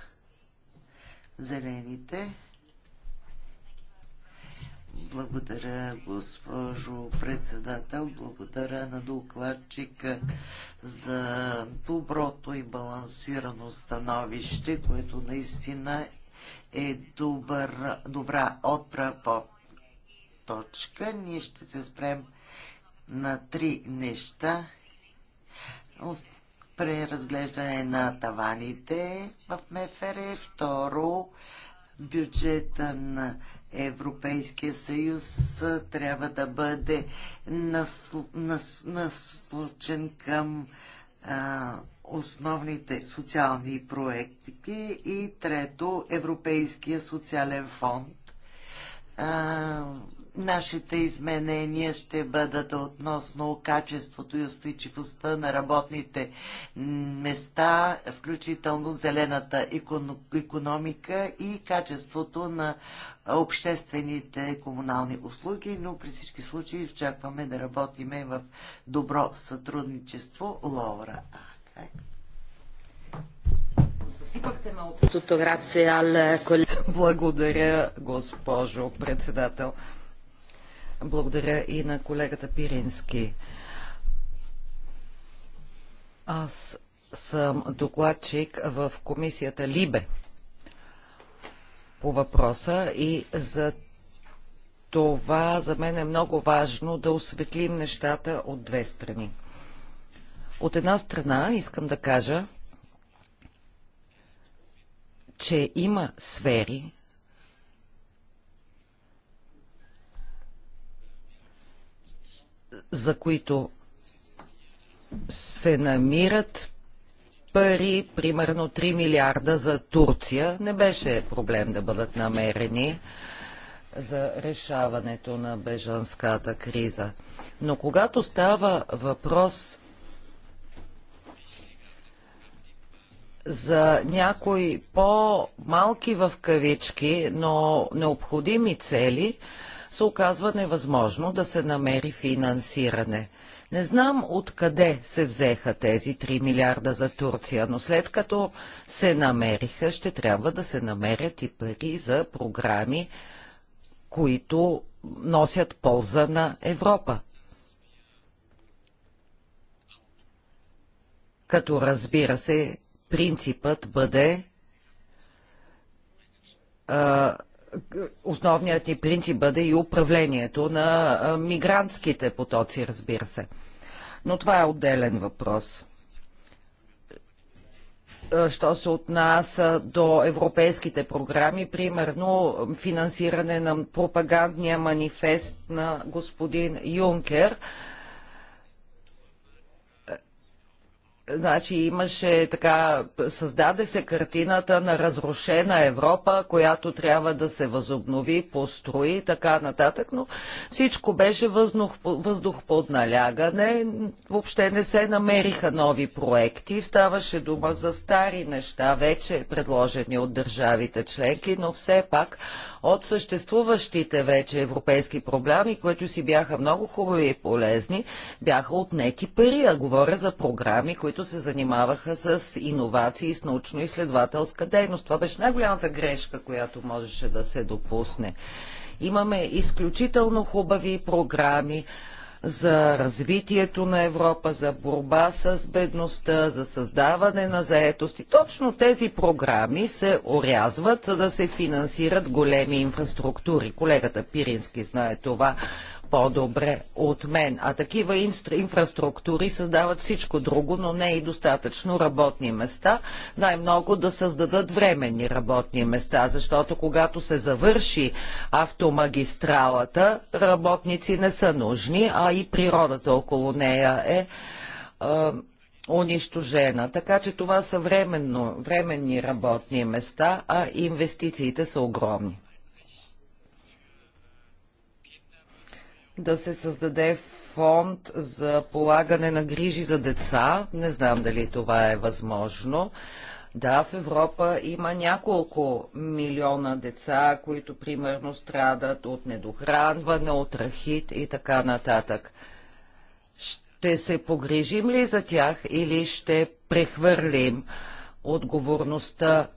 Зелените? Благодаря, госпожо председател. Благодаря на докладчика за доброто и балансирано становище, което наистина е добър, добра отправа точка. Ние ще се спрем на три неща. Преразглеждане на таваните в МФР. Второ, бюджета на Европейския съюз трябва да бъде насл... нас... наслучен към а, основните социални проекти и трето Европейския социален фонд. А, Нашите изменения ще бъдат относно качеството и устойчивостта на работните места, включително зелената економика и качеството на обществените комунални услуги, но при всички случаи очакваме да работиме в добро сътрудничество. Лаура. Засипахте Благодаря, госпожо председател. Благодаря и на колегата Пирински. Аз съм докладчик в комисията Либе по въпроса и за това за мен е много важно да осветлим нещата от две страни. От една страна искам да кажа, че има сфери, за които се намират пари, примерно 3 милиарда за Турция. Не беше проблем да бъдат намерени за решаването на бежанската криза. Но когато става въпрос за някои по-малки в кавички, но необходими цели, се оказва невъзможно да се намери финансиране. Не знам откъде се взеха тези 3 милиарда за Турция, но след като се намериха, ще трябва да се намерят и пари за програми, които носят полза на Европа. Като разбира се, принципът бъде а, основният ни принцип бъде и управлението на мигрантските потоци, разбира се. Но това е отделен въпрос що се отнася до европейските програми, примерно финансиране на пропагандния манифест на господин Юнкер – Значи имаше така, създаде се картината на разрушена Европа, която трябва да се възобнови, построи и така нататък, но всичко беше въздух, въздух под налягане, въобще не се намериха нови проекти, ставаше дума за стари неща, вече предложени от държавите членки, но все пак от съществуващите вече европейски програми, които си бяха много хубави и полезни, бяха отнети пари, а говоря за програми, които които се занимаваха с иновации, с научно-изследователска дейност. Това беше най-голямата грешка, която можеше да се допусне. Имаме изключително хубави програми за развитието на Европа, за борба с бедността, за създаване на заетост. И точно тези програми се орязват, за да се финансират големи инфраструктури. Колегата Пирински знае това по-добре от мен. А такива инфраструктури създават всичко друго, но не и достатъчно работни места. Най-много да създадат временни работни места, защото когато се завърши автомагистралата, работници не са нужни, а и природата около нея е унищожена. Така че това са временно, временни работни места, а инвестициите са огромни. да се създаде фонд за полагане на грижи за деца. Не знам дали това е възможно. Да, в Европа има няколко милиона деца, които примерно страдат от недохранване, от рахит и така нататък. Ще се погрижим ли за тях или ще прехвърлим отговорността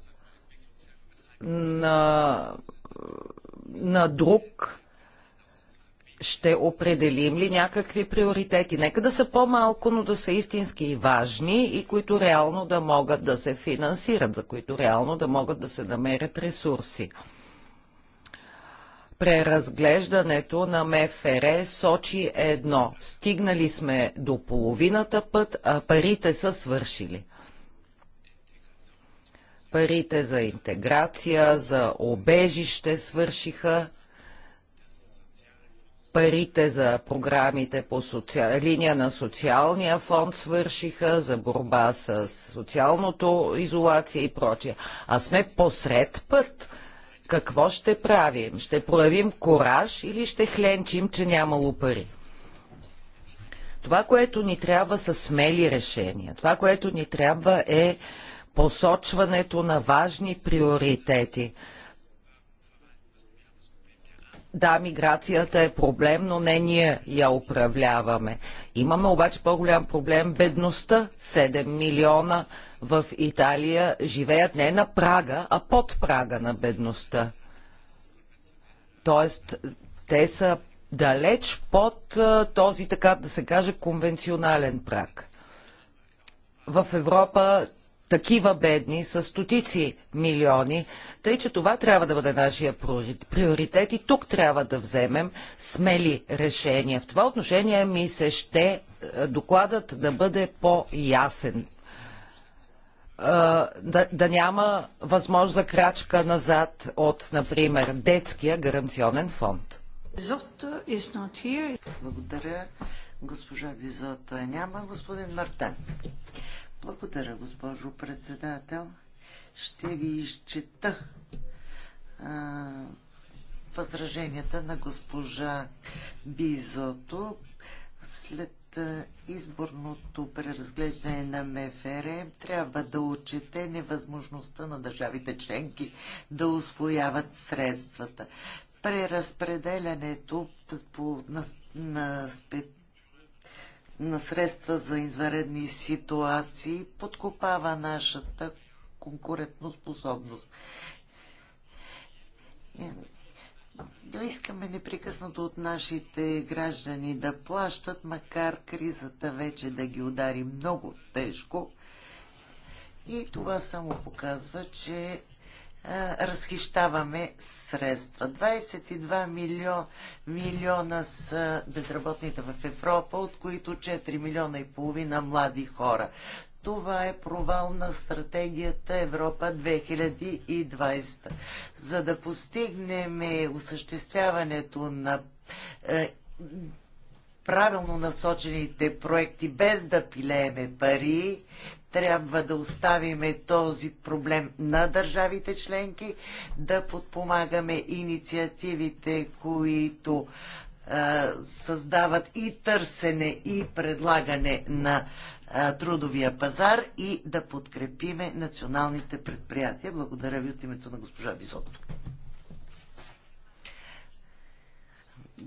на, на друг ще определим ли някакви приоритети? Нека да са по-малко, но да са истински и важни и които реално да могат да се финансират, за които реално да могат да се намерят ресурси. Преразглеждането на МФР сочи едно. Стигнали сме до половината път, а парите са свършили парите за интеграция, за обежище свършиха парите за програмите по соци... линия на социалния фонд свършиха, за борба с социалното изолация и прочие. А сме посред път. Какво ще правим? Ще проявим кораж или ще хленчим, че нямало пари? Това, което ни трябва са смели решения. Това, което ни трябва е посочването на важни приоритети. Да, миграцията е проблем, но не ние я управляваме. Имаме обаче по-голям проблем бедността. 7 милиона в Италия живеят не на прага, а под прага на бедността. Тоест, те са далеч под този, така да се каже, конвенционален праг. В Европа такива бедни с стотици милиони, тъй че това трябва да бъде нашия приоритет и тук трябва да вземем смели решения. В това отношение ми се ще е, докладът да бъде по-ясен. Е, да, да няма възможност за крачка назад от, например, детския гаранционен фонд. Благодаря. Госпожа Визата. няма. Господин Мартен. Благодаря, госпожо председател. Ще ви изчета а, възраженията на госпожа Бизото след изборното преразглеждане на МФР трябва да отчете невъзможността на държавите членки да освояват средствата. Преразпределянето на, на, на на средства за изваредни ситуации подкопава нашата конкурентоспособност. Е, да искаме непрекъснато от нашите граждани да плащат, макар кризата вече да ги удари много тежко. И това само показва, че е, разхищаваме средства. 22 милион, милиона са безработните в Европа, от които 4 милиона и половина млади хора. Това е провал на стратегията Европа 2020. За да постигнем осъществяването на е, правилно насочените проекти без да пилееме пари, трябва да оставиме този проблем на държавите членки, да подпомагаме инициативите, които създават и търсене и предлагане на трудовия пазар и да подкрепиме националните предприятия. Благодаря ви от името на госпожа Бизотто.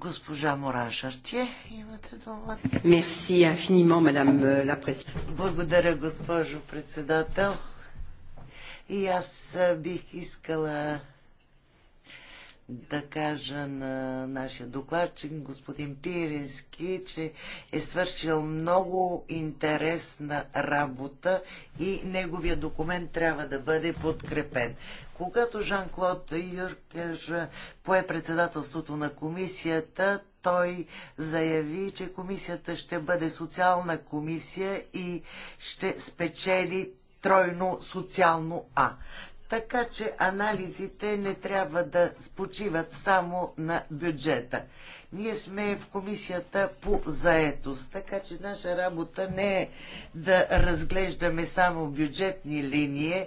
Госпожа Моран Шартие, имате думата. Мерси инфинимо, мадам ла Благодаря, госпожо председател. И аз бих искала да кажа на нашия докладчик, господин Пирински, че е свършил много интересна работа и неговия документ трябва да бъде подкрепен. Когато Жан-Клод Юркер пое председателството на комисията, той заяви, че комисията ще бъде социална комисия и ще спечели тройно социално А. Така че анализите не трябва да спочиват само на бюджета. Ние сме в комисията по заетост, така че наша работа не е да разглеждаме само бюджетни линии.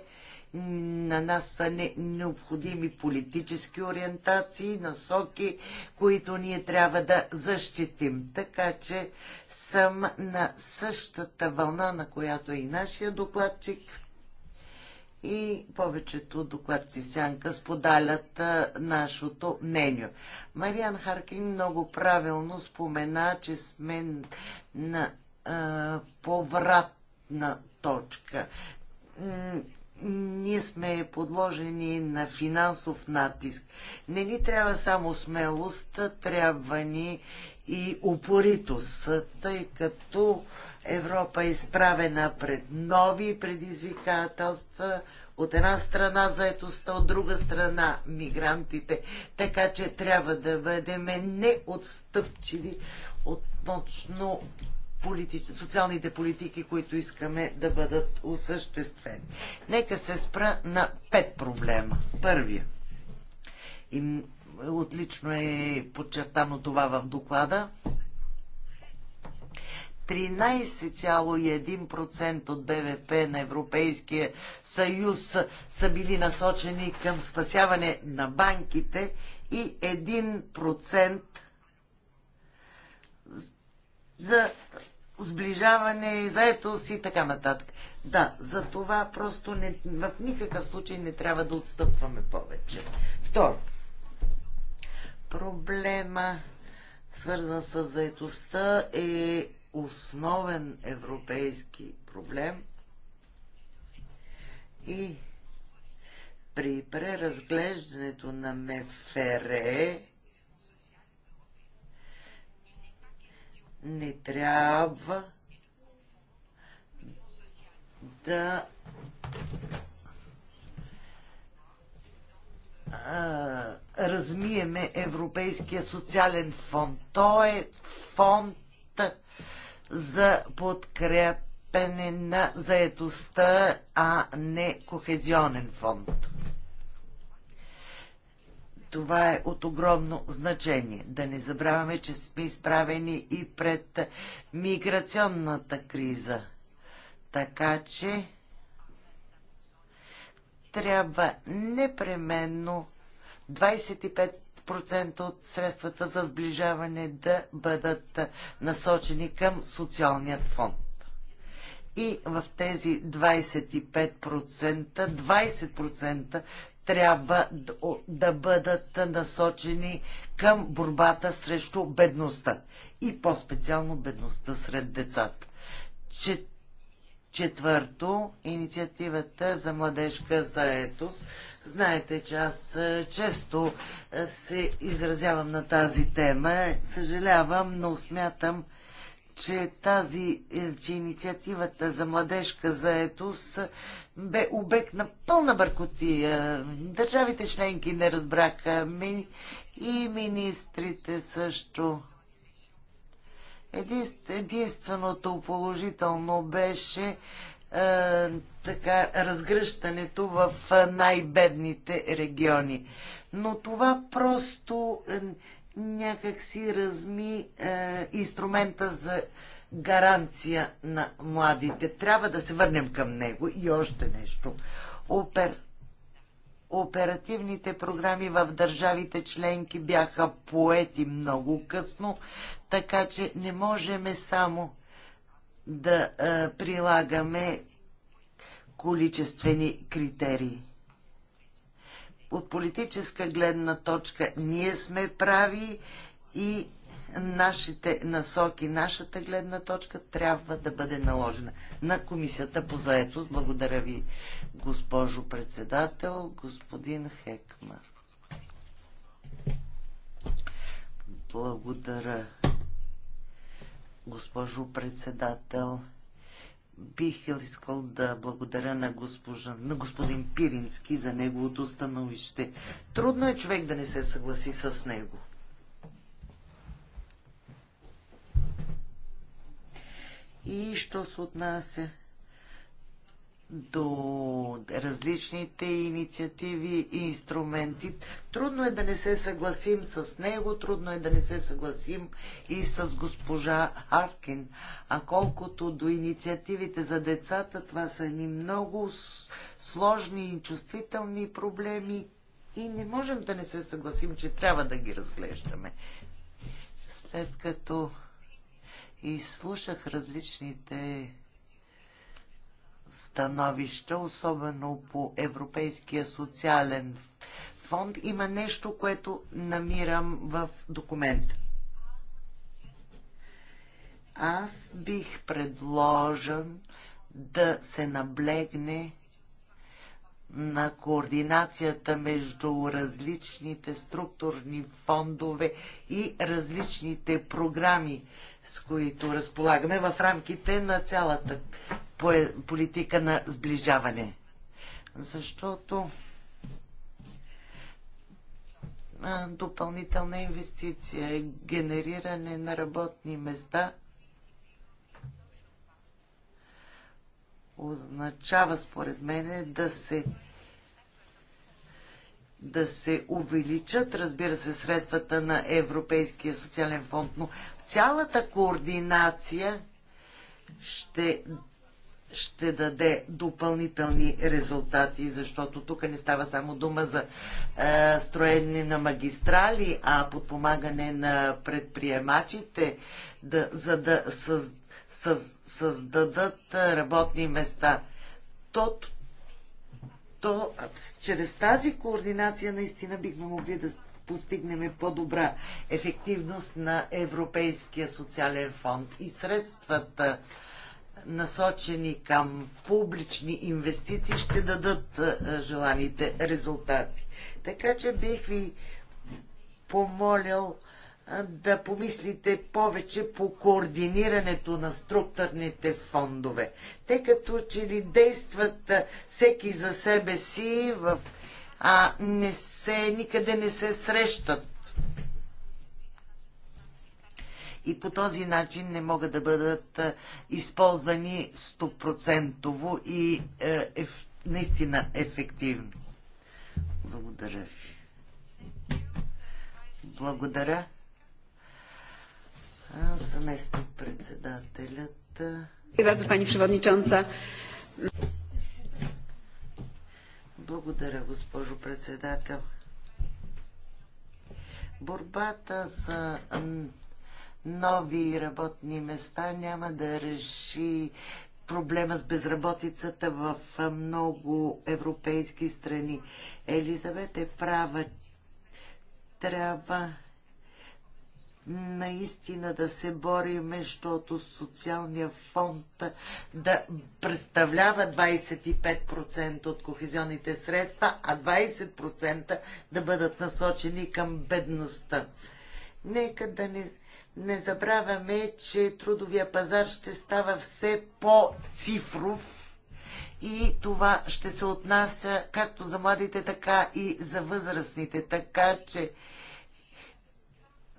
На нас са не, необходими политически ориентации, насоки, които ние трябва да защитим. Така че съм на същата вълна, на която е и нашия докладчик и повечето докладци в сянка споделят нашето мнение. Мариан Харкин много правилно спомена, че сме на а, повратна точка. Ние сме подложени на финансов натиск. Не ни трябва само смелост, трябва ни и упоритост, тъй като Европа е изправена пред нови предизвикателства. От една страна заетостта, от друга страна мигрантите. Така че трябва да бъдем неотстъпчиви относно политич... социалните политики, които искаме да бъдат осъществени. Нека се спра на пет проблема. Първия. И отлично е подчертано това в доклада. 13,1% от БВП на Европейския съюз са били насочени към спасяване на банките и 1% за сближаване, заетост и така нататък. Да, за това просто не, в никакъв случай не трябва да отстъпваме повече. Второ, проблема свързан с заетостта е основен европейски проблем и при преразглеждането на МФР не трябва да размиеме Европейския социален фонд. Той е фонд за подкрепене на заетостта, а не кохезионен фонд. Това е от огромно значение. Да не забравяме, че сме изправени и пред миграционната криза. Така че трябва непременно 25 10% от средствата за сближаване да бъдат насочени към социалният фонд. И в тези 25%, 20% трябва да бъдат насочени към борбата срещу бедността и по-специално бедността сред децата. Че Четвърто, инициативата за младежка заетост. Знаете, че аз е, често е, се изразявам на тази тема. Съжалявам, но смятам, че тази, е, че инициативата за младежка заетост бе обект на пълна бъркотия. Държавите членки не разбраха ми и министрите също единственото положително беше е, така разгръщането в е, най-бедните региони. Но това просто е, някак си разми е, инструмента за гаранция на младите. Трябва да се върнем към него и още нещо. Опер, оперативните програми в държавите членки бяха поети много късно, така че не можем само да а, е, прилагаме количествени критерии. От политическа гледна точка ние сме прави и нашите насоки, нашата гледна точка трябва да бъде наложена на Комисията по заетост. Благодаря ви, госпожо председател, господин Хекмар. Благодаря, госпожо председател. Бих искал да благодаря на, госпожа, на господин Пирински за неговото становище. Трудно е човек да не се съгласи с него. И що се отнася до различните инициативи и инструменти. Трудно е да не се съгласим с него, трудно е да не се съгласим и с госпожа Харкин. А колкото до инициативите за децата, това са ни много сложни и чувствителни проблеми и не можем да не се съгласим, че трябва да ги разглеждаме. След като изслушах различните становища, особено по Европейския социален фонд, има нещо, което намирам в документа. Аз бих предложен да се наблегне на координацията между различните структурни фондове и различните програми с които разполагаме в рамките на цялата политика на сближаване. Защото допълнителна инвестиция, е генериране на работни места означава според мен да се да се увеличат, разбира се, средствата на Европейския социален фонд, но цялата координация ще, ще даде допълнителни резултати, защото тук не става само дума за е, строене на магистрали, а подпомагане на предприемачите, да, за да създадат е, работни места. То, то чрез тази координация наистина бихме могли да постигнем по-добра ефективност на Европейския социален фонд и средствата насочени към публични инвестиции ще дадат желаните резултати. Така че бих ви помолил да помислите повече по координирането на структурните фондове. Те като че ли действат всеки за себе си, в... а не се, никъде не се срещат. И по този начин не могат да бъдат използвани стопроцентово и е, е, наистина ефективно. Благодаря ви. Благодаря заместник председателят. Благодаря, пани Przewodnicząca. Благодаря, госпожо председател. Борбата за нови работни места няма да реши проблема с безработицата в много европейски страни. Елизавет е права. Трябва наистина да се бори, защото социалния фонд да представлява 25% от кохезионните средства, а 20% да бъдат насочени към бедността. Нека да не, не забравяме, че трудовия пазар ще става все по-цифров и това ще се отнася както за младите, така и за възрастните. Така че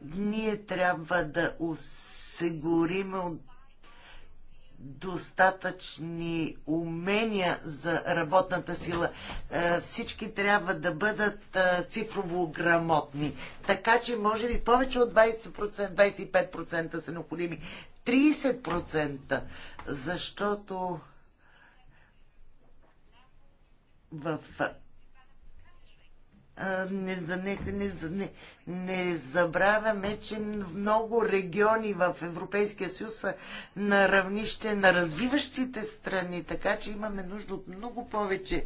ние трябва да осигурим достатъчни умения за работната сила. Е, всички трябва да бъдат е, цифрово грамотни. Така че, може би, повече от 20%, 25% са необходими. 30%, защото в не, не, не, не забравяме, че много региони в Европейския съюз са на равнище на развиващите страни, така че имаме нужда от много повече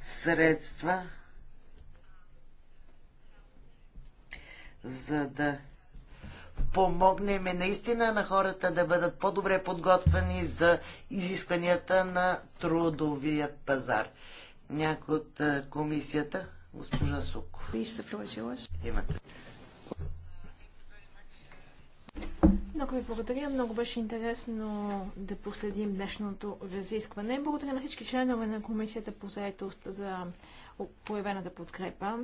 средства, за да помогнем наистина на хората да бъдат по-добре подготвени за изискванията на трудовия пазар. Някой от комисията? Госпожа приложилаш. Имате. Много ви благодаря. Много беше интересно да проследим днешното разискване. Благодаря на всички членове на Комисията по заедост за проявената подкрепа.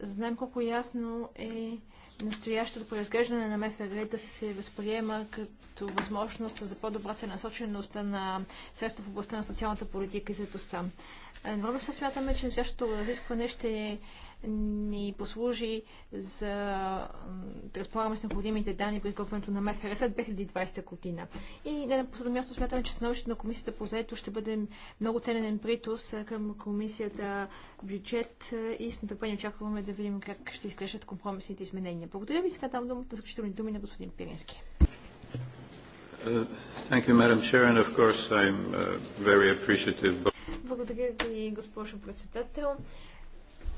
Знаем колко ясно е настоящото преразглеждане на МФР да се възприема като възможност за по-добра целенасоченост на средства в областта на социалната политика и заедостта. Едновременно се смятаме, че настоящото разискване ще ни послужи за да разполагаме с необходимите данни при изготвянето на МФР след 2020 година. И не на последно място смятам, че становището на комисията по заето ще бъде много ценен притус към комисията бюджет и с нетърпение очакваме да видим как ще изглеждат компромисните изменения. Благодаря ви. Сега дам думата на заключителни думи на господин Пирински. Е, uh, Благодаря ви, госпожо председател.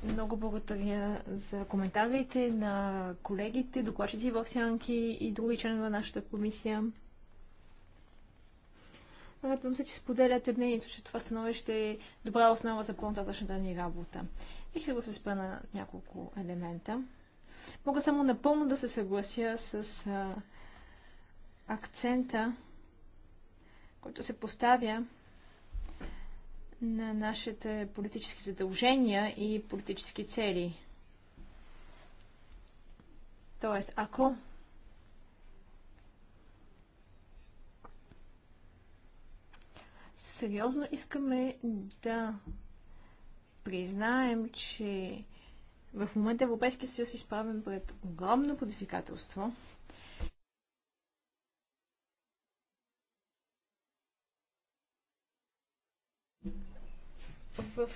Много благодаря за коментарите на колегите, докладчици в Сянки и други членове на нашата комисия. Радвам се, че споделяте мнението, че това становище е добра основа за по-нататъчната ни работа. Бих да се спра на няколко елемента. Мога само напълно да се съглася с а, акцента, който се поставя на нашите политически задължения и политически цели. Тоест, ако сериозно искаме да признаем, че в момента Европейския съюз е изправен пред огромно предизвикателство в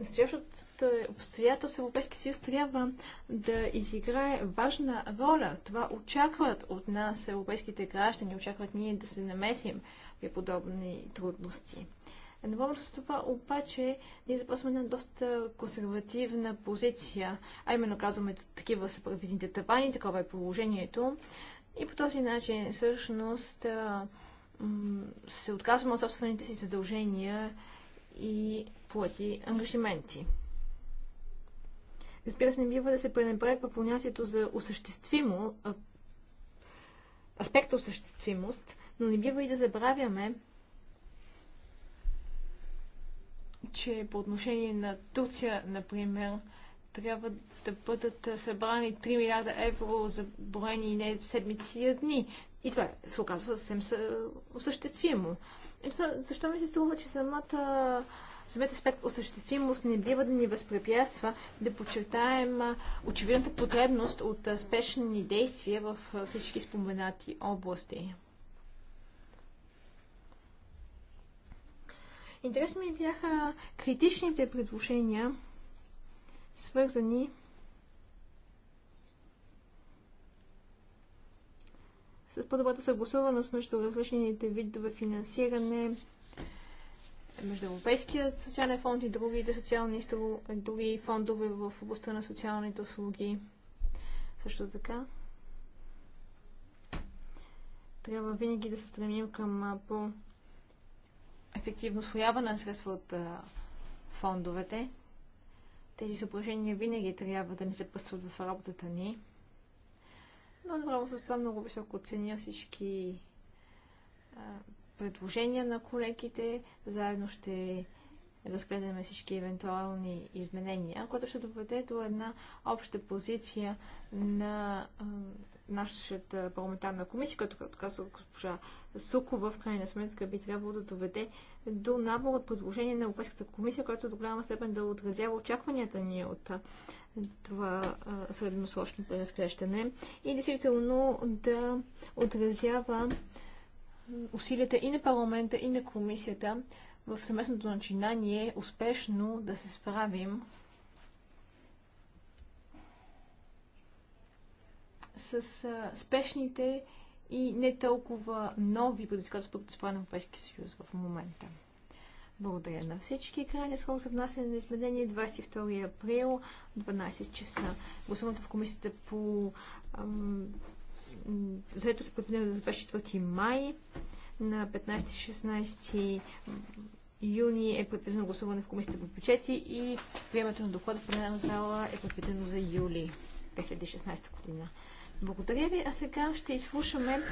настоящото обстоятелство Европейския съюз трябва да изиграе важна роля. Това очакват от нас европейските граждани, очакват ние да се намесим при подобни трудности. Едновременно с това обаче ние започваме една доста консервативна позиция, а именно казваме такива са правилните тавани, такова е положението. И по този начин всъщност се отказваме от собствените си задължения и плати ангажименти. Разбира се, не бива да се пренебрегва понятието за осъществимо, аспекта осъществимост, но не бива и да забравяме, че по отношение на Турция, например, трябва да бъдат събрани 3 милиарда евро за броени не седмици и дни. И това се оказва съвсем осъществимо. Ето, защо ми се струва, че самата самата аспект осъществимост не бива да ни възпрепятства да подчертаем очевидната потребност от спешни действия в всички споменати области. Интересни ми бяха критичните предложения, свързани с по-добрата съгласуваност между различните видове финансиране, между Европейския социален фонд и другите социални други фондове в областта на социалните услуги. Също така. Трябва винаги да се стремим към по-ефективно освояване на средства от фондовете. Тези съображения винаги трябва да ни се в работата ни но едновременно с това много високо оценя всички а, предложения на колегите. Заедно ще разгледаме всички евентуални изменения, което ще доведе до една обща позиция на а, нашата парламентарна комисия, като, както каза госпожа Сукова, в крайна сметка би трябвало да доведе до набор от предложения на Европейската комисия, която до голяма степен да отразява очакванията ни от това средносрочно преразглеждане и действително да отразява усилията и на парламента, и на комисията в съместното начинание успешно да се справим с спешните и не толкова нови подискоти, които изправя на Европейския съюз в момента. Благодаря на всички. Крайният срок за внасяне на изменение 22 април, 12 часа. Гласуването в комисията по заето се предвидено за 24 май. На 15-16 юни е предвидено гласуване в комисията по бюджети и приемането на доклада в пленарна зала е предвидено за юли 2016 година. Благодаря ви, а сега ще изслушаме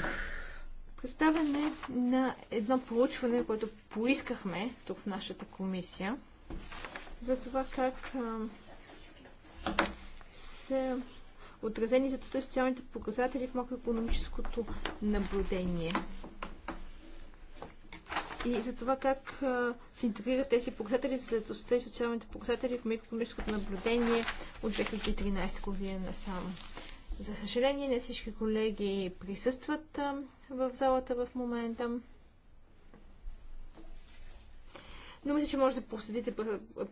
представяне на едно проучване, което поискахме тук в нашата комисия за това как са отразени за и социалните показатели в макроекономическото наблюдение. И за това как а, се интегрират тези показатели за заедостта и социалните показатели в микроекономическото наблюдение от 2013 година насам. За съжаление, не всички колеги присъстват в залата в момента. Но мисля, че може да проследите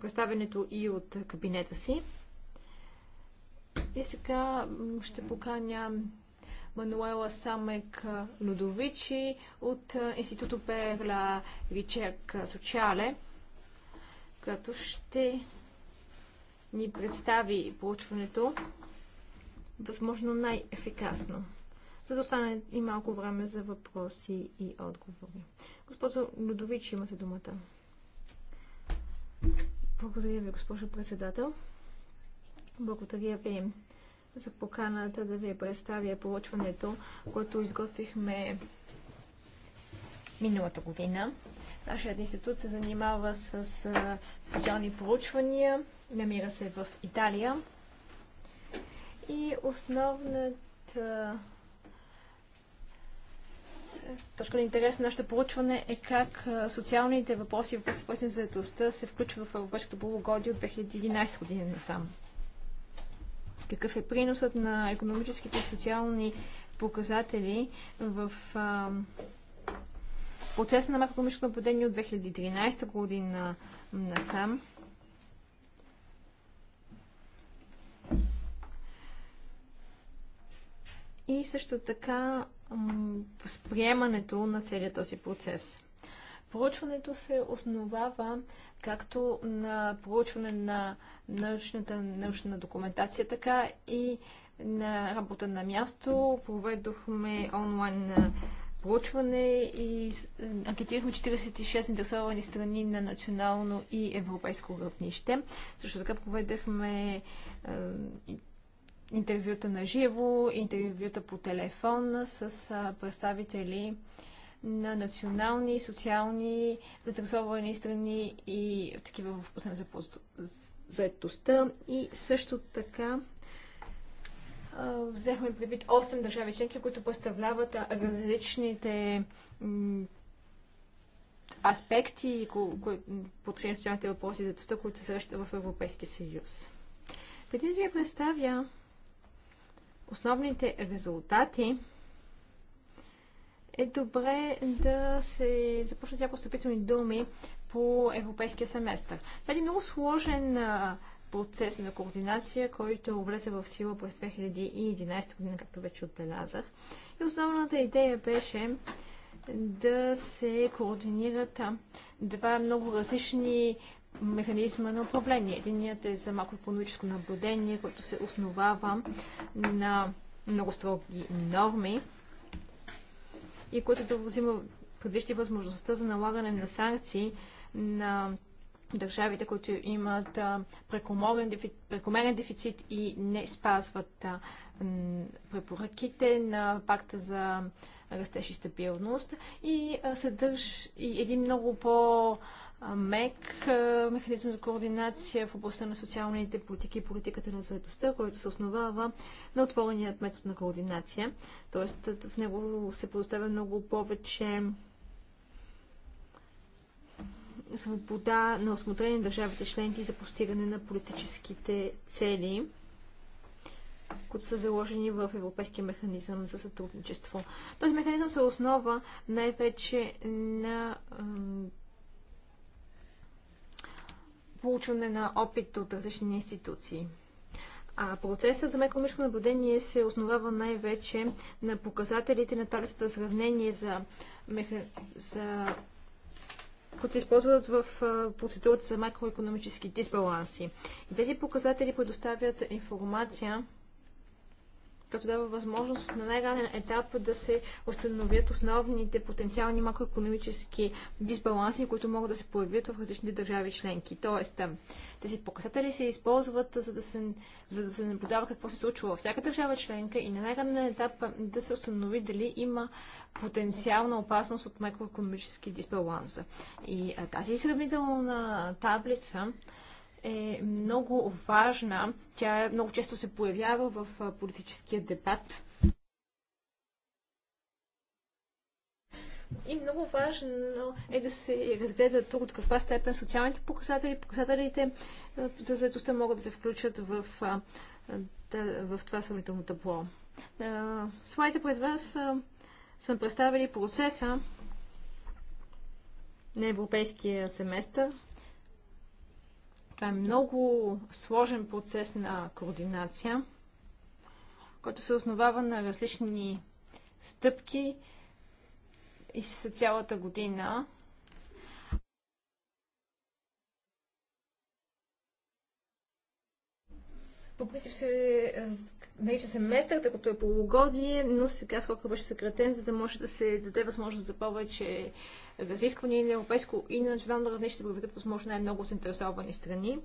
представенето и от кабинета си. И сега ще поканя Мануела Самек Лудовичи от Институто Перла Ричек Сочале, като ще ни представи получването възможно най-ефикасно, за да остане и малко време за въпроси и отговори. Госпожо Людович, имате думата. Благодаря ви, госпожо председател. Благодаря ви за поканата да ви представя получването, което изготвихме миналата година. Нашият институт се занимава с социални проучвания, намира се в Италия. И основната е, точка на интерес на нашето проучване е как е, социалните въпроси в въпроси, свързани заедостта, се включва в европейското полугодие от 2011 година насам. Какъв е приносът на економическите и социални показатели в процеса на макроекономическо наблюдение от 2013 година насам? и също така възприемането на целият този процес. Проучването се основава както на проучване на научната, научна документация, така и на работа на място. Проведохме онлайн проучване и анкетирахме 46 интересовани страни на национално и европейско равнище. Също така проведахме интервюта на живо, интервюта по телефон с представители на национални, социални, заинтересовани страни и такива в пътна за заедостта. И също така взехме предвид 8 държави членки, които представляват различните аспекти по отношение на социалните въпроси за заедостта, които се срещат в Европейския съюз. Преди да ви представя основните резултати, е добре да се започне някои встъпителни думи по европейския семестър. Това е много сложен процес на координация, който влезе в сила през 2011 година, както вече отбелязах. И основната идея беше да се координират два много различни механизма на управление. Единият е за макроекономическо наблюдение, което се основава на много строги норми и което да взима предвижди възможността за налагане на санкции на държавите, които имат прекомерен дефицит и не спазват препоръките на пакта за растеж и стабилност и съдържа и един много по- МЕК, механизъм за координация в областта на социалните политики и политиката на заедостта, който се основава на отвореният метод на координация. Тоест в него се предоставя много повече свобода на осмотрение на държавите членки за постигане на политическите цели, които са заложени в Европейския механизъм за сътрудничество. Този механизъм се основа най-вече на получване на опит от различни институции. А процесът за мекомишко наблюдение се основава най-вече на показателите на талицата за сравнение за, меха... за... които се използват в процедурата за макроекономически дисбаланси. И тези показатели предоставят информация като дава възможност на най-ранен етап да се установят основните потенциални макроекономически дисбаланси, които могат да се появят в различните държави членки. Тоест, тези показатели се използват, за да се, за да се наблюдава какво се случва във всяка държава членка и на най-ранен етап да се установи дали има потенциална опасност от макроекономически дисбаланса. И тази сравнителна таблица е много важна. Тя много често се появява в политическия дебат. И много важно е да се разгледа тук от каква степен социалните показатели, показателите за заедостта могат да се включат в, в това сравнително табло. Слайдите пред вас съм представили процеса на европейския семестър, това е много сложен процес на координация, който се основава на различни стъпки и с цялата година. По принцип се е, нарича се местър, тъй като е полугодие, но сега срока беше съкратен, за да може да се даде възможност за повече разисквания на европейско и на национално равнище, да бъдат възможно най-много заинтересовани страни.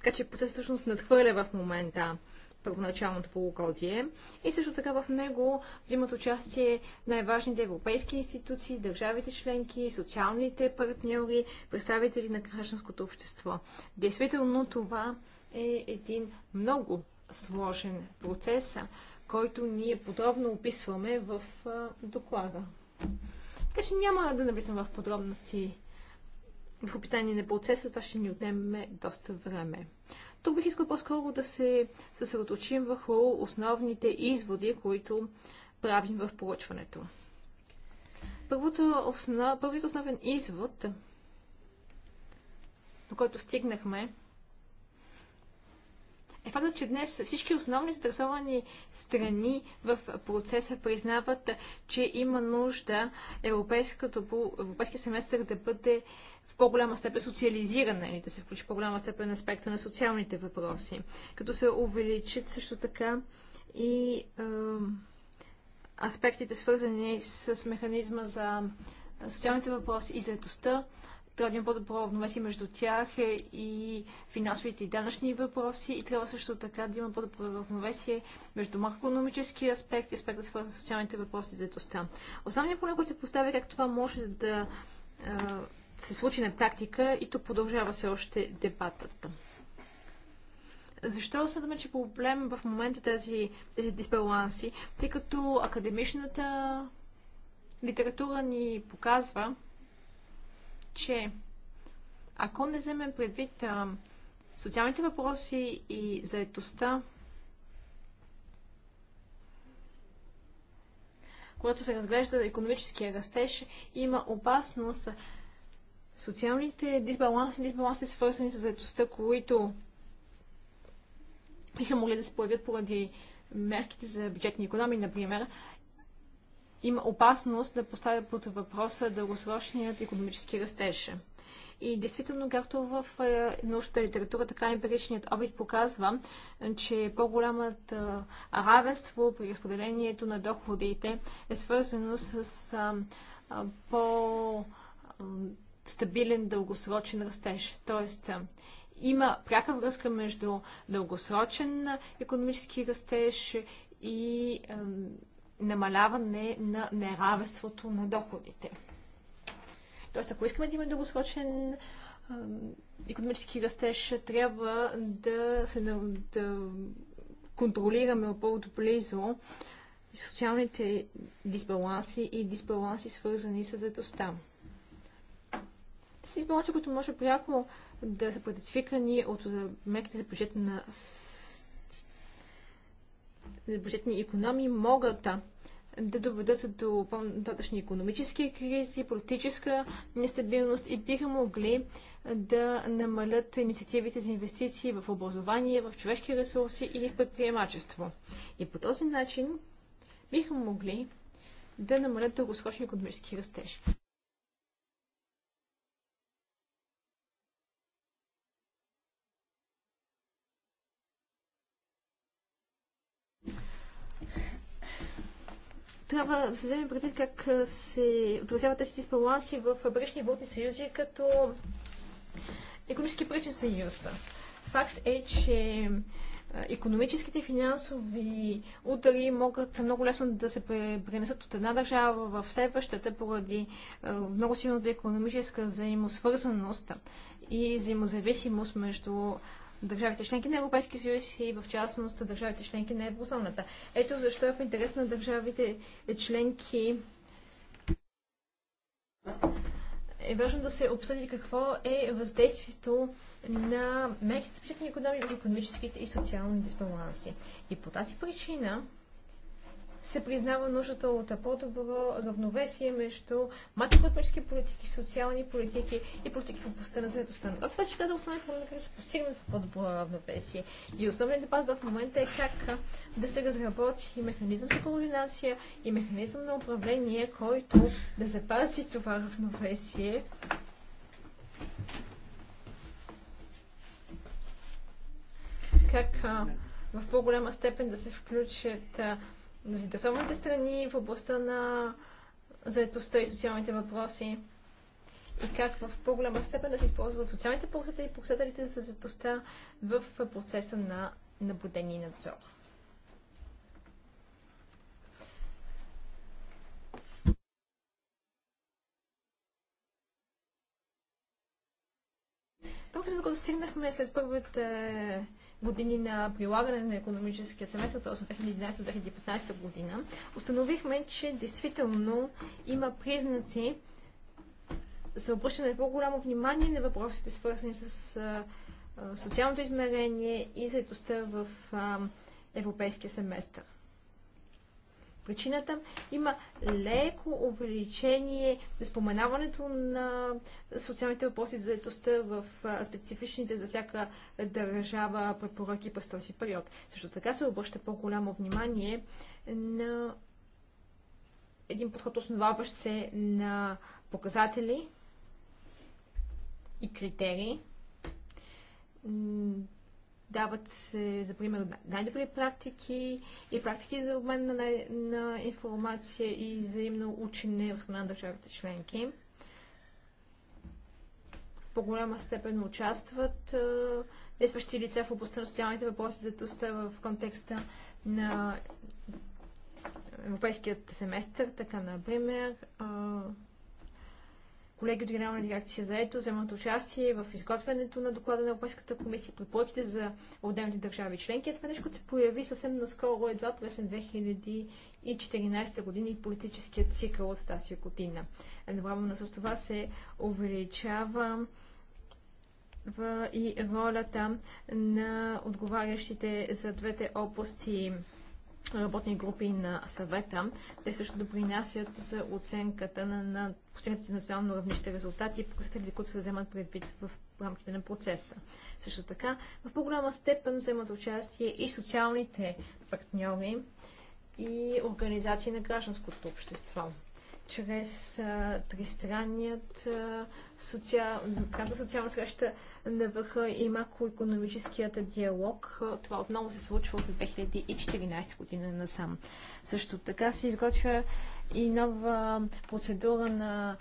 Така че процесът всъщност надхвърля в момента първоначалното полугодие. И също така в него взимат участие най-важните европейски институции, държавите членки, социалните партньори, представители на гражданското общество. Действително това е един много сложен процес, който ние подробно описваме в доклада. Така че няма да навлизам в подробности в описание на процеса, това ще ни отнеме доста време. Тук бих искал по-скоро да се съсредоточим върху основните изводи, които правим в поручването. Първото основ... Първият основен извод, до който стигнахме, е факта, е, че днес всички основни заинтересовани страни в процеса признават, че има нужда европейския семестър да бъде в по-голяма степен социализирана или да се включи в по-голяма степен аспекта на социалните въпроси, като се увеличат също така и е, аспектите свързани с механизма за социалните въпроси и заедостта, трябва да има по-добро равновесие между тях е и финансовите и данъчни въпроси и трябва също така да има по-добро равновесие между макроекономическия аспект и аспекта свързан с социалните въпроси за етостта. Основният проблем, който се поставя, е как това може да се случи на практика и тук продължава се още дебатът. Защо смятаме, че проблем в момента е тези, тези дисбаланси, тъй като академичната литература ни показва, че ако не вземем предвид а, социалните въпроси и заетостта, когато се разглежда економическия растеж, има опасност социалните дисбаланси, дисбаланси свързани с заедостта, които биха могли да се появят поради мерките за бюджетни економии, например, има опасност да поставя под въпроса дългосрочният економически растеж. И действително, както в е, научната литература, така и предишният опит показва, че по-голямото е, равенство при разпределението на доходите е свързано с е, по стабилен дългосрочен растеж. Тоест, има пряка връзка между дългосрочен економически растеж и намаляване на неравенството на доходите. Тоест, ако искаме да имаме дългосрочен економически растеж, трябва да, се, да контролираме по близо социалните дисбаланси и дисбаланси, свързани с заедостта. Тези дисбаланси, които може пряко да са предизвикани от мерките за бюджет на бюджетни економии могат да доведат до по-нататъчни економически кризи, политическа нестабилност и биха могли да намалят инициативите за инвестиции в образование, в човешки ресурси или в предприемачество. И по този начин биха могли да намалят дългосрочни економически растеж. трябва да се вземе предвид как се отразяват тези дисбаланси в бъдещи водни съюзи като економически пречи съюз. Факт е, че економическите и финансови удари могат много лесно да се пренесат от една държава в следващата поради много силната економическа взаимосвързаност и взаимозависимост между държавите членки на Европейския съюз и в частност държавите членки на еврозоната. Ето защо е в интерес на държавите членки е важно да се обсъди какво е въздействието на мерките за бюджетни в економическите и социални дисбаланси. И по тази причина се признава нуждата от по-добро равновесие между макроекономически политики, социални политики и политики в областта на заедостта. Но това, че каза основният проблем е да се постигне по-добро равновесие. И основният дебат в момента е как да се разработи и механизъм за координация и механизъм на управление, който да запази това равновесие как в по-голяма степен да се включат на заинтересованите страни в областта на заедостта и социалните въпроси и как в по-голяма степен да се използват социалните показатели и показателите за заедостта в процеса на наблюдение и надзор. Толкова, за да достигнахме след първите години на прилагане на економическия семестър, т.е. 2011-2015 година, установихме, че действително има признаци за обръщане по-голямо внимание на въпросите, свързани с а, социалното измерение и заедостта в а, европейския семестър. Причината има леко увеличение на споменаването на социалните въпроси за заедостта в специфичните за всяка държава препоръки през този период. Също така се обръща по-голямо внимание на един подход, основаващ се на показатели и критерии дават се, за пример, най-добри практики и практики за обмен на, на информация и взаимно учене от страна на държавите членки. по-голяма степен участват а, действащи лица в областта на социалните въпроси, заедостта в контекста на европейският семестър, така например. А, колеги от Генерална дирекция за ето вземат участие в изготвянето на доклада на Европейската комисия и препоръките за отделните държави членки. Това нещо се появи съвсем наскоро, едва през 2014 година и политическият цикъл от тази година. Едновременно с това се увеличава и ролята на отговарящите за двете области работни групи на съвета. Те също допринасят за оценката на, на постигнатите национално равнище резултати и показатели, които се вземат предвид в рамките на процеса. Също така, в по-голяма степен вземат участие и социалните партньори и организации на гражданското общество чрез а, тристранният а, социал, социална среща на върха и макроекономическият диалог. Това отново се случва от 2014 година насам. Също така се изготвя и нова процедура на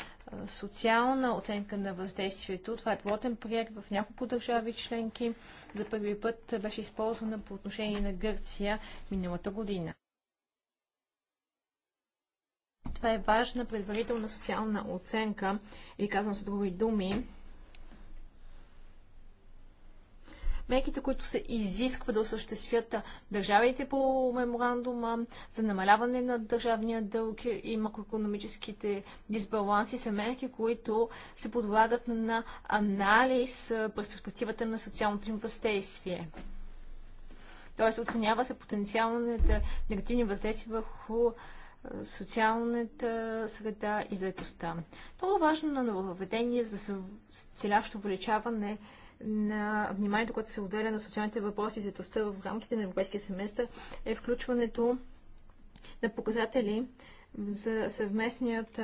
социална оценка на въздействието. Това е плотен проект в няколко държави членки. За първи път беше използвана по отношение на Гърция миналата година. Това е важна предварителна социална оценка или казвам с други думи. Мерките, които се изисква да осъществят държавите по меморандума за намаляване на държавния дълг и макроекономическите дисбаланси са мерки, които се подлагат на анализ през перспективата на социалното им въздействие т.е. оценява се потенциалните негативни въздействия върху социалната среда и заедостта. Много важно на нововведение, за да се целящо увеличаване на вниманието, което се отделя на социалните въпроси и заедостта в рамките на европейския семестър, е включването на показатели за съвместният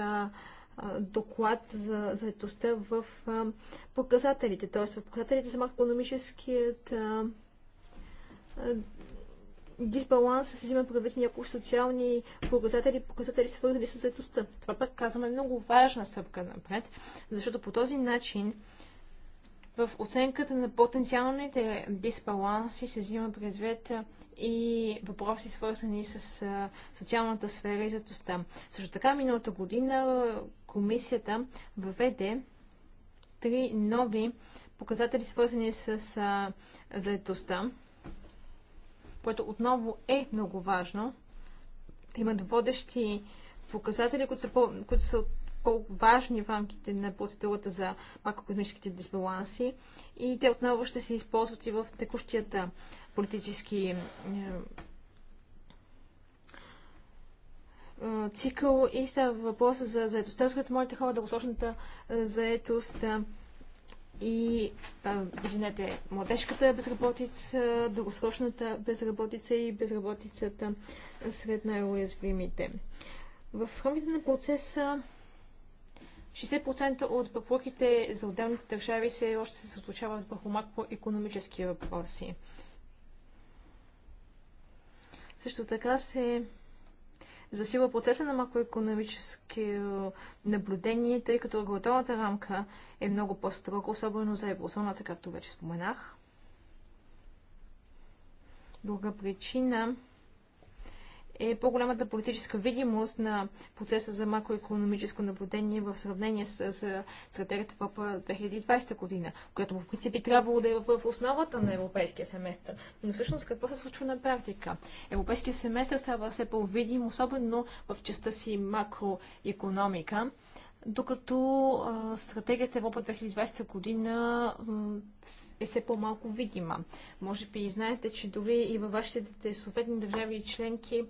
доклад за заедостта в показателите, т.е. в показателите за макроекономическият дисбаланс се взима предвид някои социални показатели, показатели свързани с заедостта. Това пък казваме много важна стъпка напред, защото по този начин в оценката на потенциалните дисбаланси се взима предвид и въпроси свързани с социалната сфера и заедостта. Също така миналата година комисията въведе три нови показатели свързани с заедостта което отново е много важно. Те имат водещи показатели, които са, по, които са по-важни в рамките на процедурата за макроекономическите дисбаланси и те отново ще се използват и в текущията политически е, е, цикъл и става въпроса за заедостта, с която моите хора да дългосрочната е, заедост и, а, извинете, младежката безработица, дългосрочната безработица и безработицата сред най-уязвимите. В рамките на процеса 60% от препоръките за отделните държави се още се съсредоточават върху макроекономически въпроси. Също така се засилва процеса на макроекономически е, наблюдение, тъй като регулаторната рамка е много по-строга, особено за еврозоната, както вече споменах. Друга причина е по-голямата политическа видимост на процеса за макроекономическо наблюдение в сравнение с, с стратегията ПАПА 2020 година, която по принцип трябвало да е в основата на европейския семестър. Но всъщност какво се случва на практика? Европейския семестър става все по-видим, особено в частта си макроекономика докато а, стратегията Европа 2020 година е все по-малко видима. Може би и знаете, че дори и във вашите съответни държави и членки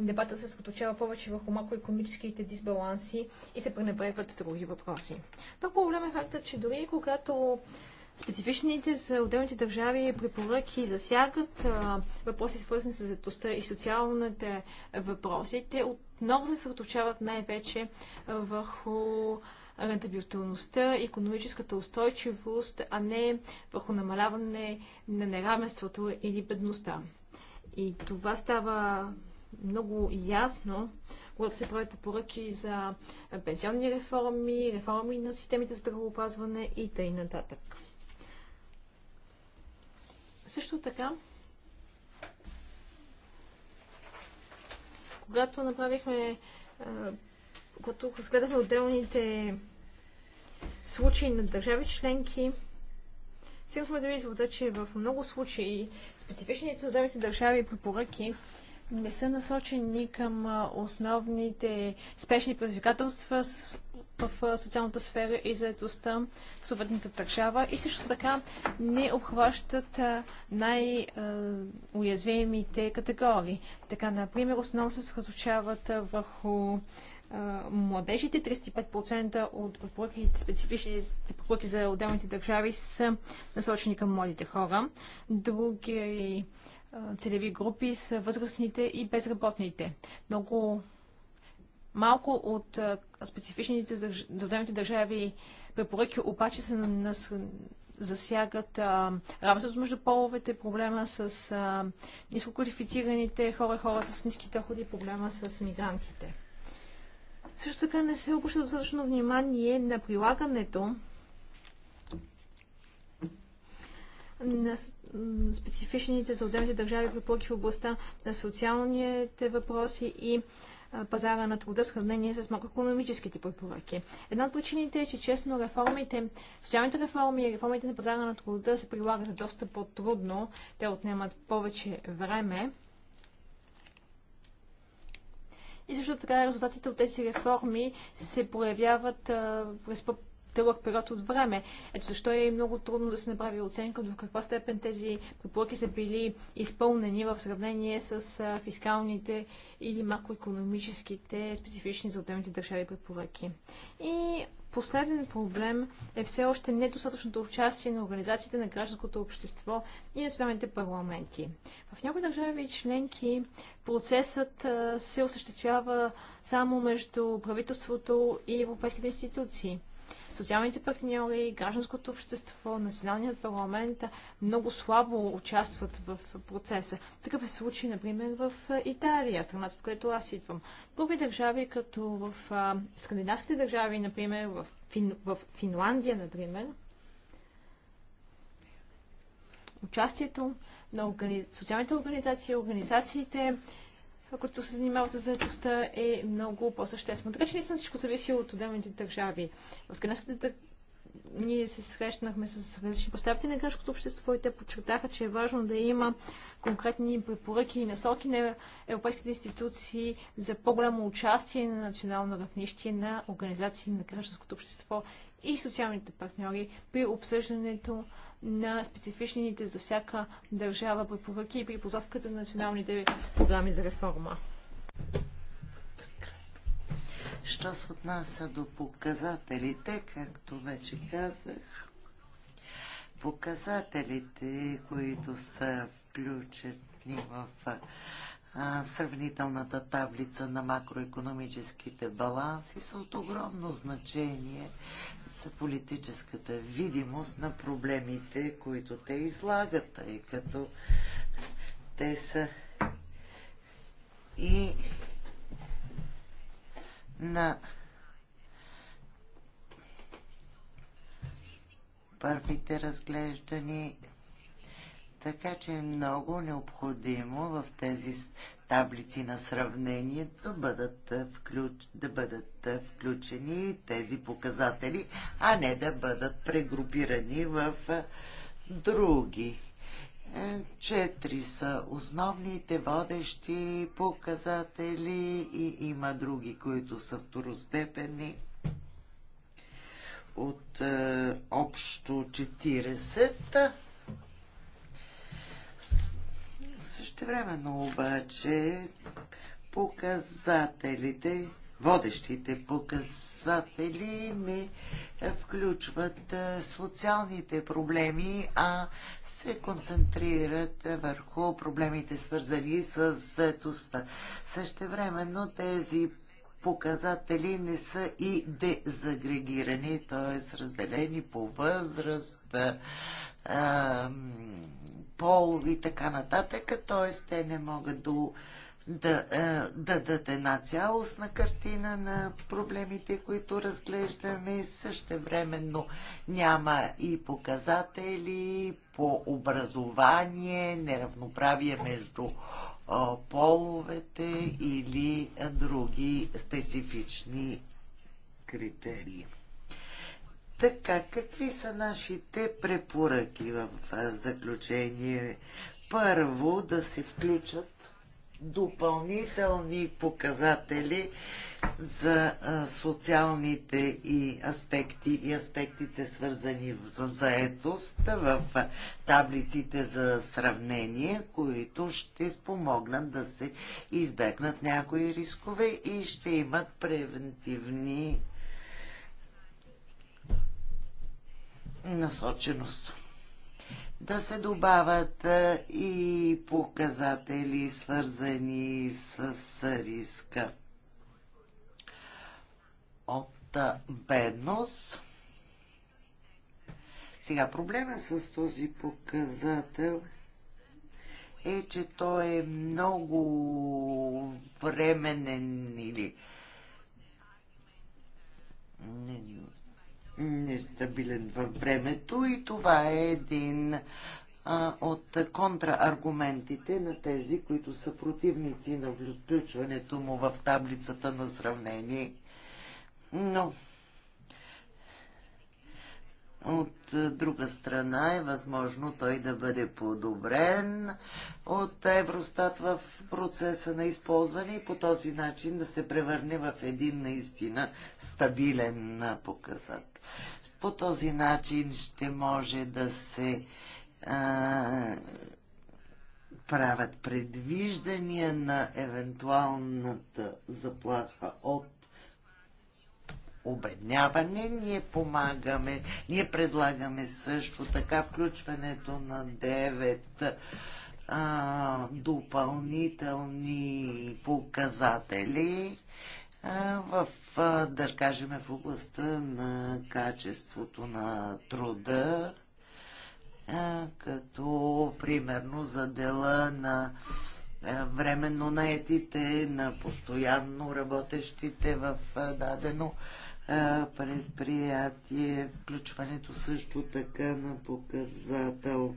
дебата се съсредоточава повече върху макроекономическите дисбаланси и се пренебрегват други въпроси. Друг проблем е факта, че дори когато Специфичните за отделните държави препоръки засягат всякът въпроси, свързани с заедостта и социалните въпроси. Те отново се съсредоточават най-вече върху рентабилността, економическата устойчивост, а не върху намаляване на неравенството или бедността. И това става много ясно, когато се правят препоръки за пенсионни реформи, реформи на системите за здравеопазване и т.н. нататък. Също така, когато направихме, когато разгледахме отделните случаи на държави членки, стигнахме до извода, че в много случаи специфичните за отделните държави препоръки не са насочени към основните спешни предизвикателства в социалната сфера и заедостта в съответната държава и също така не обхващат най-уязвимите категории. Така, например, основно се съсредоточават върху младежите, 35% от препоръките, специфичните препоръки за отделните държави са насочени към младите хора. Други целеви групи са възрастните и безработните. Много малко от специфичните за отделните държави препоръки обаче са засягат равенството между половете, проблема с а, нискоквалифицираните хора, хората с ниски доходи, проблема с мигрантите. Също така не се обръща достатъчно внимание на прилагането на специфичните за отделните държави препоръки в областта на социалните въпроси и пазара на труда в сравнение с макроекономическите препоръки. Една от причините е, че честно реформите, социалните реформи и реформите на пазара на труда се прилагат доста по-трудно, те отнемат повече време. И също така резултатите от тези реформи се проявяват а, през дълъг период от време. Ето защо е много трудно да се направи оценка до каква степен тези препоръки са били изпълнени в сравнение с фискалните или макроекономическите специфични за отделните държави препоръки. И последен проблем е все още недостатъчното участие на организациите на гражданското общество и националните парламенти. В някои държави и членки процесът се осъществява само между правителството и европейските институции социалните партньори, гражданското общество, националният парламент много слабо участват в процеса. Такъв е случай, например, в Италия, страната, от която аз идвам. Други държави, като в скандинавските държави, например, в, Фин... в Финландия, например, участието на органи... социалните организации, организациите, това, което се занимава с заедостта, е много по-съществено. Така че не съм всичко зависи от отделните държави. В скандинавските ние се срещнахме с различни представители на гражданското общество и те подчертаха, че е важно да има конкретни препоръки и насоки на европейските институции за по-голямо участие на национално равнище на организации на гражданското общество и социалните партньори при обсъждането на специфичните за всяка държава препоръки и при подготовката на националните програми за реформа. Що се отнася до показателите, както вече казах, показателите, които са включени в сравнителната таблица на макроекономическите баланси са от огромно значение за политическата видимост на проблемите, които те излагат, тъй като те са и на първите разглеждани така че е много необходимо в тези таблици на сравнение да бъдат, е, включ, да бъдат е, включени тези показатели, а не да бъдат прегрупирани в е, други. Четири са основните водещи показатели и има други, които са второстепени от е, общо 40. Същевременно обаче показателите, водещите показатели не е, включват е, социалните проблеми, а се концентрират върху проблемите свързани с заетостта. Същевременно тези показатели не са и дезагрегирани, т.е. разделени по възраст, полови и така нататък, т.е. те не могат да, да, е, да дадат една цялостна картина на проблемите, които разглеждаме. Същевременно няма и показатели по образование, неравноправие между е, половете или е, други специфични критерии. Така, какви са нашите препоръки в заключение? Първо, да се включат допълнителни показатели за социалните и аспекти и аспектите свързани с заетост в таблиците за сравнение, които ще спомогнат да се избегнат някои рискове и ще имат превентивни насоченост. Да се добавят и показатели, свързани с риска от бедност. Сега проблема с този показател е, че той е много временен или нестабилен във времето и това е един а, от контрааргументите на тези, които са противници на включването му в таблицата на сравнение. Но от друга страна е възможно той да бъде подобрен от Евростат в процеса на използване и по този начин да се превърне в един наистина стабилен показател. По този начин ще може да се а, правят предвиждания на евентуалната заплаха от обедняване. Ние помагаме, ние предлагаме също така включването на 9 а, допълнителни показатели в, да кажем, в областта на качеството на труда, като примерно за дела на временно наетите, на постоянно работещите в дадено предприятие, включването също така на показател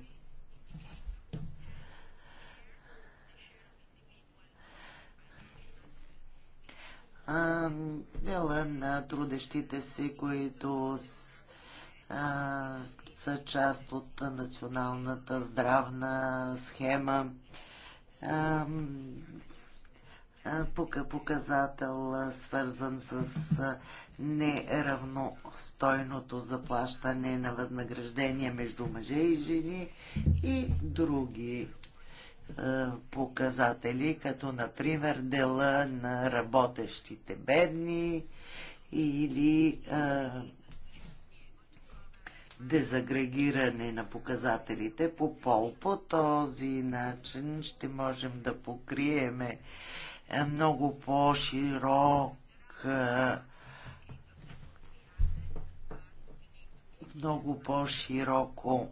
дела на трудещите си, които са част от националната здравна схема. показател, свързан с неравностойното заплащане на възнаграждения между мъже и жени и други е, показатели, като например дела на работещите бедни или е, дезагрегиране на показателите по пол. По този начин ще можем да покриеме е, много по-широк много по-широко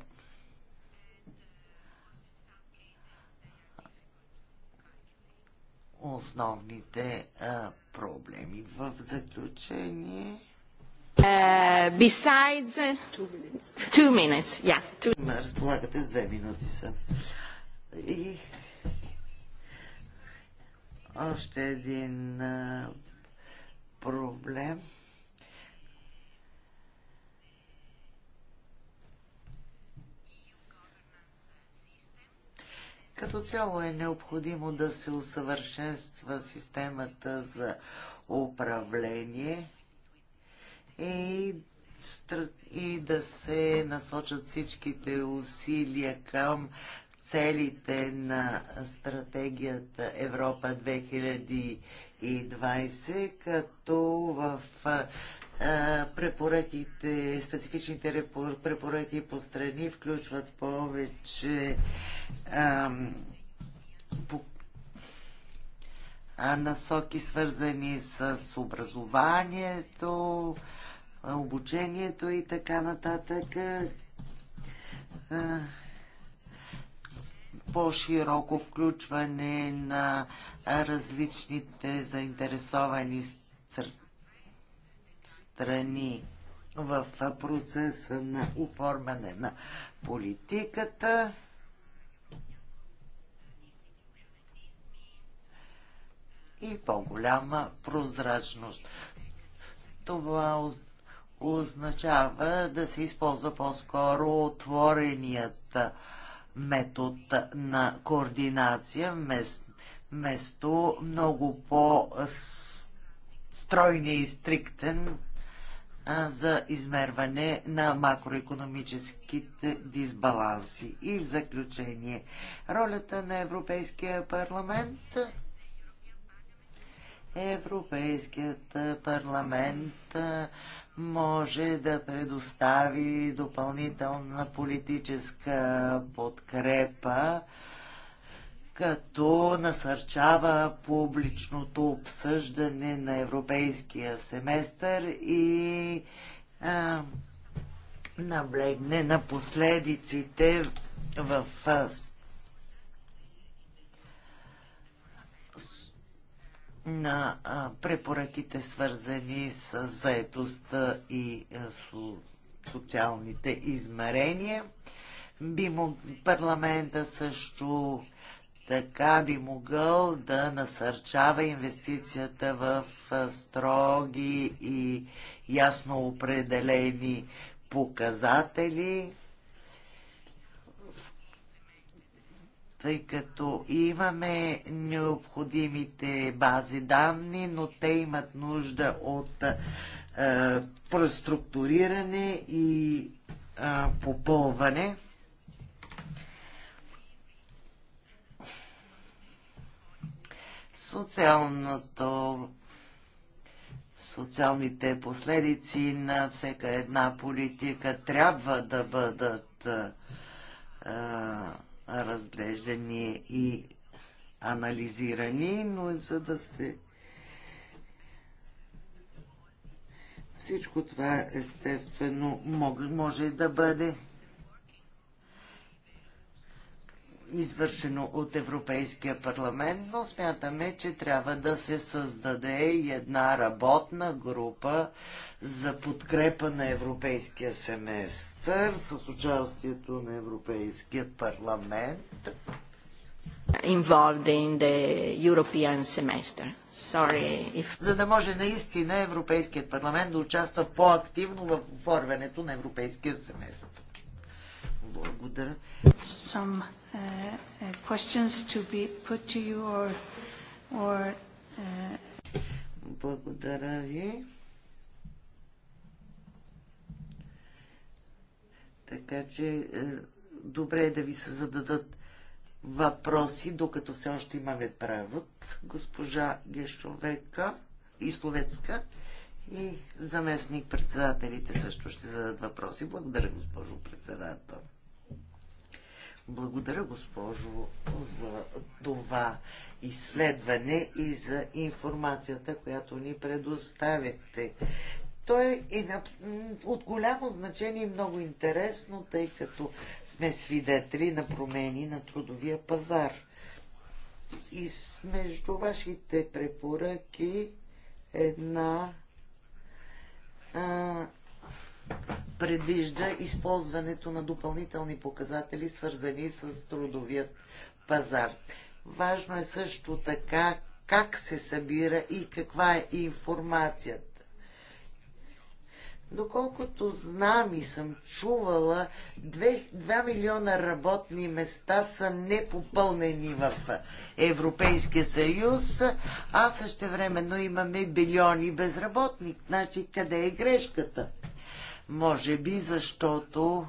основните а, проблеми. В заключение. Uh, besides two minutes, two minutes. Yeah, two... разполагате с две минути са. И още един а, проблем. Като цяло е необходимо да се усъвършенства системата за управление и, и да се насочат всичките усилия към целите на стратегията Европа 2020, като в препоръките, специфичните препоръки по страни включват повече насоки свързани с образованието, обучението и така нататък. по-широко включване на различните заинтересовани страни страни в процеса на оформяне на политиката. и по-голяма прозрачност. Това означава да се използва по-скоро отвореният метод на координация вместо много по-стройния и стриктен за измерване на макроекономическите дисбаланси. И в заключение, ролята на Европейския парламент. Европейският парламент може да предостави допълнителна политическа подкрепа като насърчава публичното обсъждане на европейския семестър и а, наблегне на последиците в а, на а, препоръките свързани с заедостта и а, со, социалните измерения. Би мог, парламента също така би могъл да насърчава инвестицията в строги и ясно определени показатели, тъй като имаме необходимите бази данни, но те имат нужда от е, преструктуриране и е, попълване. социалното социалните последици на всяка една политика трябва да бъдат а, разглеждани и анализирани, но за да се всичко това естествено може да бъде извършено от Европейския парламент, но смятаме, че трябва да се създаде и една работна група за подкрепа на Европейския семестър с участието на Европейския парламент. Involved in the European semester. Sorry if... За да може наистина Европейският парламент да участва по-активно в оформянето на Европейския семестър. Благодаря. Some uh, uh, questions to be put to you or, or uh, Благодаря ви. Така че е, добре е да ви се зададат въпроси, докато все още имаме превод. Госпожа Гешовека и Словецка и заместник председателите също ще зададат въпроси. Благодаря, госпожо председател. Благодаря, госпожо, за това изследване и за информацията, която ни предоставяхте. Той е от голямо значение и много интересно, тъй като сме свидетели на промени на трудовия пазар. И между вашите препоръки една а, предвижда използването на допълнителни показатели, свързани с трудовия пазар. Важно е също така как се събира и каква е информацията. Доколкото знам и съм чувала, 2, 2 милиона работни места са непопълнени в Европейския съюз, а също времено имаме билиони безработни. Значи къде е грешката? Може би защото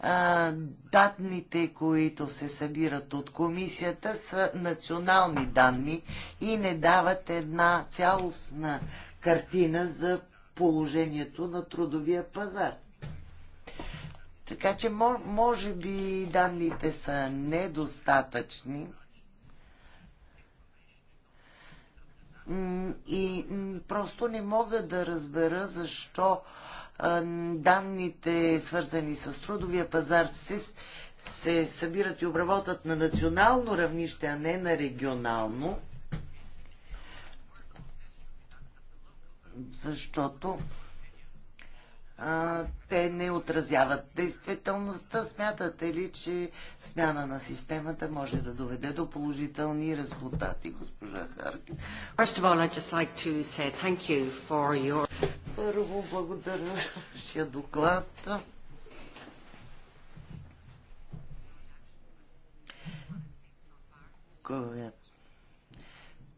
а, данните, които се събират от комисията, са национални данни и не дават една цялостна картина за положението на трудовия пазар. Така че може би данните са недостатъчни и просто не мога да разбера защо данните, свързани с трудовия пазар, се, се събират и обработват на национално равнище, а не на регионално. Защото а, те не отразяват действителността. Смятате ли, че смяна на системата може да доведе до положителни резултати, госпожа Харки? Like your... Първо, благодаря за вашия доклад.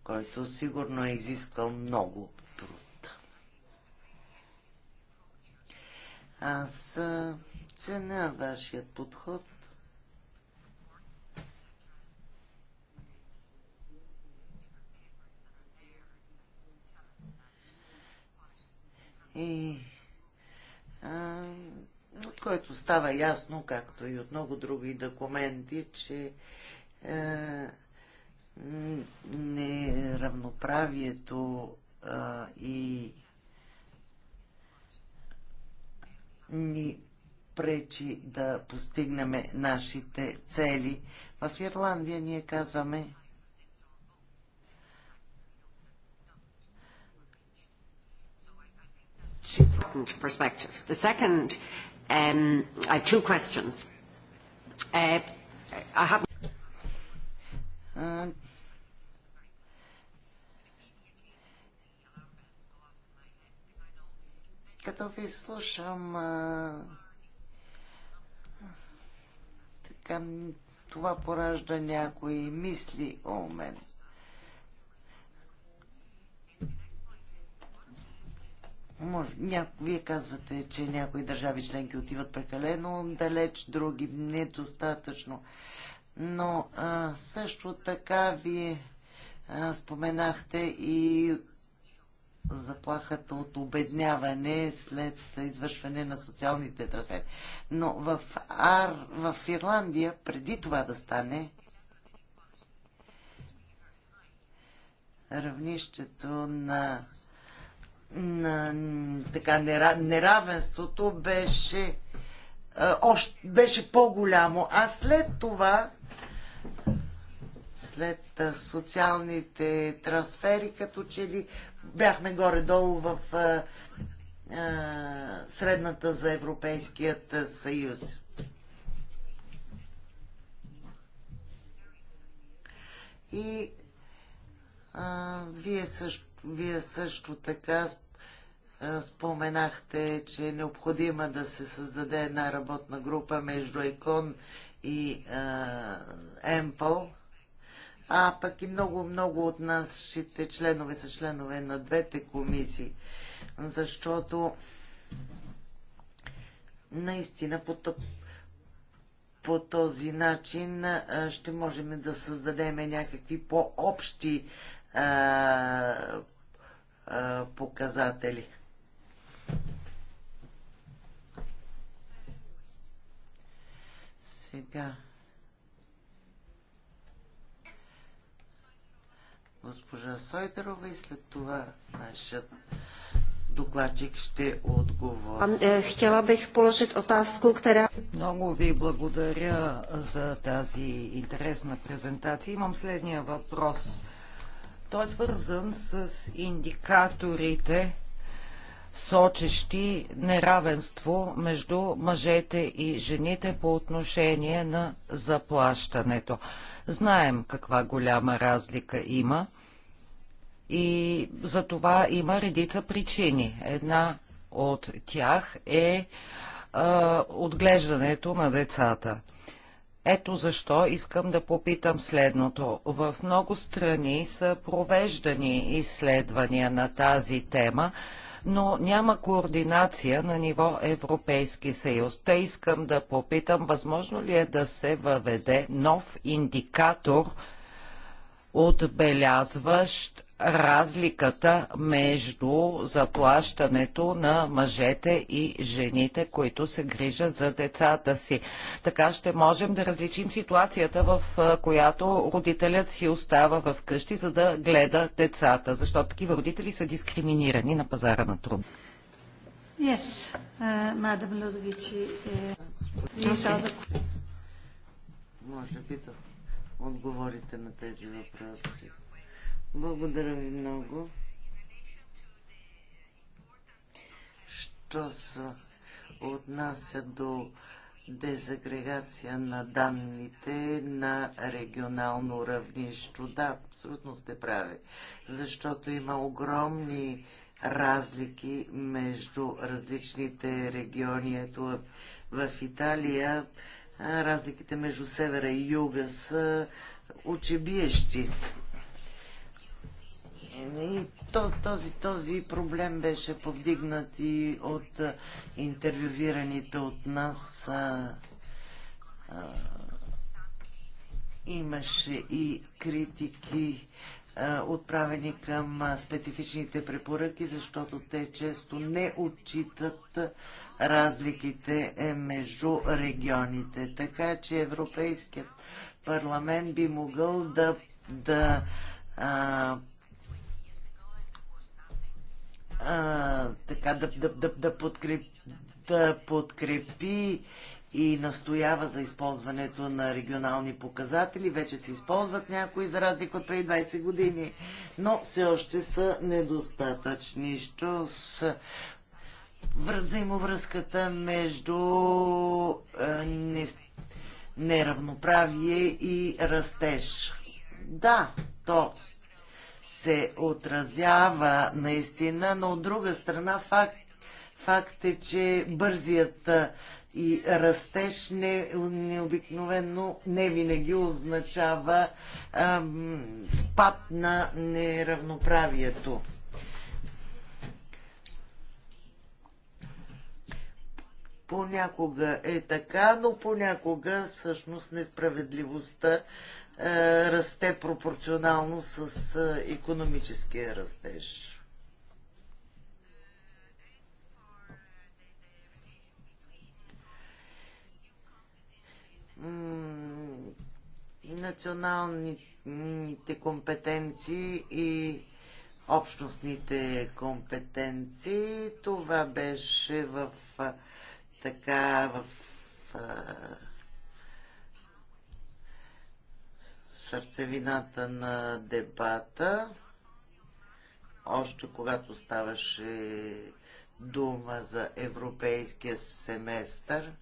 който сигурно е изискал много Аз ценя вашият подход. И а, от който става ясно, както и от много други документи, че а, неравноправието а, и ни пречи да постигнем нашите цели. В Ирландия ние казваме perspective. The second, um, I have two questions. Uh, I have... Uh, като ви слушам а, така, това поражда някои мисли у мен. Може, ня... Вие казвате, че някои държави членки отиват прекалено далеч, други недостатъчно. Но а, също така вие а, споменахте и заплахата от обедняване след извършване на социалните трансфери. Но в, Ар, в Ирландия, преди това да стане, равнището на, на така, неравенството беше, е, още, беше по-голямо. А след това след социалните трансфери, като че ли бяхме горе-долу в а, а, средната за Европейският съюз. И а, вие, също, вие също така споменахте, че е необходимо да се създаде една работна група между ЕКОН и Емпъл а пък и много-много от нашите членове са членове на двете комисии, защото наистина по, по този начин ще можем да създадем някакви по-общи показатели. Сега. госпожа Сойдерова и след това нашият докладчик ще отговори. Е, Хтяла бих положит отазку, která... Много ви благодаря за тази интересна презентация. Имам следния въпрос. Той е свързан с индикаторите сочещи неравенство между мъжете и жените по отношение на заплащането. Знаем каква голяма разлика има и за това има редица причини. Една от тях е а, отглеждането на децата. Ето защо искам да попитам следното. В много страни са провеждани изследвания на тази тема, но няма координация на ниво Европейски съюз. Те искам да попитам, възможно ли е да се въведе нов индикатор, отбелязващ разликата между заплащането на мъжете и жените, които се грижат за децата си. Така ще можем да различим ситуацията, в която родителят си остава в къщи, за да гледа децата, защото такива родители са дискриминирани на пазара на труд. Yes, uh, Madam uh, okay. Може би да отговорите на тези въпроси. Благодаря ви много. Що се отнася до дезагрегация на данните на регионално равнище. Да, абсолютно сте прави, защото има огромни разлики между различните региони. Ето в, Италия разликите между севера и юга са очебиещи. Е, и този, този проблем беше повдигнат и от интервювираните от нас. А, а, имаше и критики а, отправени към специфичните препоръки, защото те често не отчитат разликите е, между регионите. Така че Европейският парламент би могъл да, да а, а, така да, да, да, да, подкреп, да подкрепи и настоява за използването на регионални показатели. Вече се използват някои, за разлика от преди 20 години, но все още са недостатъчни. Що с взаимовръзката между е, неравноправие и растеж. Да, то се отразява наистина, но от друга страна факт, факт е, че бързият и растеж не, необикновено не винаги означава ам, спад на неравноправието. Понякога е така, но понякога всъщност несправедливостта е, расте пропорционално с економическия растеж. националните компетенции и общностните компетенции. Това беше в е, така в е, сърцевината на дебата, още когато ставаше дума за европейския семестър,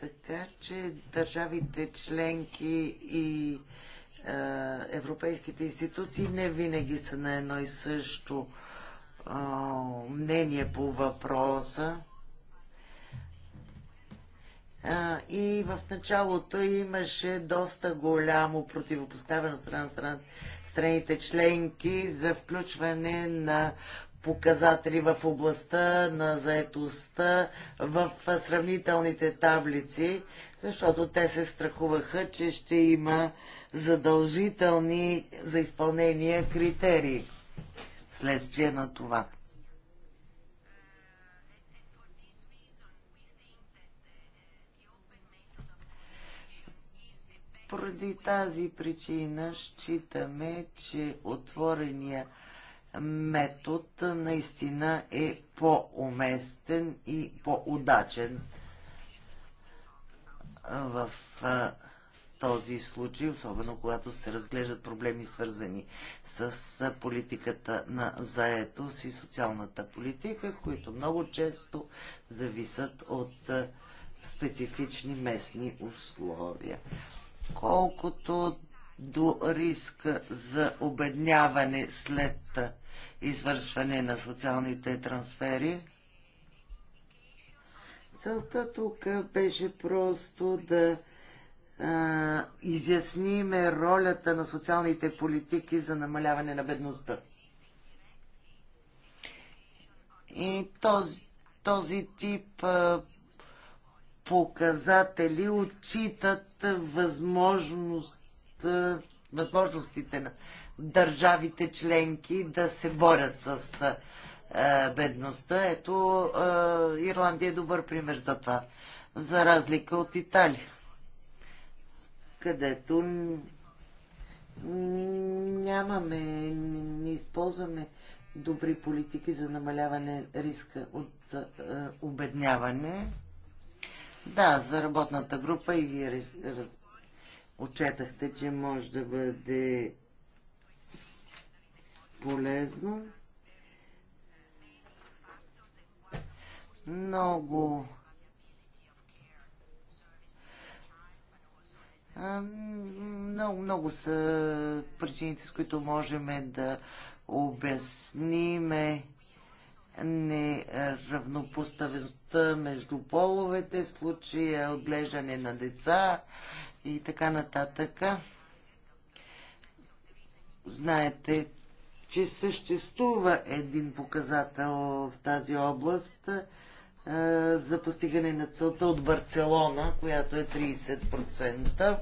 така че държавите членки и е, европейските институции не винаги са на едно и също мнение по въпроса. И в началото имаше доста голямо противопоставено страна страна страните членки за включване на показатели в областта на заетостта в сравнителните таблици, защото те се страхуваха, че ще има задължителни за изпълнение критерии следствие на това. Поради тази причина считаме, че отворения метод наистина е по-уместен и по-удачен в този случай, особено когато се разглеждат проблеми свързани с политиката на заетост и социалната политика, които много често зависят от специфични местни условия. Колкото до риска за обедняване след извършване на социалните трансфери, целта тук беше просто да а, изясниме ролята на социалните политики за намаляване на бедността. И този, този тип а, показатели отчитат възможност, а, възможностите на държавите членки да се борят с а, бедността. Ето, а, Ирландия е добър пример за това, за разлика от Италия където нямаме, не използваме добри политики за намаляване риска от обедняване. Да, за работната група и вие отчетахте, че може да бъде полезно. Много Много, много са причините, с които можем да обясниме неравнопоставеността между половете, в случая отглеждане на деца и така нататък. Знаете, че съществува един показател в тази област – е, за постигане на целта от Барселона, която е 30%.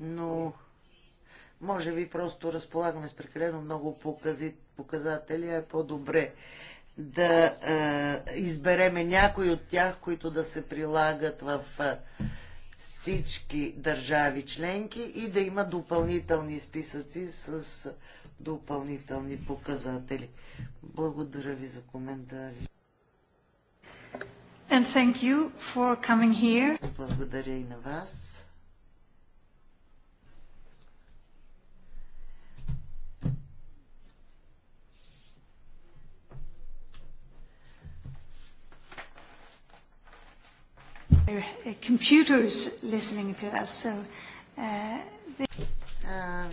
Но може би просто разполагаме с прекалено много показатели, а е по-добре да е, избереме някои от тях, които да се прилагат в е, всички държави членки и да има допълнителни списъци с допълнителни показатели. Благодаря ви за коментари. And thank you for coming here. Благодаря и на вас. Computers listening to us, so uh, they... uh,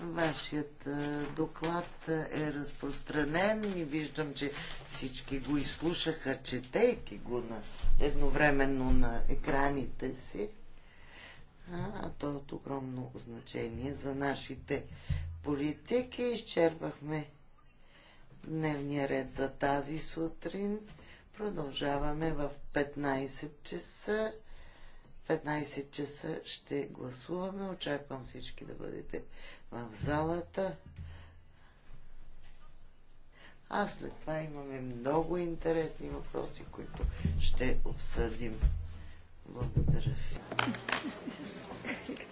Вашият доклад е разпространен и виждам, че всички го изслушаха, четейки го на, едновременно на екраните си. А, а то е от огромно значение за нашите политики. Изчерпахме дневния ред за тази сутрин. Продължаваме в 15 часа. 15 часа ще гласуваме. Очаквам всички да бъдете в залата. А след това имаме много интересни въпроси, които ще обсъдим. Благодаря ви.